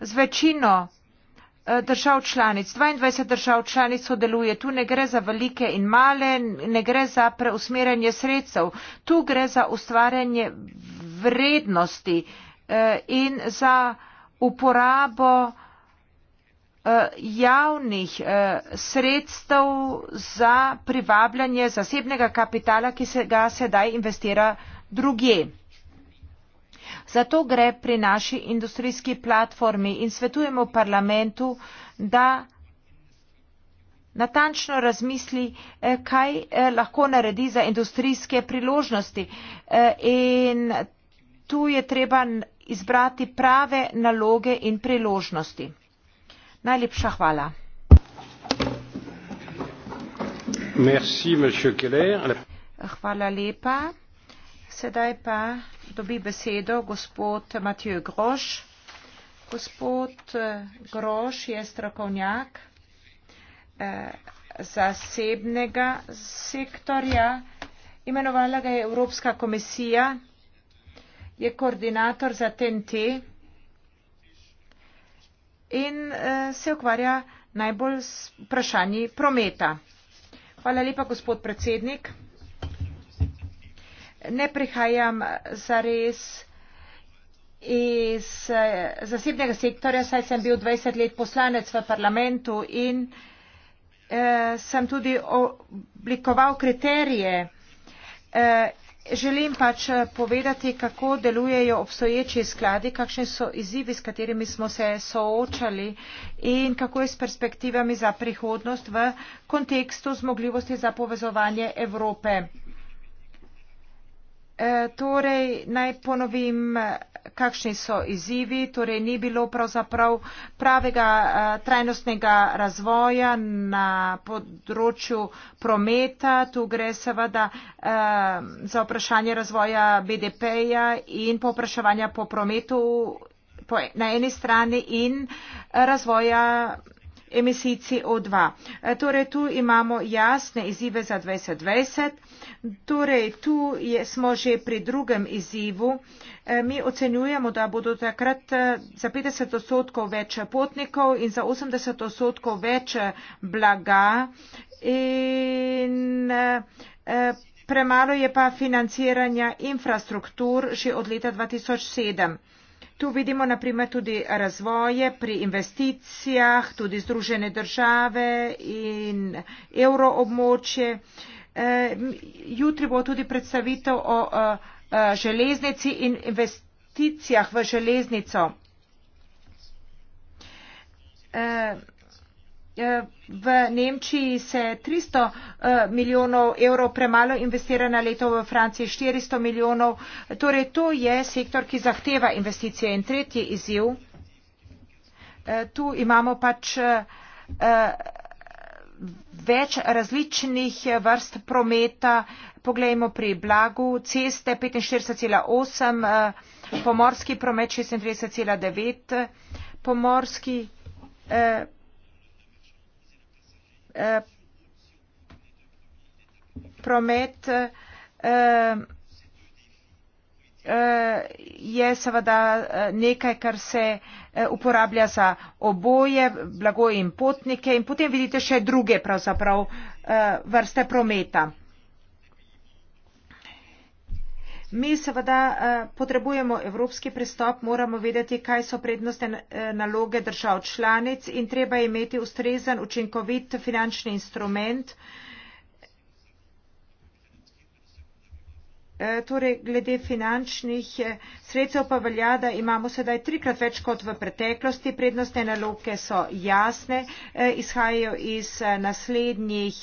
z večino eh, držav članic. 22 držav članic sodeluje. Tu ne gre za velike in male, ne gre za preusmerjanje sredstev. Tu gre za ustvarjanje vrednosti. Eh, in za uporabo eh, javnih eh, sredstev za privabljanje zasebnega kapitala, ki se ga sedaj investira druge. Zato gre pri naši industrijski platformi in svetujemo parlamentu, da natančno razmisli, kaj lahko naredi za industrijske priložnosti. In tu je treba izbrati prave naloge in priložnosti. Najlepša hvala. Merci, hvala lepa. Sedaj pa dobi besedo gospod Matijo Groš. Gospod eh, Groš je strokovnjak eh, zasebnega sektorja. Imenovala ga je Evropska komisija je koordinator za TNT in eh, se ukvarja najbolj s vprašanji prometa. Hvala lepa, gospod predsednik. Ne prihajam zares iz eh, zasebnega sektorja, saj sem bil 20 let poslanec v parlamentu in eh, sem tudi oblikoval kriterije želim pač eh, povedati, kako delujejo obstoječi skladi, kakšni so izzivi, s katerimi smo se soočali in kako je s perspektivami za prihodnost v kontekstu zmogljivosti za povezovanje Evrope. E, torej, naj ponovim, kakšni so izzivi. Torej, ni bilo pravzaprav pravega e, trajnostnega razvoja na področju prometa. Tu gre seveda e, za vprašanje razvoja BDP-ja in popraševanja po prometu na eni strani in razvoja emisij CO2. E, torej, tu imamo jasne izzive za 2020. Torej, tu je, smo že pri drugem izzivu. E, mi ocenjujemo, da bodo takrat e, za 50 odstotkov več potnikov in za 80 odstotkov več blaga. In, Premalo je pa financiranja infrastruktur že od leta 2007. Tu vidimo na primer tudi razvoje pri investicijah, tudi združene države in euroobmočje. E, jutri bo tudi predstavitev o e, e, železnici in investicijah v železnico. Eh, v Nemčiji se 300 eh, milijonov evrov premalo investira na leto, v Franciji 400 milijonov. Torej, to je sektor, ki zahteva investicije. In tretji izziv, eh, tu imamo pač več različnih vrst prometa. Poglejmo pri blagu, ceste 45,8, pomorski promet 36,9, pomorski. Eh, promet eh, eh, je seveda nekaj, kar se uporablja za oboje, blago in potnike in potem vidite še druge pravzaprav vrste prometa. Mi seveda eh, potrebujemo evropski pristop, moramo vedeti, kaj so prednostne eh, naloge držav članic in treba imeti ustrezen učinkovit finančni instrument, E, torej glede finančnih e, sredstev pa velja, da imamo sedaj trikrat več kot v preteklosti. Prednostne naloge so jasne, e, izhajajo iz naslednjih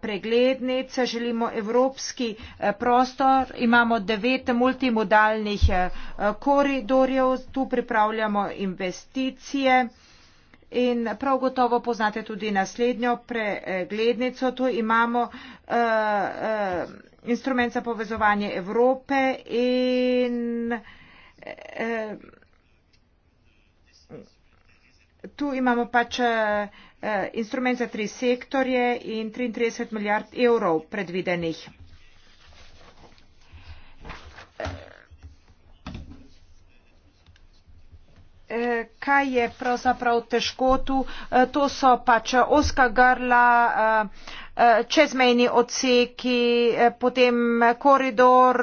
preglednic. Želimo evropski prostor, imamo devet multimodalnih koridorjev, tu pripravljamo investicije. In prav gotovo poznate tudi naslednjo preglednico. Tu imamo uh, uh, instrument za povezovanje Evrope in eh, tu imamo pač eh, instrument za tri sektorje in 33 milijard evrov predvidenih. Eh, kaj je pravzaprav težko tu? Eh, to so pač oska grla, eh, Eh, čezmejni odseki, eh, potem koridor,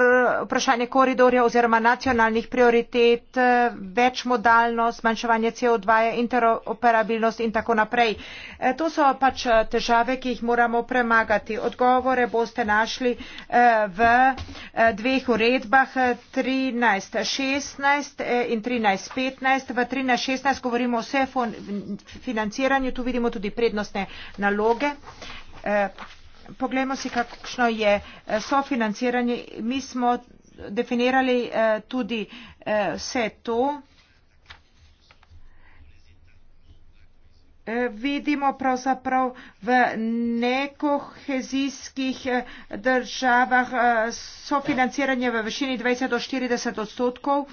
vprašanje koridorja oziroma nacionalnih prioritet, eh, večmodalnost, manjševanje CO2, interoperabilnost in tako naprej. To so pač težave, ki jih moramo premagati. Odgovore boste našli v dveh uredbah 13.16 in 13.15. V 13.16 govorimo o vse financiranju, tu vidimo tudi prednostne naloge. Eh, poglejmo si, kakšno je eh, sofinanciranje. Mi smo definirali eh, tudi vse to. Vidimo pravzaprav v nekohezijskih državah sofinanciranje v višini 20 do 40 odstotkov.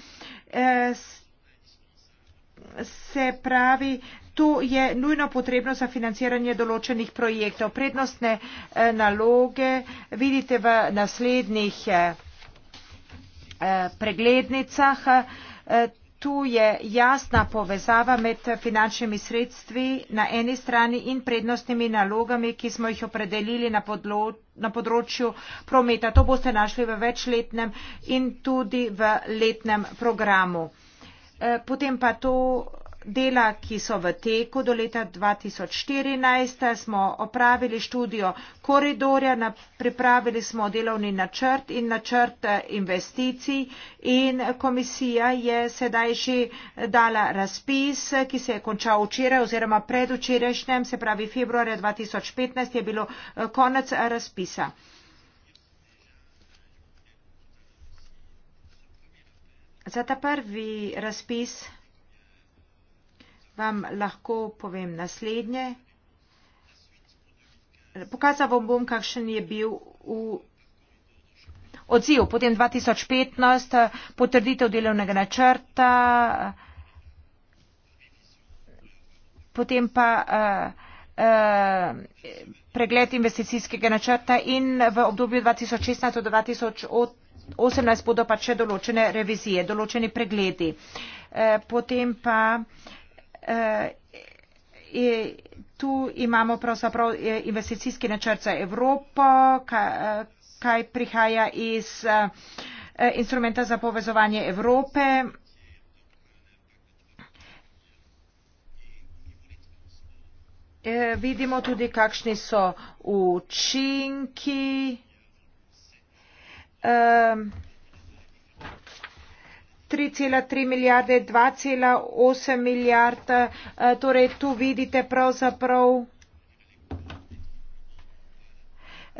Se pravi, tu je nujno potrebno za financiranje določenih projektov. Prednostne eh, naloge vidite v naslednjih eh, eh, preglednicah. Tu je jasna povezava med finančnimi sredstvi na eni strani in prednostnimi nalogami, ki smo jih opredelili na, podlo, na področju prometa. To boste našli v večletnem in tudi v letnem programu. Potem pa to dela, ki so v teku do leta 2014, smo opravili študijo koridorja, pripravili smo delovni načrt in načrt eh, investicij in komisija je sedaj že dala razpis, ki se je končal včeraj oziroma predvčerajšnjem, se pravi februarja 2015 je bilo eh, konec eh, razpisa. Za ta prvi razpis vam lahko povem naslednje. Pokazal vam bom, kakšen je bil v odziv. Potem 2015, potrditev delovnega načrta, potem pa uh, uh, pregled investicijskega načrta in v obdobju 2016 do 2018 bodo pa še določene revizije, določeni pregledi. Uh, potem pa uh, Eh, eh, tu imamo pravzaprav eh, investicijski načrt za Evropo, kaj prihaja iz instrumenta za povezovanje Evrope. Vidimo tudi, kakšni so učinki. 3,3 milijarde, 2,8 milijard. Eh, torej, tu vidite pravzaprav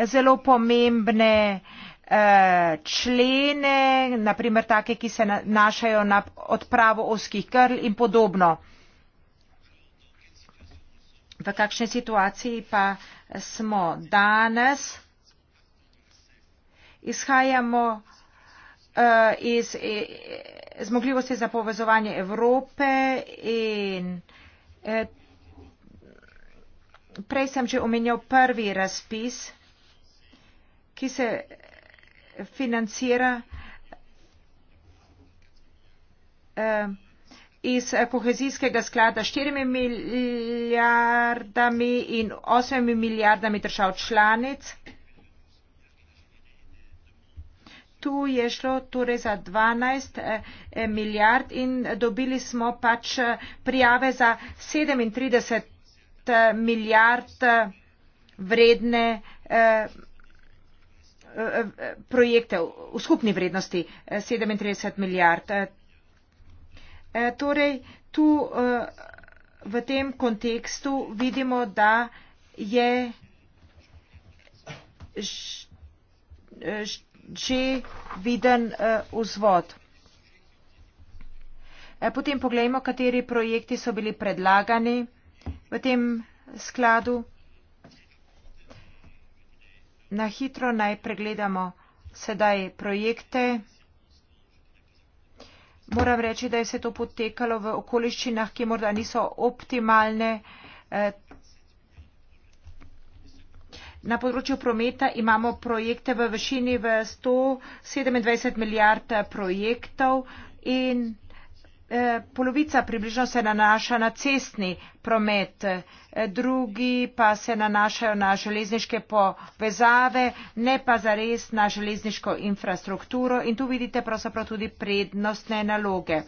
zelo pomembne eh, člene, naprimer take, ki se nanašajo na odpravo oskih krl in podobno. V kakšni situaciji pa smo danes? Izhajamo Eh, iz eh, zmogljivosti za povezovanje Evrope in eh, prej sem že omenjal prvi razpis, ki se financira iz kohezijskega sklada 4 milijardami in 8 milijardami držav članic tu je šlo torej za 12 eh, milijard in dobili smo pač eh, prijave za 37 eh, milijard vredne projekte v skupni vrednosti 37 milijard. Torej, tu v tem kontekstu vidimo, da je že viden eh, vzvod. Eh, potem pogledajmo, kateri projekti so bili predlagani v tem skladu. Na hitro naj pregledamo sedaj projekte. Moram reči, da je se to potekalo v okoliščinah, ki morda niso optimalne, eh, Na področju prometa imamo projekte v višini v 127 milijard eh, projektov in eh, polovica približno se nanaša na cestni promet, eh, drugi pa se nanašajo na železniške povezave, ne pa zares na železniško infrastrukturo in tu vidite pravzaprav tudi prednostne naloge.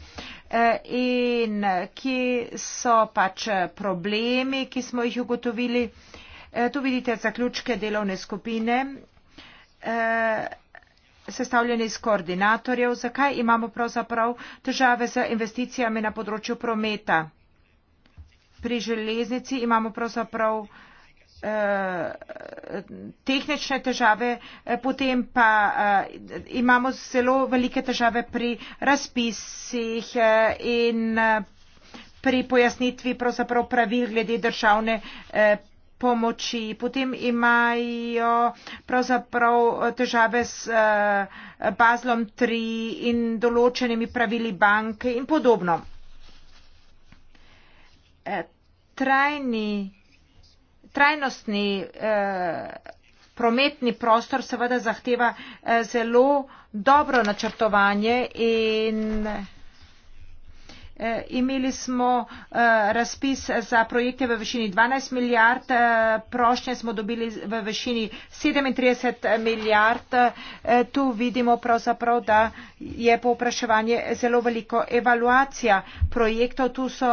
In kje so pač problemi, ki smo jih ugotovili? E, tu vidite zaključke delovne skupine e, sestavljene iz koordinatorjev, zakaj imamo pravzaprav težave z investicijami na področju prometa. Pri železnici imamo pravzaprav e, tehnične težave, potem pa imamo zelo velike težave pri razpisih in pri pojasnitvi pravzaprav pravil glede državne pomoči. Potem imajo pravzaprav eh, težave s eh, Bazlom 3 in določenimi pravili banke in podobno. Eh, trajni, trajnostni prometni prostor seveda zahteva zelo dobro načrtovanje in Eh, imeli smo eh, razpis za projekte v višini 12 milijard, eh, prošnje smo dobili v višini 37 milijard. Tu vidimo pravzaprav, da je povpraševanje zelo veliko evaluacija projektov. Tu so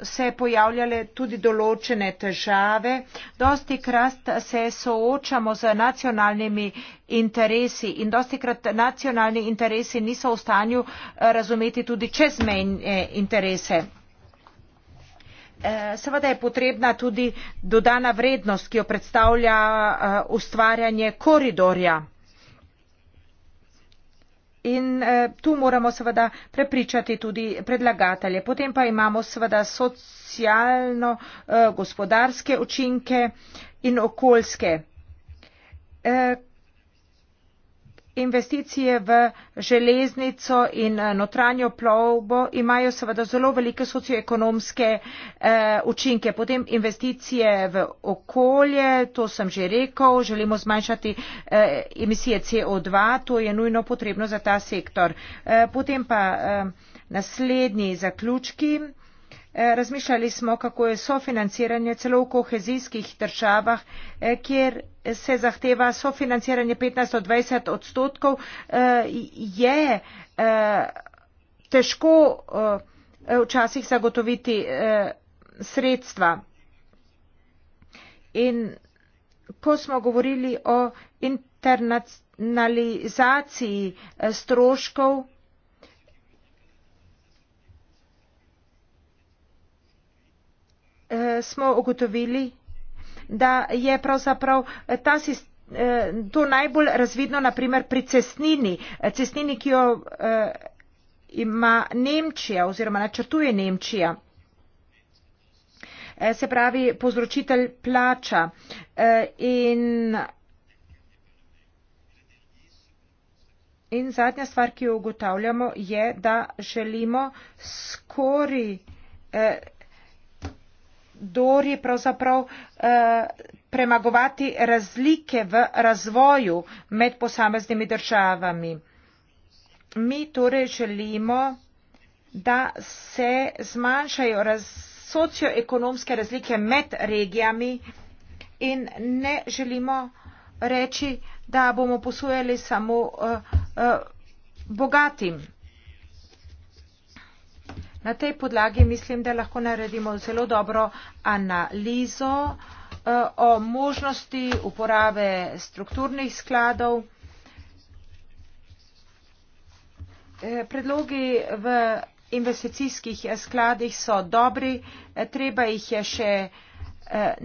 se pojavljale tudi določene težave. Dosti krat se soočamo z nacionalnimi interesi in dosti krat nacionalni interesi niso v stanju eh, razumeti tudi čezmejne interese. Eh, seveda je potrebna tudi dodana vrednost, ki jo predstavlja eh, ustvarjanje koridorja. In eh, tu moramo seveda prepričati tudi predlagatelje. Potem pa imamo seveda socialno-gospodarske eh, učinke in okoljske. Eh, investicije v železnico in eh, notranjo plovbo imajo seveda zelo velike socioekonomske eh, učinke. Potem investicije v okolje, to sem že rekel, želimo zmanjšati eh, emisije CO2, to je nujno potrebno za ta sektor. Eh, potem pa eh, naslednji zaključki. Eh, Eh, razmišljali smo kako je sofinanciranje celo v kohezijskih državah eh, kjer se zahteva sofinanciranje petnajst do dvajset odstotkov eh, je težko včasih zagotoviti sredstva in ko smo govorili o internacionalizaciji stroškov eh, smo ugotovili, da je pravzaprav eh, ta sistem. Eh, to najbolj razvidno naprimer pri cestnini, eh, cestnini, ki jo uh, ima Nemčija oziroma načrtuje Nemčija. Se pravi, povzročitelj plača uh, in, in zadnja stvar, ki jo ugotavljamo, je, da želimo skori. Uh, dori pravzaprav eh, premagovati razlike v razvoju med posameznimi državami. Mi torej želimo, da se zmanjšajo raz, socioekonomske razlike med regijami in ne želimo reči, da bomo posujali samo uh, uh, bogatim. Na tej podlagi mislim, da lahko naredimo zelo dobro analizo eh, o možnosti uporabe strukturnih skladov. Eh, predlogi v investicijskih skladih so dobri, eh, treba jih je še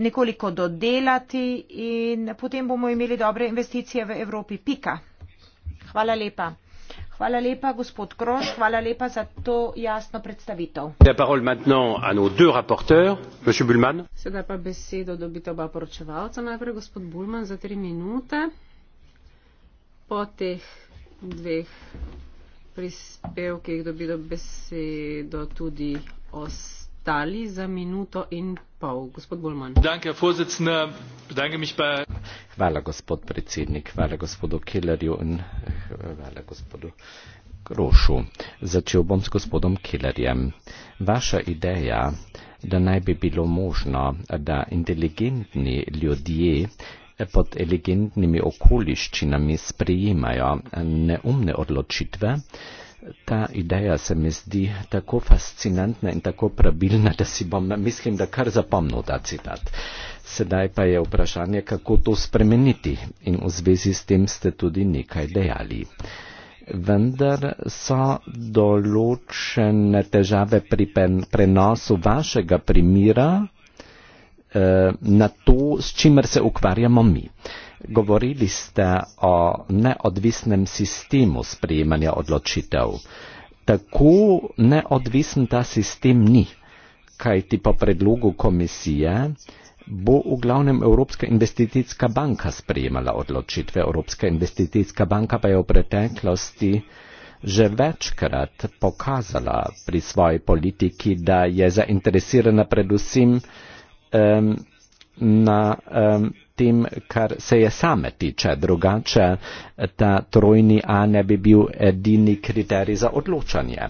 nekoliko dodelati in potem bomo imeli dobre investicije v Evropi. Pika. Hvala lepa. Hvala lepa, gospod Kroš, hvala lepa za to jasno predstavitev. Sedaj pa besedo dobite oba poročevalca, najprej gospod Bulman za tri minute. Po teh dveh prispevkih dobite besedo tudi Dali za minuto in pol. Gospod Bulman. Hvala, gospod predsednik, hvala gospodu Killerju in hvala gospodu Grošu. Začel bom s gospodom Killerjem. Vaša ideja, da naj bi bilo možno, da inteligentni ljudje pod inteligentnimi okoliščinami sprejemajo neumne odločitve, ta ideja se mi zdi tako fascinantna in tako pravilna, da si bom, mislim, da kar zapomnil ta citat. Sedaj pa je vprašanje, kako to spremeniti in v zvezi s tem ste tudi nekaj dejali. Vendar so določene težave pri prenosu vašega primira eh, na to, s čimer se ukvarjamo mi. Govorili ste o neodvisnem sistemu sprejemanja odločitev. Tako neodvisen ta sistem ni, kaj ti po predlogu komisije bo v glavnem Evropska investicijska banka sprejemala odločitve. Evropska investicijska banka pa je v preteklosti že večkrat pokazala pri svoji politiki, da je zainteresirana predvsem um, na um, tem, kar se je same tiče. Drugače, ta trojni A ne bi bil edini kriterij za odločanje.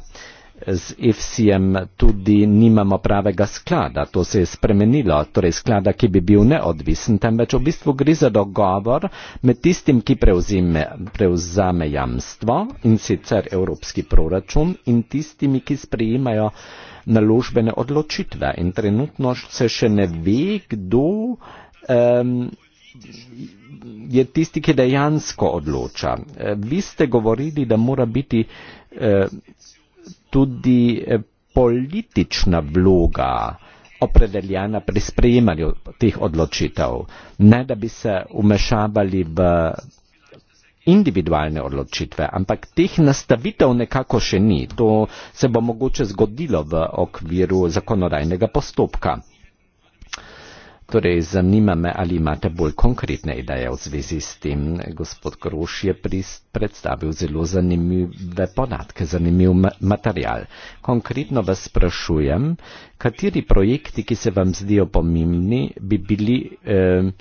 Z IFSI-jem tudi nimamo pravega sklada, to se je spremenilo, torej sklada, ki bi bil neodvisen, temveč v bistvu gre za dogovor med tistim, ki prevzime, prevzame jamstvo in sicer evropski proračun in tistimi, ki sprejemajo naložbene odločitve. In trenutno se še ne ve, kdo um, je tisti, ki dejansko odloča. E, vi ste govorili, da mora biti e, tudi e, politična vloga opredeljena pri sprejemanju teh odločitev, ne da bi se umešavali v individualne odločitve, ampak teh nastavitev nekako še ni. To se bo mogoče zgodilo v okviru zakonodajnega postopka. Torej, zanima me, ali imate bolj konkretne ideje v zvezi s tem. Gospod Groš je predstavil zelo zanimive podatke, zanimiv material. Konkretno vas sprašujem, kateri projekti, ki se vam zdijo pomembni, bi bili, eh,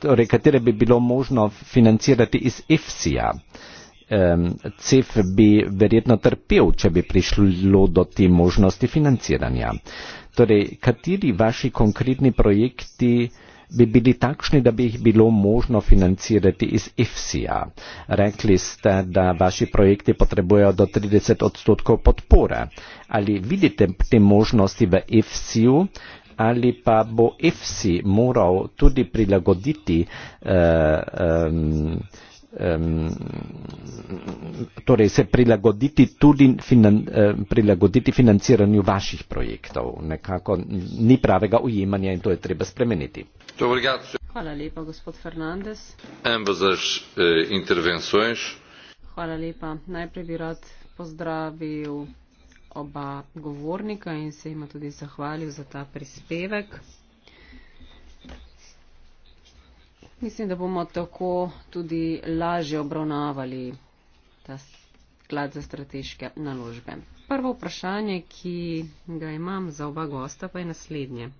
torej, katere bi bilo možno financirati iz EFSI-ja. Eh, eh, CEF bi verjetno trpel, če bi prišlo do te možnosti financiranja. Torej, kateri vaši konkretni projekti bi bili takšni, da bi jih bilo možno financirati iz IFSI-ja? Rekli ste, da vaši projekti potrebujejo do 30 odstotkov podpore. Ali vidite te možnosti v IFSI-ju? Ali pa bo IFSI moral tudi prilagoditi eh, eh, torej se prilagoditi tudi finan, prilagoditi financiranju vaših projektov. Nekako ni pravega ujemanja in to je treba spremeniti. Hvala lepa, gospod Fernandez. Eh, Hvala lepa. Najprej bi rad pozdravil oba govornika in se jima tudi zahvalil za ta prispevek. Mislim, da bomo tako tudi lažje obravnavali ta sklad za strateške naložbe. Prvo vprašanje, ki ga imam za oba gosta, pa je naslednje.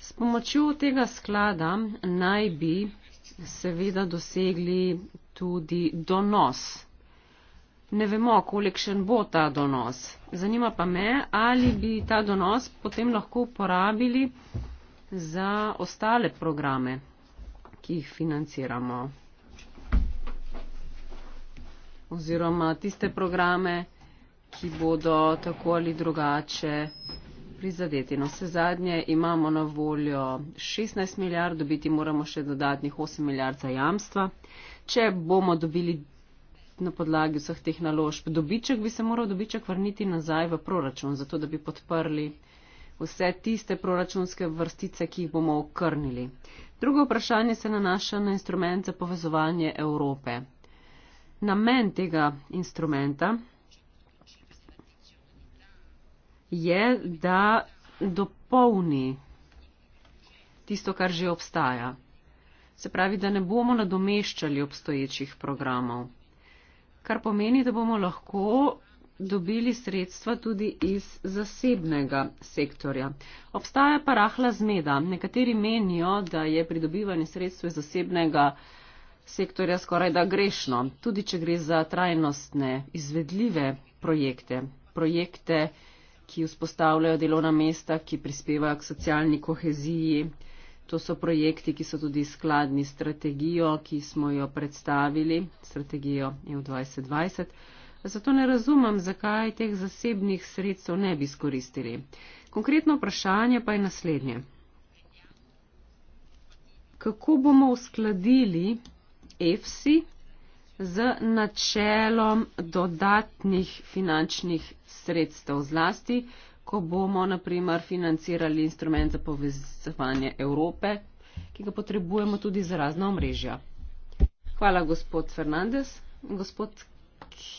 S pomočjo tega sklada naj bi seveda dosegli tudi donos ne vemo, kolikšen bo ta donos. Zanima pa me, ali bi ta donos potem lahko uporabili za ostale programe, ki jih financiramo. Oziroma tiste programe, ki bodo tako ali drugače prizadeti. No, vse zadnje imamo na voljo 16 milijard, dobiti moramo še dodatnih 8 milijard za jamstva. Če bomo dobili na podlagi vseh teh naložb. Dobiček bi se moral dobiček vrniti nazaj v proračun, zato da bi podprli vse tiste proračunske vrstice, ki jih bomo okrnili. Drugo vprašanje se nanaša na instrument za povezovanje Evrope. Namen tega instrumenta je, da dopolni tisto, kar že obstaja. Se pravi, da ne bomo nadomeščali obstoječih programov kar pomeni, da bomo lahko dobili sredstva tudi iz zasebnega sektorja. Obstaja pa rahla zmeda. Nekateri menijo, da je pridobivanje sredstva iz zasebnega sektorja skoraj da grešno, tudi če gre za trajnostne, izvedljive projekte, projekte, ki vzpostavljajo delovna mesta, ki prispevajo k socialni koheziji, To so projekti, ki so tudi skladni s strategijo, ki smo jo predstavili, strategijo EU 2020. Zato ne razumem, zakaj teh zasebnih sredstev ne bi skoristili. Konkretno vprašanje pa je naslednje. Kako bomo uskladili EFSI z načelom dodatnih finančnih sredstev zlasti ko bomo naprimer financirali instrument za povezovanje Evrope, ki ga potrebujemo tudi za razna omrežja. Hvala, gospod Fernandez. Gospod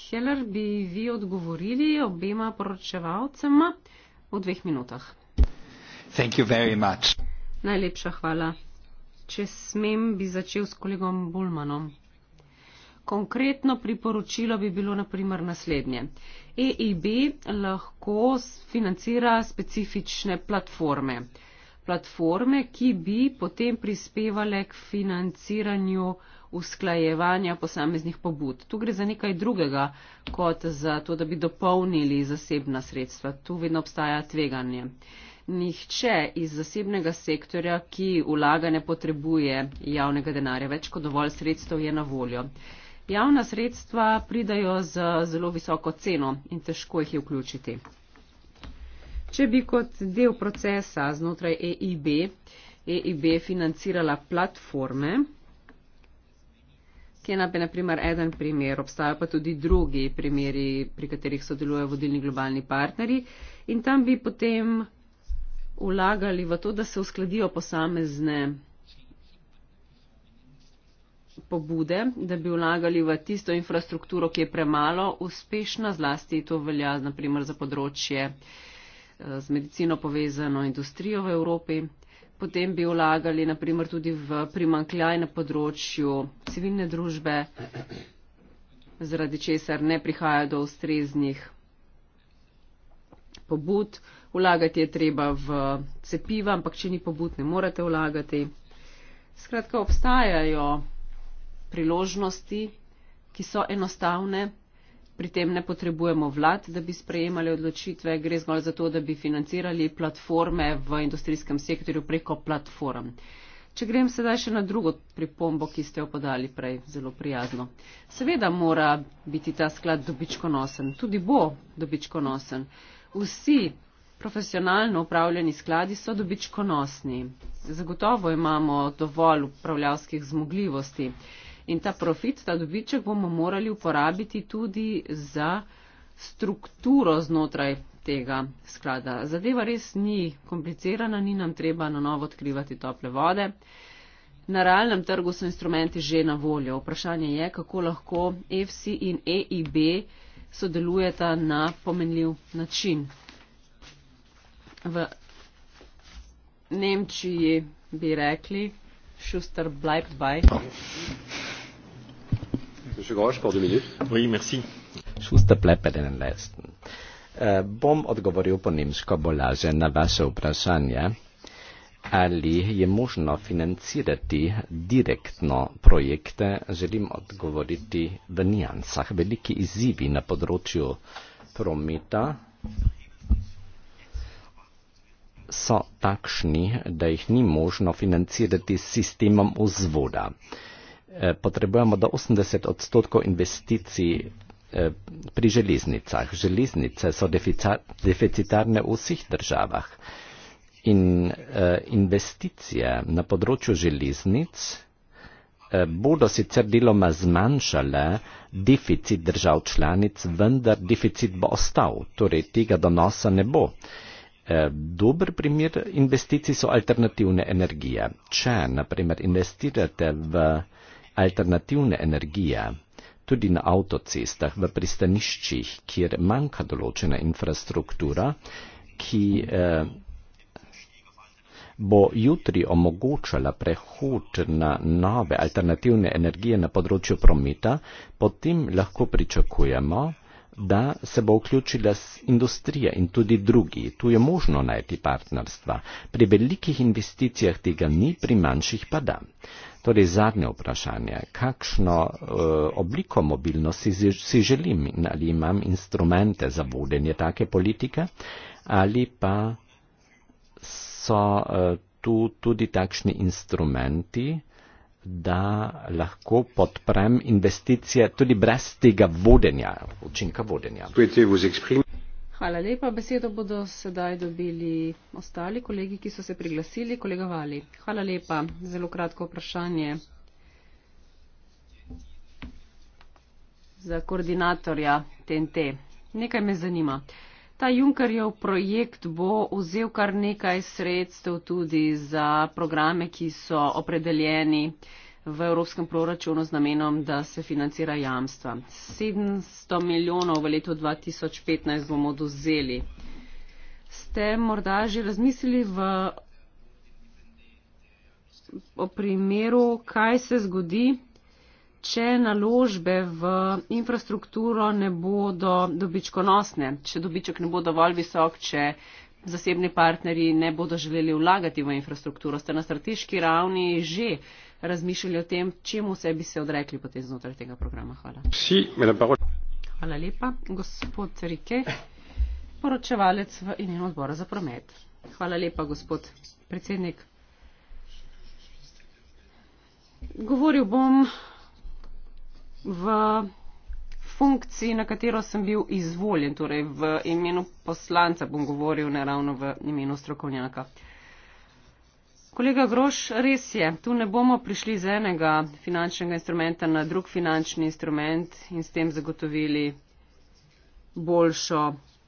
Heller, bi vi odgovorili obema poročevalcema v dveh minutah. Thank you very much. Najlepša hvala. Če smem, bi začel s kolegom Bulmanom. Konkretno priporočilo bi bilo naprimer naslednje. EIB lahko financira specifične platforme. Platforme, ki bi potem prispevale k financiranju usklajevanja posameznih pobud. Tu gre za nekaj drugega, kot za to, da bi dopolnili zasebna sredstva. Tu vedno obstaja tveganje. Nihče iz zasebnega sektorja, ki vlaga ne potrebuje javnega denarja, več kot dovolj sredstev je na voljo. Javna sredstva pridajo z zelo visoko ceno in težko jih je vključiti. Če bi kot del procesa znotraj EIB, EIB financirala platforme, Kenap je naprimer eden primer, obstajajo pa tudi drugi primeri, pri katerih sodelujejo vodilni globalni partnerji in tam bi potem vlagali v to, da se uskladijo posamezne pobude, da bi vlagali v tisto infrastrukturo, ki je premalo uspešna, zlasti to velja naprimer za področje eh, z medicino povezano industrijo v Evropi. Potem bi vlagali naprimer tudi v primankljaj na področju civilne družbe, zaradi česar ne prihaja do ustreznih pobud. Vlagati je treba v cepiva, ampak če ni pobud, ne morete vlagati. Skratka, obstajajo priložnosti, ki so enostavne. Pri tem ne potrebujemo vlad, da bi sprejemali odločitve, gre zgolj za to, da bi financirali platforme v industrijskem sektorju preko platform. Če grem sedaj še na drugo pripombo, ki ste jo podali prej, zelo prijazno. Seveda mora biti ta sklad dobičkonosen, tudi bo dobičkonosen. Vsi profesionalno upravljeni skladi so dobičkonosni. Zagotovo imamo dovolj upravljavskih zmogljivosti. Uh, in ta profit, ta dobiček bomo morali uporabiti tudi za strukturo znotraj tega sklada. Zadeva res ni komplicirana, ni nam treba na novo odkrivati tople vode. Na realnem trgu so instrumenti že na voljo. Vprašanje je, kako lahko FC in EIB sodelujeta na pomenljiv način. V Nemčiji bi rekli Schuster bleibt bei. Oh. Eh, bom odgovoril po nemško bolaže na vaše vprašanje, ali je možno financirati direktno projekte. Želim odgovoriti v nijansah. Veliki izzivi na področju prometa so takšni, da jih ni možno financirati s sistemom vzvoda. Eh, potrebujemo do 80 odstotkov investicij eh, pri železnicah. Železnice so deficitarne v vseh državah in eh, investicije na področju železnic bodo sicer deloma zmanjšale deficit držav članic, vendar deficit bo ostal, torej tega donosa ne bo. Dober primer investicij so alternativne energije. Če, na primer, investirate v alternativne energije, tudi na avtocestah, v pristaniščih, kjer manjka določena infrastruktura, ki eh, bo jutri omogočala prehod na nove alternativne energije na področju prometa, potem lahko pričakujemo, da se bo vključila industrija in tudi drugi. Tu je možno najti partnerstva. Pri velikih investicijah tega ni, pri manjših pa da. Torej, zadnje vprašanje. Kakšno uh, obliko mobilnosti si želim? Ali imam instrumente za vodenje take politike? Ali pa so uh, tu tudi takšni instrumenti, da lahko podprem investicije tudi brez tega vodenja, učinka vodenja? Pojte, vzekšprim. Hvala lepa. Besedo bodo sedaj dobili ostali kolegi, ki so se priglasili, kolegovali. Hvala lepa. Zelo kratko vprašanje za koordinatorja TNT. Nekaj me zanima. Ta Junkerjev projekt bo vzel kar nekaj sredstev tudi za programe, ki so opredeljeni. Uh, v evropskem proračunu z namenom, da se financira jamstva. 700 milijonov v letu 2015 bomo dozeli. Ste morda že razmislili v, o primeru, kaj se zgodi, če naložbe v infrastrukturo ne bodo dobičkonosne, če dobiček ne bo dovolj visok, če zasebni partnerji ne bodo želeli vlagati v infrastrukturo. Ste na strateški ravni že razmišljali o tem, čemu vse bi se odrekli potem znotraj tega programa. Hvala. Hvala lepa, gospod Rike, poročevalec v imenu odbora za promet. Hvala lepa, gospod predsednik. Govoril bom v funkciji, na katero sem bil izvoljen, torej v imenu poslanca bom govoril, ne ravno v imenu strokovnjaka. Kolega Groš, res je, tu ne bomo prišli z enega finančnega instrumenta na drug finančni instrument in s tem zagotovili boljšo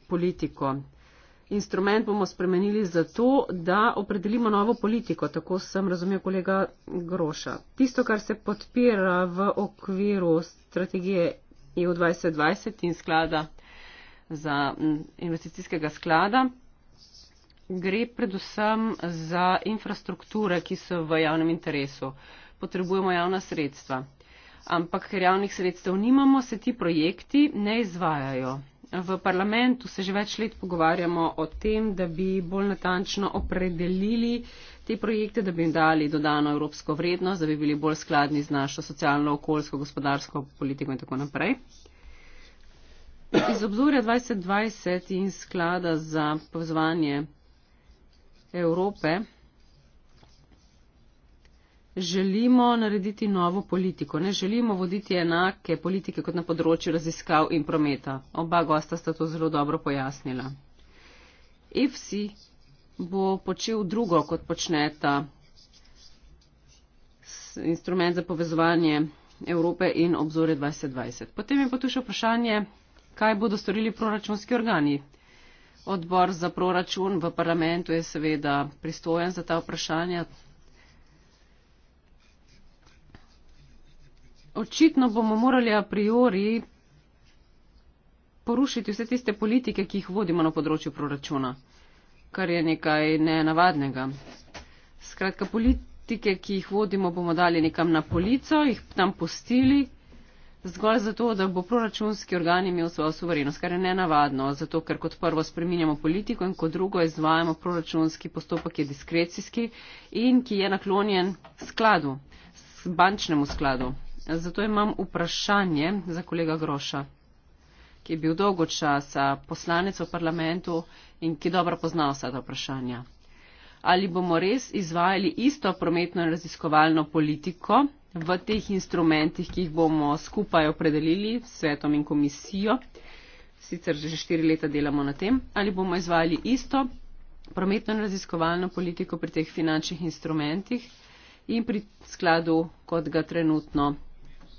politiko. Instrument bomo spremenili zato, da opredelimo novo politiko, tako sem razumel kolega Groša. Tisto, kar se podpira v okviru strategije EU 2020 in sklada za investicijskega sklada, gre predvsem za infrastrukture, ki so v javnem interesu. Potrebujemo javna sredstva. Ampak, ker javnih sredstev nimamo, se ti projekti ne izvajajo. V parlamentu se že več let pogovarjamo o tem, da bi bolj natančno opredelili te projekte, da bi jim dali dodano evropsko vrednost, da bi bili bolj skladni z našo socialno, okoljsko, gospodarsko politiko in tako naprej. Iz obzorja 2020 in sklada za povzvanje Evrope želimo narediti novo politiko. Ne želimo voditi enake politike kot na področju raziskav in prometa. Oba gosta sta to zelo dobro pojasnila. IFSI bo počel drugo, kot počneta instrument za povezovanje Evrope in obzore 2020. Potem je pa tu še vprašanje, kaj bodo storili proračunski organi. Odbor za proračun v parlamentu je seveda pristojen za ta vprašanja. Očitno bomo morali a priori porušiti vse tiste politike, ki jih vodimo na področju proračuna, kar je nekaj nenavadnega. Skratka, politike, ki jih vodimo, bomo dali nekam na polico, jih tam postili zgolj zato, da bo proračunski organ imel svojo suverenost, kar je nenavadno, zato ker kot prvo spreminjamo politiko in kot drugo izvajamo proračunski postopek, ki je diskrecijski in ki je naklonjen skladu, bančnemu skladu. Zato imam vprašanje za kolega Groša, ki je bil dolgo časa poslanec v parlamentu in ki dobro pozna vsa ta vprašanja. Ali bomo res izvajali isto prometno in raziskovalno politiko v teh instrumentih, ki jih bomo skupaj opredelili s svetom in komisijo, sicer že štiri leta delamo na tem, ali bomo izvajali isto prometno in raziskovalno politiko pri teh finančnih instrumentih in pri skladu, kot ga trenutno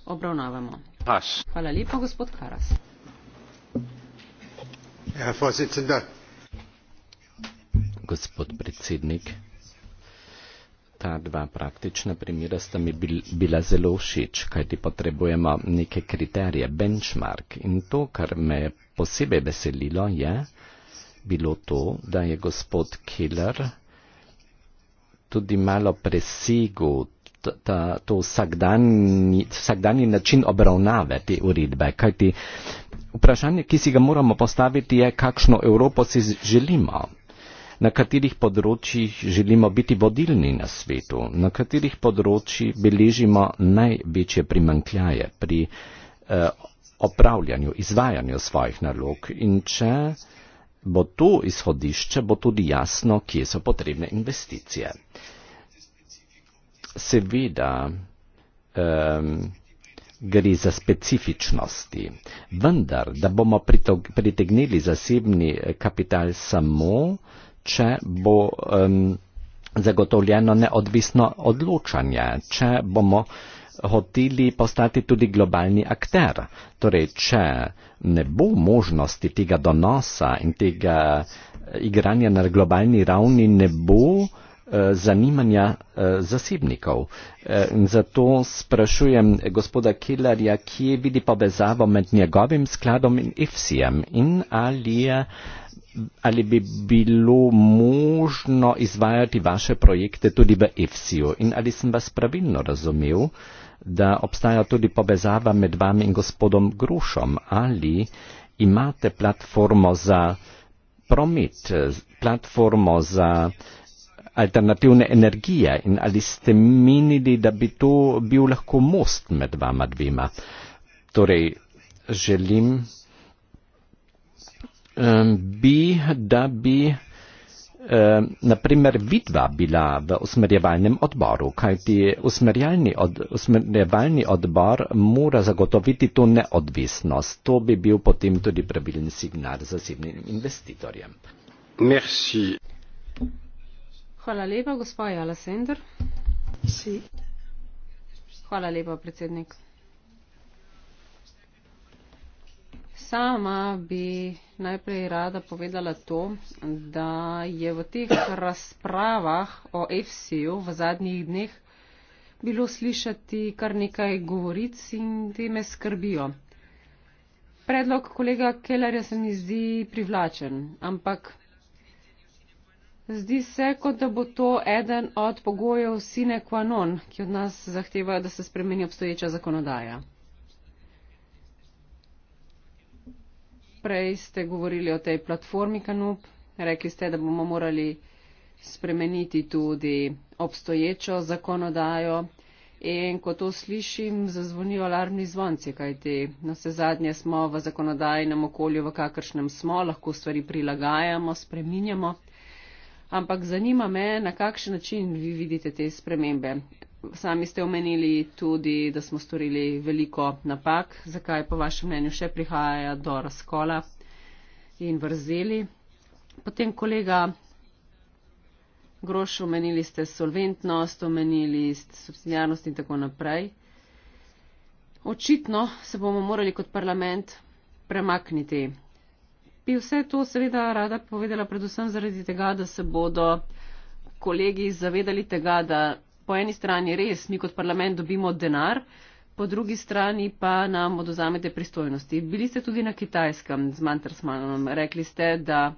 obravnavamo. Paš. Hvala lepa, gospod Karas. Ja, gospod predsednik ta dva praktična primera sta mi bil, bila zelo všeč, kajti potrebujemo neke kriterije, benchmark. In to, kar me je posebej veselilo, je bilo to, da je gospod Killer tudi malo presegel to vsakdanji način obravnave te uredbe. Kajti vprašanje, ki si ga moramo postaviti, je, kakšno Evropo si želimo na katerih področjih želimo biti vodilni na svetu, na katerih področjih beležimo največje primankljaje pri eh, opravljanju, izvajanju svojih nalog in če bo to izhodišče, bo tudi jasno, kje so potrebne investicije. Seveda eh, gre za specifičnosti, vendar, da bomo pritegnili zasebni eh, kapital samo, eh, če bo um, zagotovljeno neodvisno odločanje, če bomo hoteli postati tudi globalni akter. Torej, če ne bo možnosti tega donosa in tega eh, igranja na globalni ravni, ne bo eh, zanimanja eh, zasebnikov. In zato sprašujem gospoda Killerja, kje vidi povezavo med njegovim skladom in IFSI-jem in ali je ali bi bilo možno izvajati vaše projekte tudi v EFSI-ju in ali sem vas pravilno razumel, da obstaja tudi povezava med vami in gospodom Grušom ali imate platformo za promet, platformo za alternativne energije in ali ste menili, da bi to bil lahko most med vama dvima. Torej, želim bi, da bi naprimer vidva bila v usmerjevalnem odboru, kajti usmerjalni, od, usmerjalni odbor mora zagotoviti to neodvisnost. To bi bil potem tudi pravilen signal zasebnim investitorjem. Merci. Hvala lepa, gospod Alessandr. Si. Hvala lepa, predsednik. sama bi najprej rada povedala to, da je v teh razpravah o FCU v zadnjih dneh bilo slišati kar nekaj govoric in te me skrbijo. Predlog kolega Kellerja se mi zdi privlačen, ampak zdi se, kot da bo to eden od pogojev sine qua non, ki od nas zahtevajo, da se spremeni obstoječa zakonodaja. prej ste govorili o tej platformi Kanup, rekli ste, da bomo morali spremeniti tudi obstoječo zakonodajo in ko to slišim, zazvonijo alarmni zvonci, kajti na no, vse zadnje smo v zakonodajnem okolju, v kakršnem smo, lahko stvari prilagajamo, spreminjamo. Ampak zanima me, na kakšen način vi vidite te spremembe. Sami ste omenili tudi, da smo storili veliko napak. Zakaj po vašem mnenju še prihaja do razkola in vrzeli? Potem kolega Groš, omenili ste solventnost, omenili ste subsidijarnost in tako naprej. Očitno se bomo morali kot parlament premakniti. Bi vse to seveda rada povedala predvsem zaradi tega, da se bodo kolegi zavedali tega, da po eni strani res, mi kot parlament dobimo denar, po drugi strani pa nam odozamete pristojnosti. Bili ste tudi na Kitajskem z Mantersmanom. Rekli ste, da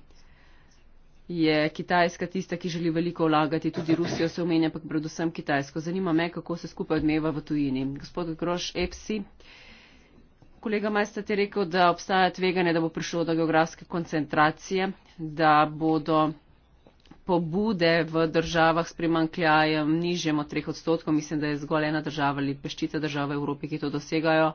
je Kitajska tista, ki želi veliko vlagati, tudi Rusijo se omenja, ampak predvsem Kitajsko. Zanima me, kako se skupaj odmeva v tujini. Gospod Groš, EPSI. Kolega Majstat je rekel, da obstaja tveganje, da bo prišlo do geografske koncentracije, da bodo pobude v državah s primankljajem nižjem od 3 odstotkov, mislim, da je zgolj ena država ali peščica države v Evropi, ki to dosegajo.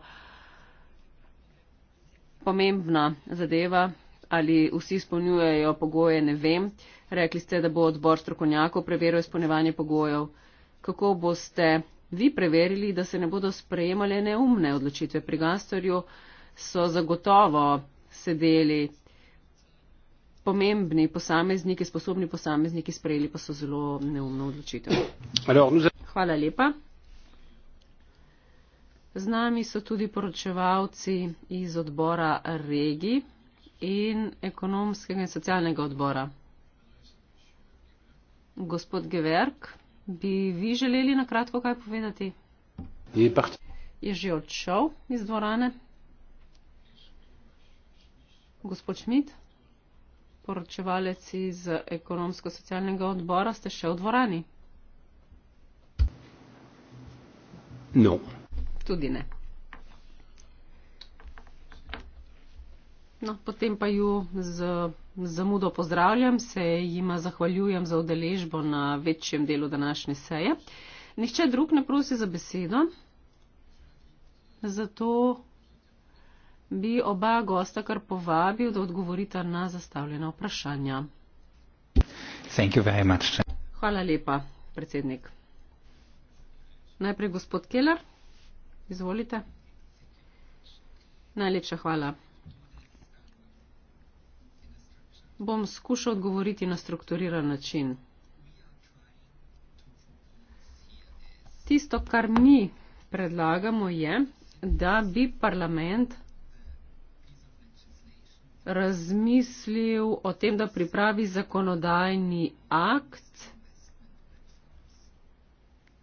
Pomembna zadeva, ali vsi izpolnjujejo pogoje, ne vem. Rekli ste, da bo odbor strokovnjakov preveril izpolnjevanje pogojev. Kako boste vi preverili, da se ne bodo sprejemale neumne odločitve pri Gastorju? So zagotovo sedeli pomembni posamezniki, sposobni posamezniki sprejeli, pa so zelo neumno odločitev. Hvala lepa. Z nami so tudi poročevalci iz odbora regij in ekonomskega in socialnega odbora. Gospod Geverk, bi vi želeli na kratko kaj povedati? Je že odšel iz dvorane? Gospod Šmit? poročevalec iz ekonomsko-socialnega odbora, ste še v dvorani? No. Tudi ne. No, potem pa ju z zamudo pozdravljam, se jima zahvaljujem za udeležbo na večjem delu današnje seje. Nihče drug ne prosi za besedo, zato bi oba gosta kar povabil, da odgovorita na zastavljena vprašanja. Hvala lepa, predsednik. Najprej gospod Keller, izvolite. Najlepša hvala. Bom skušal odgovoriti na strukturiran način. Tisto, kar mi predlagamo, je, da bi parlament razmislil o tem, da pripravi zakonodajni akt,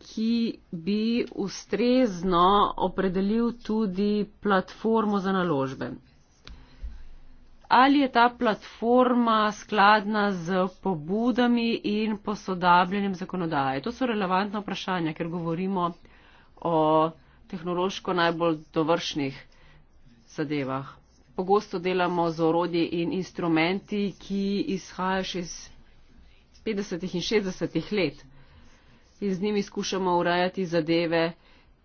ki bi ustrezno opredelil tudi platformo za naložbe. Ali je ta platforma skladna z pobudami in posodabljanjem zakonodaje? To so relevantna vprašanja, ker govorimo o tehnološko najbolj dovršnih zadevah pogosto delamo z orodji in instrumenti, ki izhajajo še iz 50. in 60. let in z njimi skušamo urajati zadeve,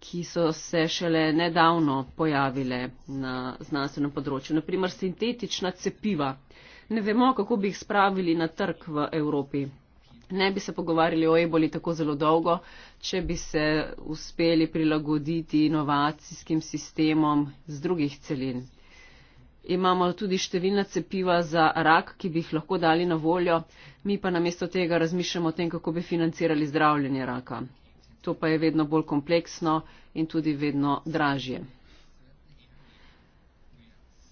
ki so se šele nedavno pojavile na znanstvenem področju. Naprimer, sintetična cepiva. Ne vemo, kako bi jih spravili na trg v Evropi. Ne bi se pogovarjali o eboli tako zelo dolgo, če bi se uspeli prilagoditi inovacijskim sistemom z drugih celin imamo tudi številna cepiva za rak, ki bi jih lahko dali na voljo, mi pa namesto tega razmišljamo o tem, kako bi financirali zdravljenje raka. To pa je vedno bolj kompleksno in tudi vedno dražje.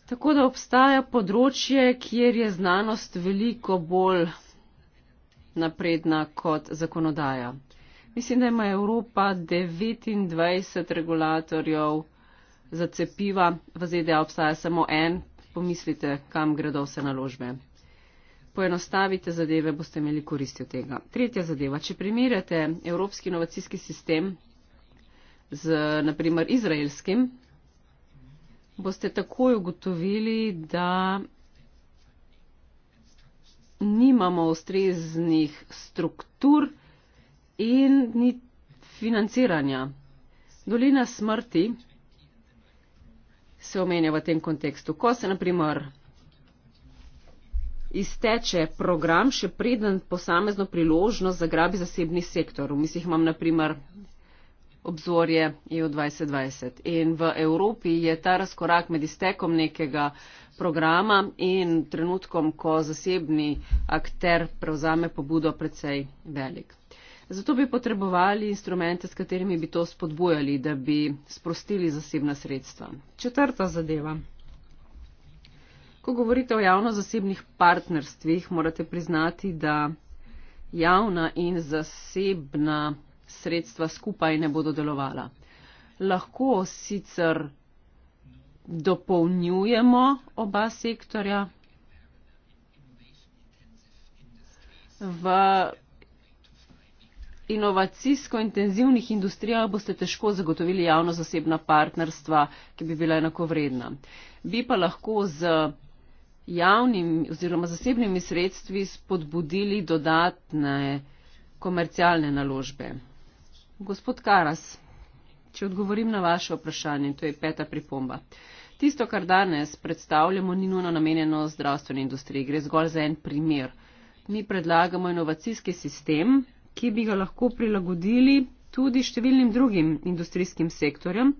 Tako da obstaja področje, kjer je znanost veliko bolj napredna kot zakonodaja. Mislim, da ima Evropa 29 regulatorjev za cepiva. V ZDA obstaja samo en. Pomislite, kam gredo vse naložbe. Poenostavite zadeve, boste imeli koristi od tega. Tretja zadeva. Če primerjate evropski inovacijski sistem z naprimer izraelskim, boste takoj ugotovili, da nimamo ustreznih struktur in ni financiranja. Dolina smrti se omenja v tem kontekstu. Ko se, naprimer, izteče program, še preden posamezno priložnost zagrabi zasebni sektor. V mislih imam, naprimer, obzorje EU 2020. In v Evropi je ta razkorak med iztekom nekega programa in trenutkom, ko zasebni akter prevzame pobudo, precej velik. Zato bi potrebovali instrumente, s katerimi bi to spodbujali, da bi sprostili zasebna sredstva. Četrta zadeva. Ko govorite o javno-zasebnih partnerstvih, morate priznati, da javna in zasebna sredstva skupaj ne bodo delovala. Lahko sicer dopolnjujemo oba sektorja v inovacijsko intenzivnih industrijah boste težko zagotovili javno-zasebna partnerstva, ki bi bila enakovredna. Bi pa lahko z javnim oziroma zasebnimi sredstvi spodbudili dodatne komercialne naložbe. Gospod Karas, če odgovorim na vaše vprašanje, to je peta pripomba. Tisto, kar danes predstavljamo, ni nujno namenjeno zdravstveni industriji. Gre zgolj za en primer. Mi predlagamo inovacijski sistem, ki bi ga lahko prilagodili tudi številnim drugim industrijskim sektorjem,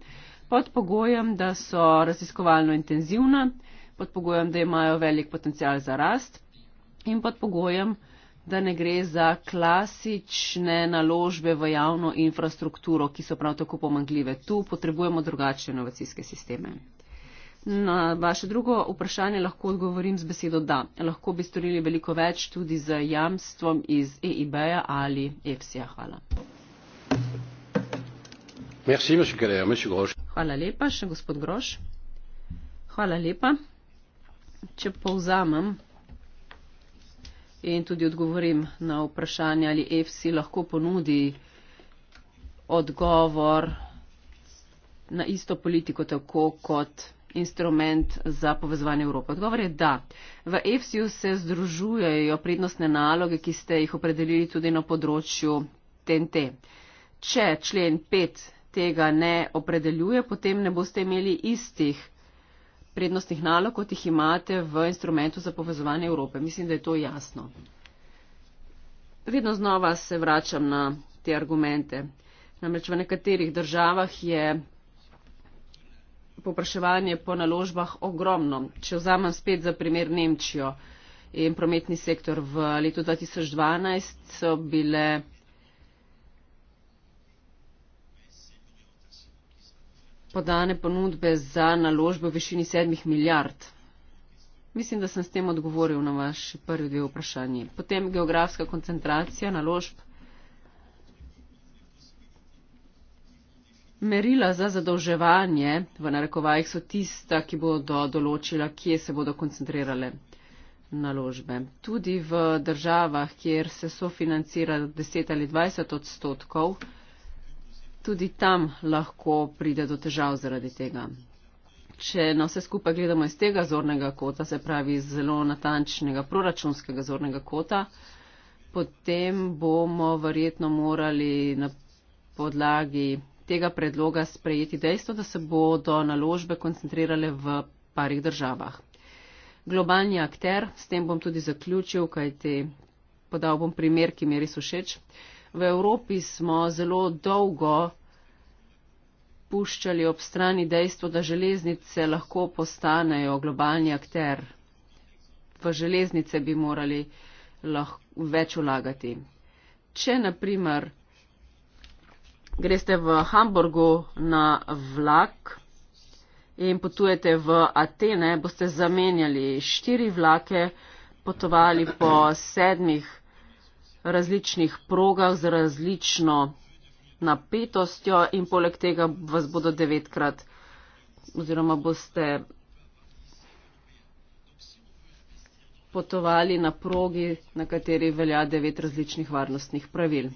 pod pogojem, da so raziskovalno intenzivna, pod pogojem, da imajo velik potencial za rast in pod pogojem, da ne gre za klasične naložbe v javno infrastrukturo, ki so prav tako pomagljive. Tu potrebujemo drugačne inovacijske sisteme. Na vaše drugo vprašanje lahko odgovorim z besedo da. Lahko bi storili veliko več tudi z jamstvom iz EIB-ja ali EFSI-ja. Hvala. Merci, Keller, Hvala lepa, še gospod Groš. Hvala lepa. Če povzamem. In tudi odgovorim na vprašanje, ali EFSI lahko ponudi odgovor na isto politiko, tako kot instrument za povezovanje Evrope? Odgovor je da. V EFSI-ju se združujejo prednostne naloge, ki ste jih opredelili tudi na področju TNT. Če člen 5 tega ne opredeljuje, potem ne boste imeli istih prednostnih nalog, kot jih imate v instrumentu za povezovanje Evrope. Mislim, da je to jasno. Vedno znova se vračam na te argumente. Namreč v nekaterih državah je popraševanje po naložbah ogromno. Če vzamem spet za primer Nemčijo in prometni sektor v letu 2012 so bile. podane ponudbe za naložbe v višini sedmih milijard. Mislim, da sem s tem odgovoril na vaše prvi dve vprašanje. Potem geografska koncentracija naložb. Merila za zadolževanje v narekovajih so tista, ki bodo določila, kje se bodo koncentrirale naložbe. Tudi v državah, kjer se sofinancira 10 ali 20 odstotkov, tudi tam lahko pride do težav zaradi tega. Če na vse skupaj gledamo iz tega zornega kota, se pravi iz zelo natančnega proračunskega zornega kota, potem bomo verjetno morali na podlagi tega predloga sprejeti dejstvo, da se bodo naložbe koncentrirale v parih državah. Globalni akter, s tem bom tudi zaključil, kajti podal bom primer, ki mi je res všeč. V Evropi smo zelo dolgo puščali ob strani dejstvo, da železnice lahko postanejo globalni akter. V železnice bi morali lahko več vlagati. Če naprimer greste v Hamburgu na vlak in potujete v Atene, boste zamenjali štiri vlake, potovali po sedmih različnih progah z različno napetostjo in poleg tega vas bodo devetkrat oziroma boste potovali na progi, na kateri velja devet različnih varnostnih pravil.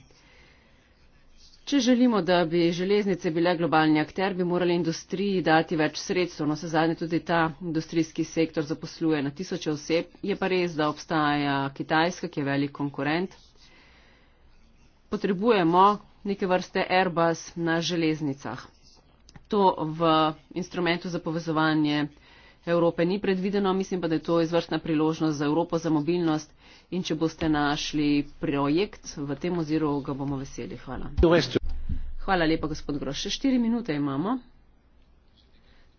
Če želimo, da bi železnice bile globalni akter, bi morali industriji dati več sredstv. No, se zadnje tudi ta industrijski sektor zaposluje na tisoče oseb. Je pa res, da obstaja Kitajska, ki je velik konkurent. Potrebujemo neke vrste Airbus na železnicah. To v instrumentu za povezovanje Evrope ni predvideno, mislim pa, da je to izvrstna priložnost za Evropo za mobilnost in če boste našli projekt v tem oziru, ga bomo veseli. Hvala. Hvala lepa, gospod Groš. Še štiri minute imamo.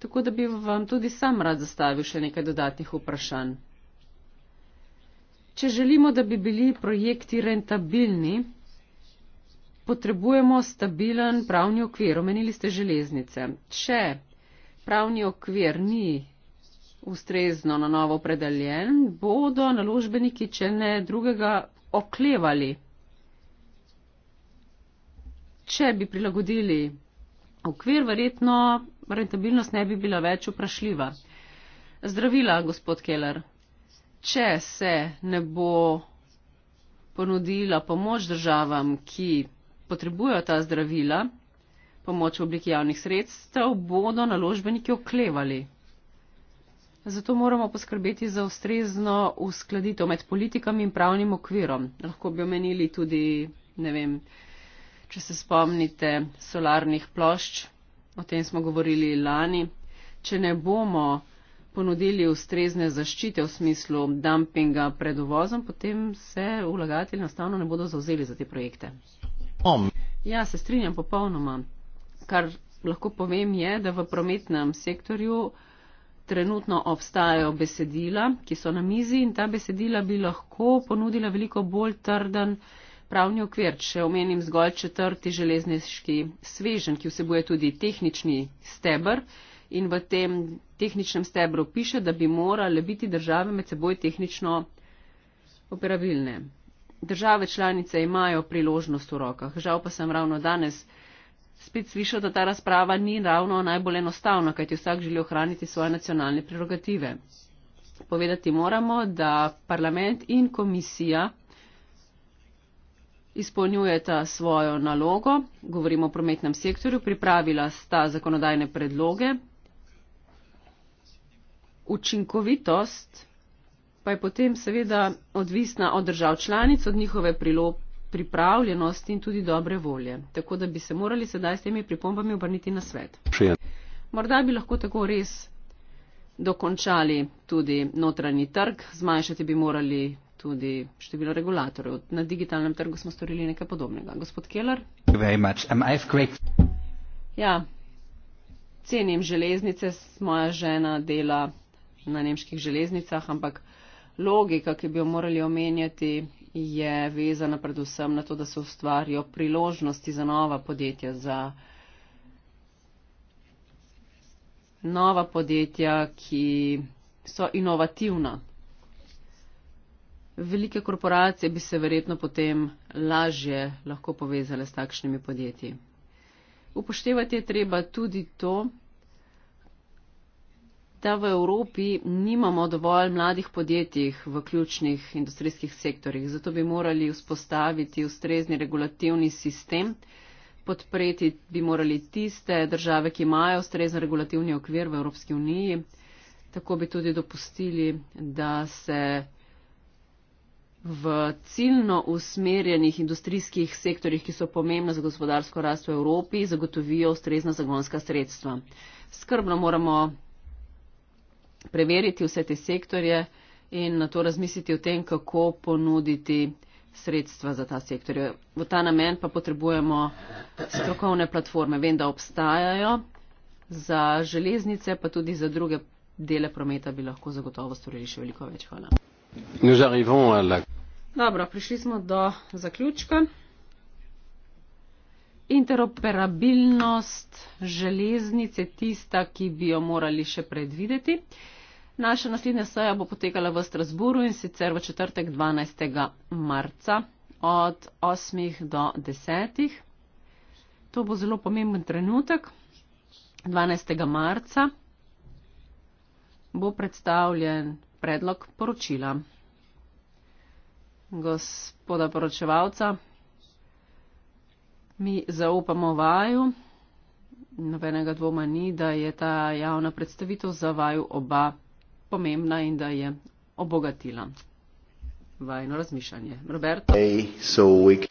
Tako da bi vam tudi sam rad zastavil še nekaj dodatnih vprašanj. Če želimo, da bi bili projekti rentabilni, potrebujemo stabilen pravni okvir. Omenili ste železnice. Če pravni okvir ni ustrezno na novo predeljen, bodo naložbeniki, če ne drugega, oklevali. Če bi prilagodili okvir, verjetno rentabilnost ne bi bila več vprašljiva. Zdravila, gospod Keller, če se ne bo ponudila pomoč državam, ki potrebujejo ta zdravila, pomoč v obliki javnih sredstev, bodo naložbeniki oklevali. Zato moramo poskrbeti za ustrezno uskladitev med politikami in pravnim okvirom. Lahko bi omenili tudi, ne vem, če se spomnite, solarnih plošč, o tem smo govorili lani. Če ne bomo ponudili ustrezne zaščite v smislu dumpinga pred uvozom, potem se vlagatelji enostavno ne bodo zauzeli za te projekte. Ja, se strinjam popolnoma. Kar lahko povem je, da v prometnem sektorju trenutno obstajajo besedila, ki so na mizi in ta besedila bi lahko ponudila veliko bolj trden pravni okvir. Če omenim zgolj četrti železniški svežen, ki vsebuje tudi tehnični stebr in v tem tehničnem stebru piše, da bi morale biti države med seboj tehnično operabilne. Države članice imajo priložnost v rokah. Žal pa sem ravno danes spet slišal, da ta razprava ni ravno najbolj enostavna, kajti vsak želi ohraniti svoje nacionalne prerogative. Povedati moramo, da parlament in komisija izpolnjujeta svojo nalogo, govorimo o prometnem sektorju, pripravila sta zakonodajne predloge. Učinkovitost pa je potem seveda odvisna od držav članic, od njihove prilop, pripravljenosti in tudi dobre volje. Tako da bi se morali sedaj s temi pripombami obrniti na svet. Morda bi lahko tako res dokončali tudi notranji trg, zmanjšati bi morali tudi število regulatorjev. Na digitalnem trgu smo storili nekaj podobnega. Gospod Keller? Ja, cenim železnice, moja žena dela na nemških železnicah, ampak logika, ki bi jo morali omenjati, je vezana predvsem na to, da se ustvarijo priložnosti za nova podjetja, za nova podjetja, ki so inovativna. Velike korporacije bi se verjetno potem lažje lahko povezale s takšnimi podjetji. Upoštevati je treba tudi to, da v Evropi nimamo dovolj mladih podjetjih v ključnih industrijskih sektorjih. Zato bi morali vzpostaviti ustrezni regulativni sistem, podpreti bi morali tiste države, ki imajo ustrezen regulativni okvir v Evropski uniji. Tako bi tudi dopustili, da se v ciljno usmerjenih industrijskih sektorjih, ki so pomembna za gospodarsko rast v Evropi, zagotovijo ustrezna zagonska sredstva. Skrbno moramo preveriti vse te sektorje in na to razmisliti o tem, kako ponuditi sredstva za ta sektor. V ta namen pa potrebujemo strokovne platforme. Vem, da obstajajo za železnice, pa tudi za druge dele prometa bi lahko zagotovo storili še veliko več. Hvala. Dobro, prišli smo do zaključka interoperabilnost železnice tista, ki bi jo morali še predvideti. Naša naslednja seja bo potekala v Strasburu in sicer v četrtek 12. marca od 8. do 10. To bo zelo pomemben trenutek. 12. marca bo predstavljen predlog poročila gospoda poročevalca. Mi zaupamo vaju, nobenega dvoma ni, da je ta javna predstavitev za vaju oba pomembna in da je obogatila vajno razmišljanje. Robert? Hey, so we...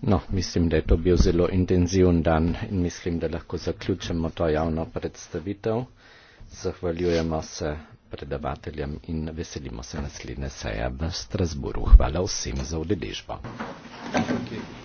No, mislim, da je to bil zelo intenziven dan in mislim, da lahko zaključimo to javno predstavitev. Zahvaljujemo se predavateljem in veselimo se naslednje seje v Strasburu. Hvala vsem za udeležbo. Okay.